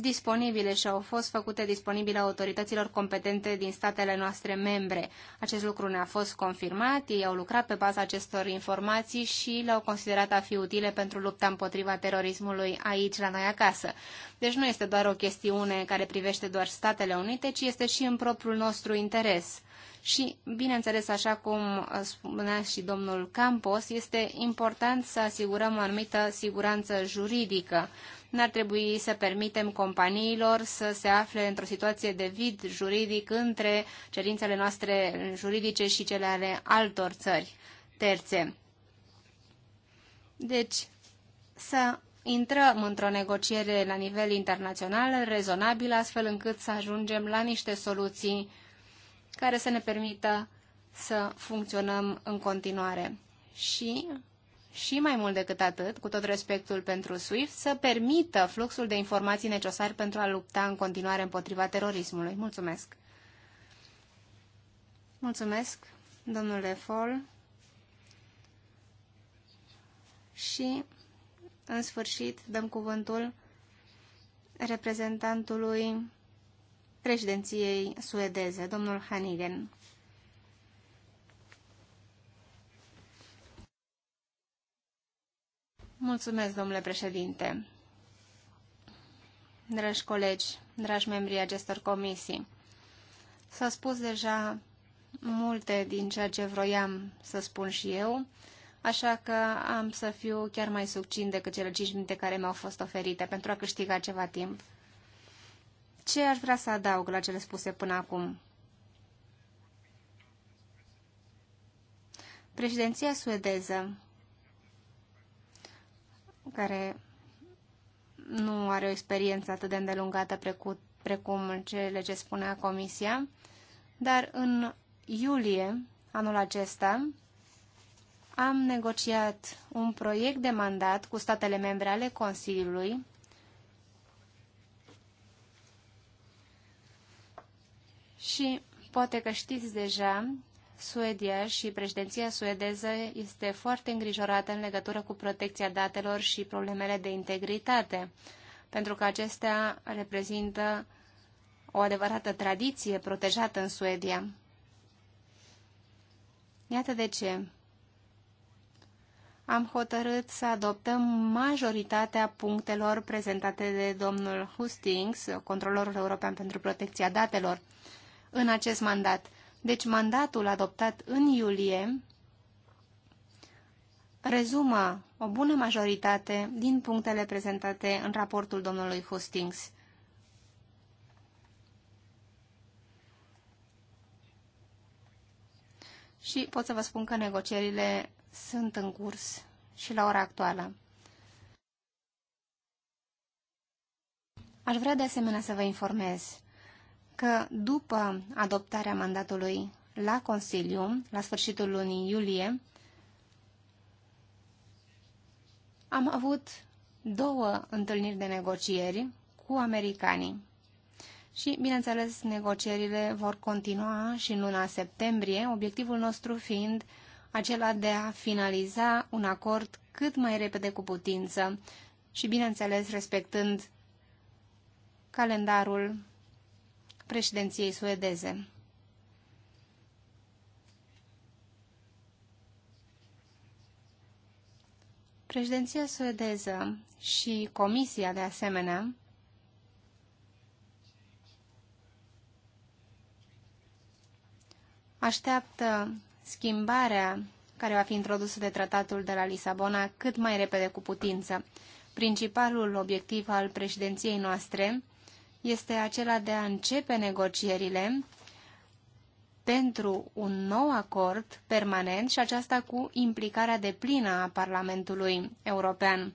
disponibile și au fost făcute disponibile autorităților competente din statele noastre membre. Acest lucru ne-a fost confirmat, ei au lucrat pe baza acestor informații și le-au considerat a fi utile pentru lupta împotriva terorismului aici, la noi acasă. Deci nu este doar o chestiune care privește doar Statele Unite, ci este și în propriul nostru interes. Și, bineînțeles, așa cum spunea și domnul Campos, este important să asigurăm o anumită siguranță juridică N-ar trebui să permitem companiilor să se afle într-o situație de vid juridic între cerințele noastre juridice și cele ale altor țări terțe. Deci, să intrăm într-o negociere la nivel internațional rezonabilă, astfel încât să ajungem la niște soluții care să ne permită să funcționăm în continuare. Și și mai mult decât atât, cu tot respectul pentru SWIFT, să permită fluxul de informații necesar pentru a lupta în continuare împotriva terorismului. Mulțumesc! Mulțumesc, domnule Fol. Și, în sfârșit, dăm cuvântul reprezentantului președinției suedeze, domnul Hanigen. Mulțumesc, domnule președinte. Dragi colegi, dragi membrii acestor comisii, s-a spus deja multe din ceea ce vroiam să spun și eu, așa că am să fiu chiar mai succint decât cele 5 minute care mi-au fost oferite pentru a câștiga ceva timp. Ce aș vrea să adaug la cele spuse până acum? Președinția suedeză care nu are o experiență atât de îndelungată precum, precum cele ce spunea Comisia, dar în iulie anul acesta am negociat un proiect de mandat cu statele membre ale Consiliului și poate că știți deja Suedia și președinția suedeză este foarte îngrijorată în legătură cu protecția datelor și problemele de integritate, pentru că acestea reprezintă o adevărată tradiție protejată în Suedia. Iată de ce am hotărât să adoptăm majoritatea punctelor prezentate de domnul Hustings, controlorul european pentru protecția datelor, în acest mandat – deci mandatul adoptat în iulie rezumă o bună majoritate din punctele prezentate în raportul domnului Hustings. Și pot să vă spun că negocierile sunt în curs și la ora actuală. Aș vrea de asemenea să vă informez că după adoptarea mandatului la Consiliu, la sfârșitul lunii iulie, am avut două întâlniri de negocieri cu americanii. Și, bineînțeles, negocierile vor continua și în luna septembrie, obiectivul nostru fiind acela de a finaliza un acord cât mai repede cu putință și, bineînțeles, respectând calendarul președinției suedeze. Președinția suedeză și Comisia, de asemenea, așteaptă schimbarea care va fi introdusă de tratatul de la Lisabona cât mai repede cu putință. Principalul obiectiv al președinției noastre este acela de a începe negocierile pentru un nou acord permanent și aceasta cu implicarea deplină a Parlamentului European.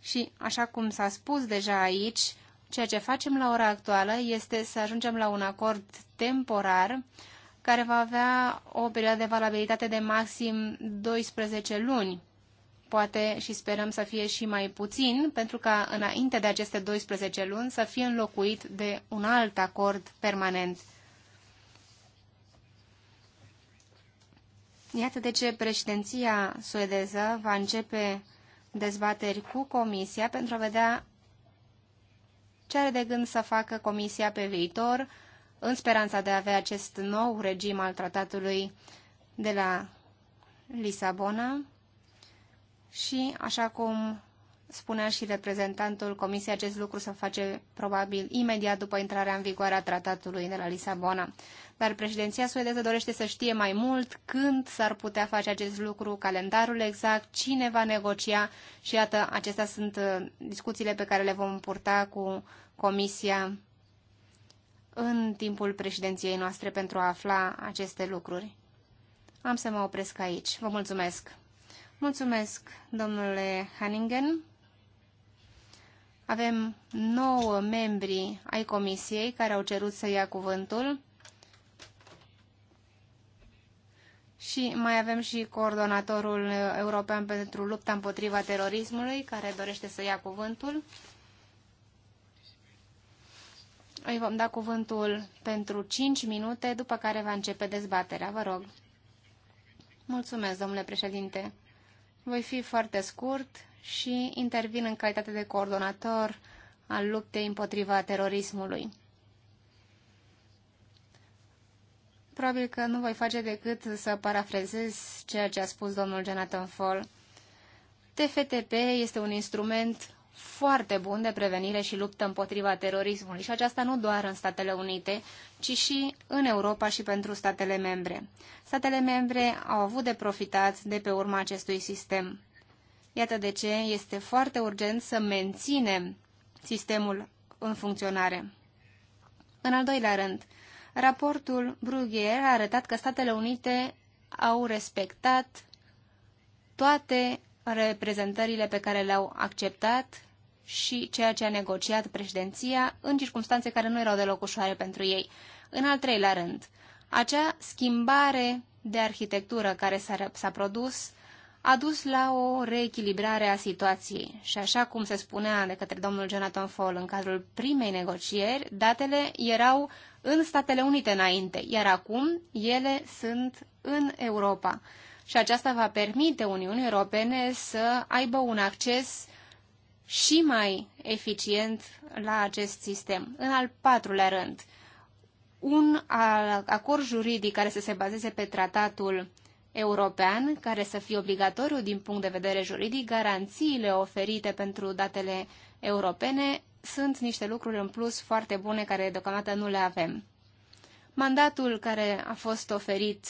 Și, așa cum s-a spus deja aici, ceea ce facem la ora actuală este să ajungem la un acord temporar care va avea o perioadă de valabilitate de maxim 12 luni poate și sperăm să fie și mai puțin, pentru ca înainte de aceste 12 luni să fie înlocuit de un alt acord permanent. Iată de ce președinția suedeză va începe dezbateri cu Comisia pentru a vedea ce are de gând să facă Comisia pe viitor, în speranța de a avea acest nou regim al tratatului de la Lisabona și, așa cum spunea și reprezentantul Comisiei, acest lucru se face probabil imediat după intrarea în vigoare a tratatului de la Lisabona. Dar președinția suedeză dorește să știe mai mult când s-ar putea face acest lucru, calendarul exact, cine va negocia și iată, acestea sunt uh, discuțiile pe care le vom purta cu Comisia în timpul președinției noastre pentru a afla aceste lucruri. Am să mă opresc aici. Vă mulțumesc! Mulțumesc, domnule Hanningen. Avem nouă membri ai comisiei care au cerut să ia cuvântul. Și mai avem și coordonatorul european pentru lupta împotriva terorismului, care dorește să ia cuvântul. Îi vom da cuvântul pentru 5 minute, după care va începe dezbaterea. Vă rog. Mulțumesc, domnule președinte. Voi fi foarte scurt și intervin în calitate de coordonator al luptei împotriva terorismului. Probabil că nu voi face decât să parafrezez ceea ce a spus domnul Jonathan Fall. TFTP este un instrument foarte bun de prevenire și luptă împotriva terorismului și aceasta nu doar în Statele Unite, ci și în Europa și pentru statele membre. Statele membre au avut de profitat de pe urma acestui sistem. Iată de ce este foarte urgent să menținem sistemul în funcționare. În al doilea rând, raportul Brugier a arătat că Statele Unite au respectat toate reprezentările pe care le-au acceptat și ceea ce a negociat președinția în circunstanțe care nu erau deloc ușoare pentru ei. În al treilea rând, acea schimbare de arhitectură care s-a produs a dus la o reechilibrare a situației și așa cum se spunea de către domnul Jonathan Fall în cadrul primei negocieri, datele erau în Statele Unite înainte, iar acum ele sunt în Europa și aceasta va permite Uniunii Europene să aibă un acces și mai eficient la acest sistem. În al patrulea rând, un acord juridic care să se bazeze pe tratatul european, care să fie obligatoriu din punct de vedere juridic, garanțiile oferite pentru datele europene sunt niște lucruri în plus foarte bune care deocamdată nu le avem. Mandatul care a fost oferit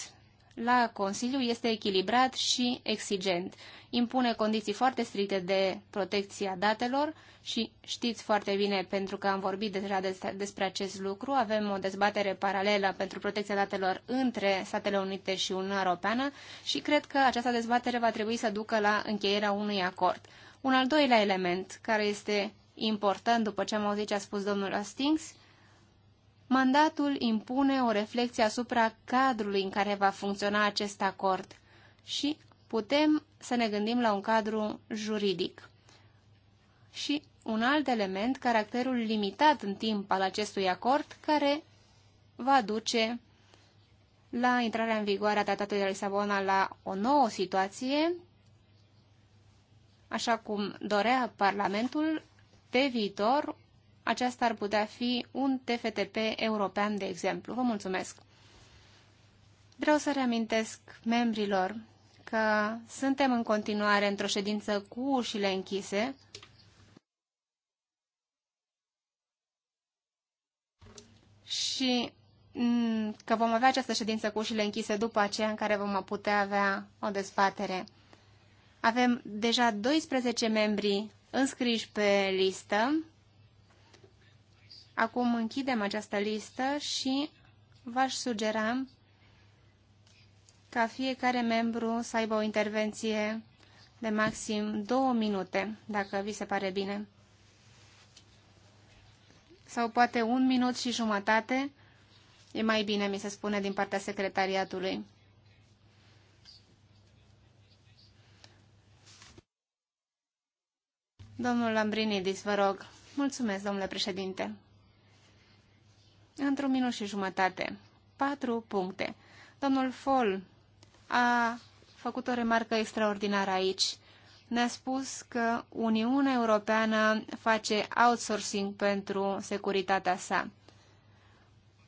la Consiliu este echilibrat și exigent. Impune condiții foarte stricte de protecția datelor și știți foarte bine, pentru că am vorbit deja despre acest lucru, avem o dezbatere paralelă pentru protecția datelor între Statele Unite și Uniunea Europeană și cred că această dezbatere va trebui să ducă la încheierea unui acord. Un al doilea element care este important, după ce am auzit ce a spus domnul Hastings, mandatul impune o reflexie asupra cadrului în care va funcționa acest acord și putem să ne gândim la un cadru juridic. Și un alt element, caracterul limitat în timp al acestui acord, care va duce la intrarea în vigoare a tratatului de Lisabona la o nouă situație, așa cum dorea Parlamentul, pe viitor aceasta ar putea fi un TFTP european, de exemplu. Vă mulțumesc! Vreau să reamintesc membrilor că suntem în continuare într-o ședință cu ușile închise. Și mm, că vom avea această ședință cu ușile închise după aceea în care vom putea avea o dezbatere. Avem deja 12 membri înscriși pe listă. Acum închidem această listă și v-aș sugera ca fiecare membru să aibă o intervenție de maxim două minute, dacă vi se pare bine. Sau poate un minut și jumătate, e mai bine, mi se spune, din partea secretariatului. Domnul Lambrinidis, vă rog. Mulțumesc, domnule președinte într-un minut și jumătate. Patru puncte. Domnul Fol a făcut o remarcă extraordinară aici. Ne-a spus că Uniunea Europeană face outsourcing pentru securitatea sa.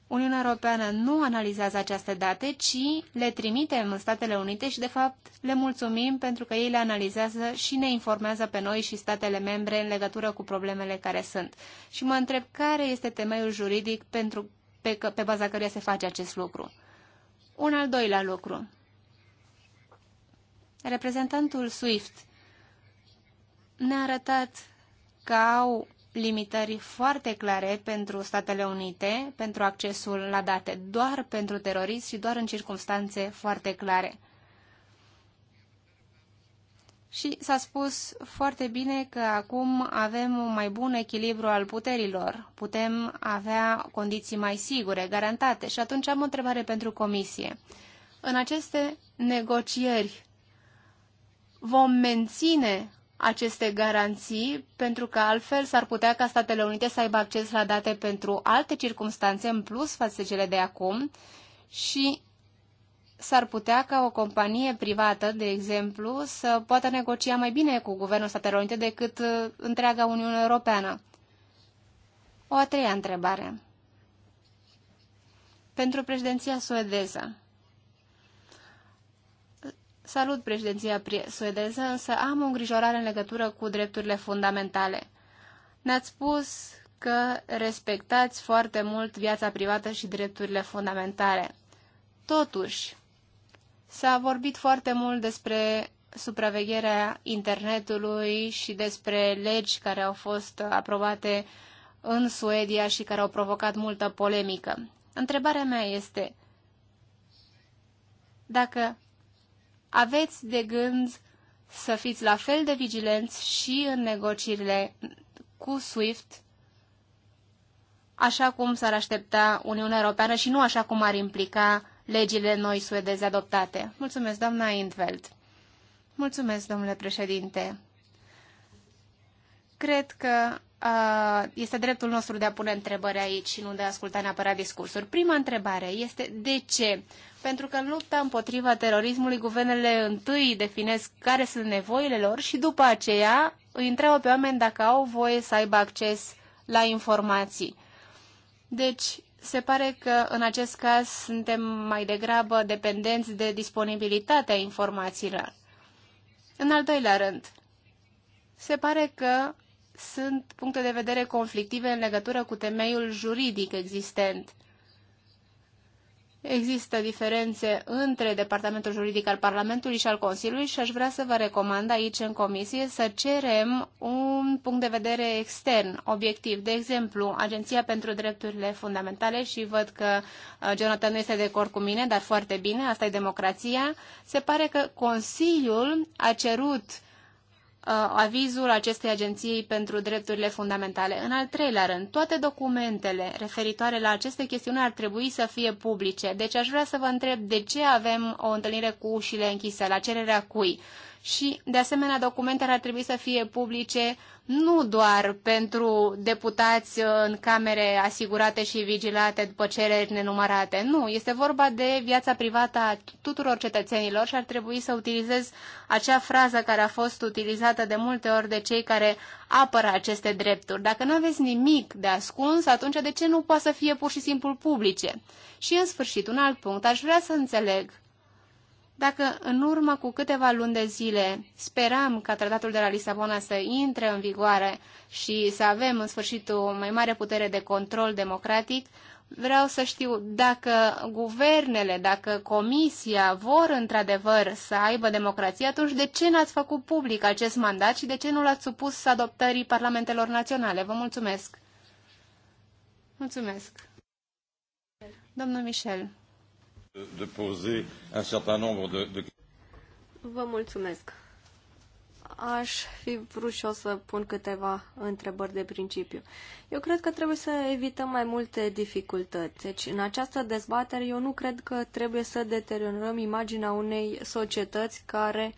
Uniunea Europeană nu analizează aceste date, ci le trimitem în Statele Unite și, de fapt, le mulțumim pentru că ei le analizează și ne informează pe noi și statele membre în legătură cu problemele care sunt. Și mă întreb care este temeiul juridic pentru, pe, pe baza căruia se face acest lucru. Un al doilea lucru. Reprezentantul SWIFT ne-a arătat că au limitări foarte clare pentru Statele Unite, pentru accesul la date, doar pentru teroriști și doar în circunstanțe foarte clare. Și s-a spus foarte bine că acum avem un mai bun echilibru al puterilor, putem avea condiții mai sigure, garantate. Și atunci am o întrebare pentru Comisie. În aceste negocieri vom menține aceste garanții, pentru că altfel s-ar putea ca Statele Unite să aibă acces la date pentru alte circumstanțe în plus față de cele de acum și s-ar putea ca o companie privată, de exemplu, să poată negocia mai bine cu Guvernul Statelor Unite decât uh, întreaga Uniune Europeană. O a treia întrebare. Pentru președinția suedeză, Salut președinția suedeză, însă am o îngrijorare în legătură cu drepturile fundamentale. Ne-ați spus că respectați foarte mult viața privată și drepturile fundamentale. Totuși, s-a vorbit foarte mult despre supravegherea internetului și despre legi care au fost aprobate în Suedia și care au provocat multă polemică. Întrebarea mea este dacă aveți de gând să fiți la fel de vigilenți și în negocierile cu SWIFT, așa cum s-ar aștepta Uniunea Europeană și nu așa cum ar implica legile noi suedeze adoptate. Mulțumesc, doamna Intveld. Mulțumesc, domnule președinte. Cred că uh, este dreptul nostru de a pune întrebări aici și nu de a asculta neapărat discursuri. Prima întrebare este de ce pentru că în lupta împotriva terorismului, guvernele întâi definesc care sunt nevoile lor și după aceea îi întreabă pe oameni dacă au voie să aibă acces la informații. Deci, se pare că în acest caz suntem mai degrabă dependenți de disponibilitatea informațiilor. În al doilea rând, se pare că sunt puncte de vedere conflictive în legătură cu temeiul juridic existent. Există diferențe între Departamentul Juridic al Parlamentului și al Consiliului și aș vrea să vă recomand aici în comisie să cerem un punct de vedere extern, obiectiv. De exemplu, Agenția pentru Drepturile Fundamentale și văd că uh, Jonathan nu este de acord cu mine, dar foarte bine, asta e democrația. Se pare că Consiliul a cerut uh, Uh, avizul acestei agenții pentru drepturile fundamentale. În al treilea rând, toate documentele referitoare la aceste chestiuni ar trebui să fie publice. Deci aș vrea să vă întreb de ce avem o întâlnire cu ușile închise, la cererea cui și, de asemenea, documentele ar trebui să fie publice nu doar pentru deputați uh, în camere asigurate și vigilate după cereri nenumărate. Nu, este vorba de viața privată a tuturor cetățenilor și ar trebui să utilizez acea frază care a fost utilizată de multe ori de cei care apără aceste drepturi. Dacă nu aveți nimic de ascuns, atunci de ce nu poate să fie pur și simplu publice? Și, în sfârșit, un alt punct. Aș vrea să înțeleg dacă în urmă cu câteva luni de zile speram ca tratatul de la Lisabona să intre în vigoare și să avem în sfârșit o mai mare putere de control democratic, vreau să știu dacă guvernele, dacă comisia vor într-adevăr să aibă democrație, atunci de ce n-ați făcut public acest mandat și de ce nu l-ați supus adoptării parlamentelor naționale? Vă mulțumesc! Mulțumesc! Domnul Michel de poser un certain nombre de, de... Vă mulțumesc. Aș fi vrut și o să pun câteva întrebări de principiu. Eu cred că trebuie să evităm mai multe dificultăți. Deci, în această dezbatere, eu nu cred că trebuie să deteriorăm imaginea unei societăți care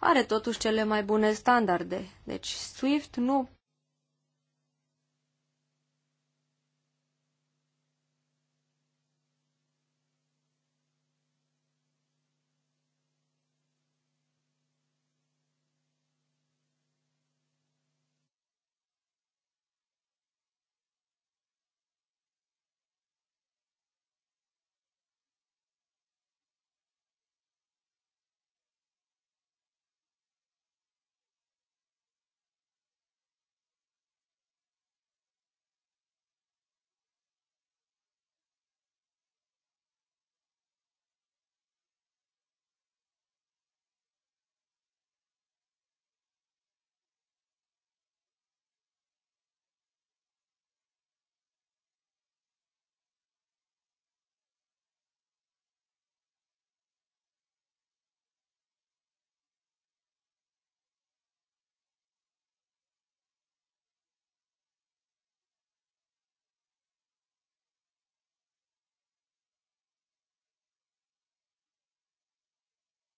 are totuși cele mai bune standarde. Deci, SWIFT nu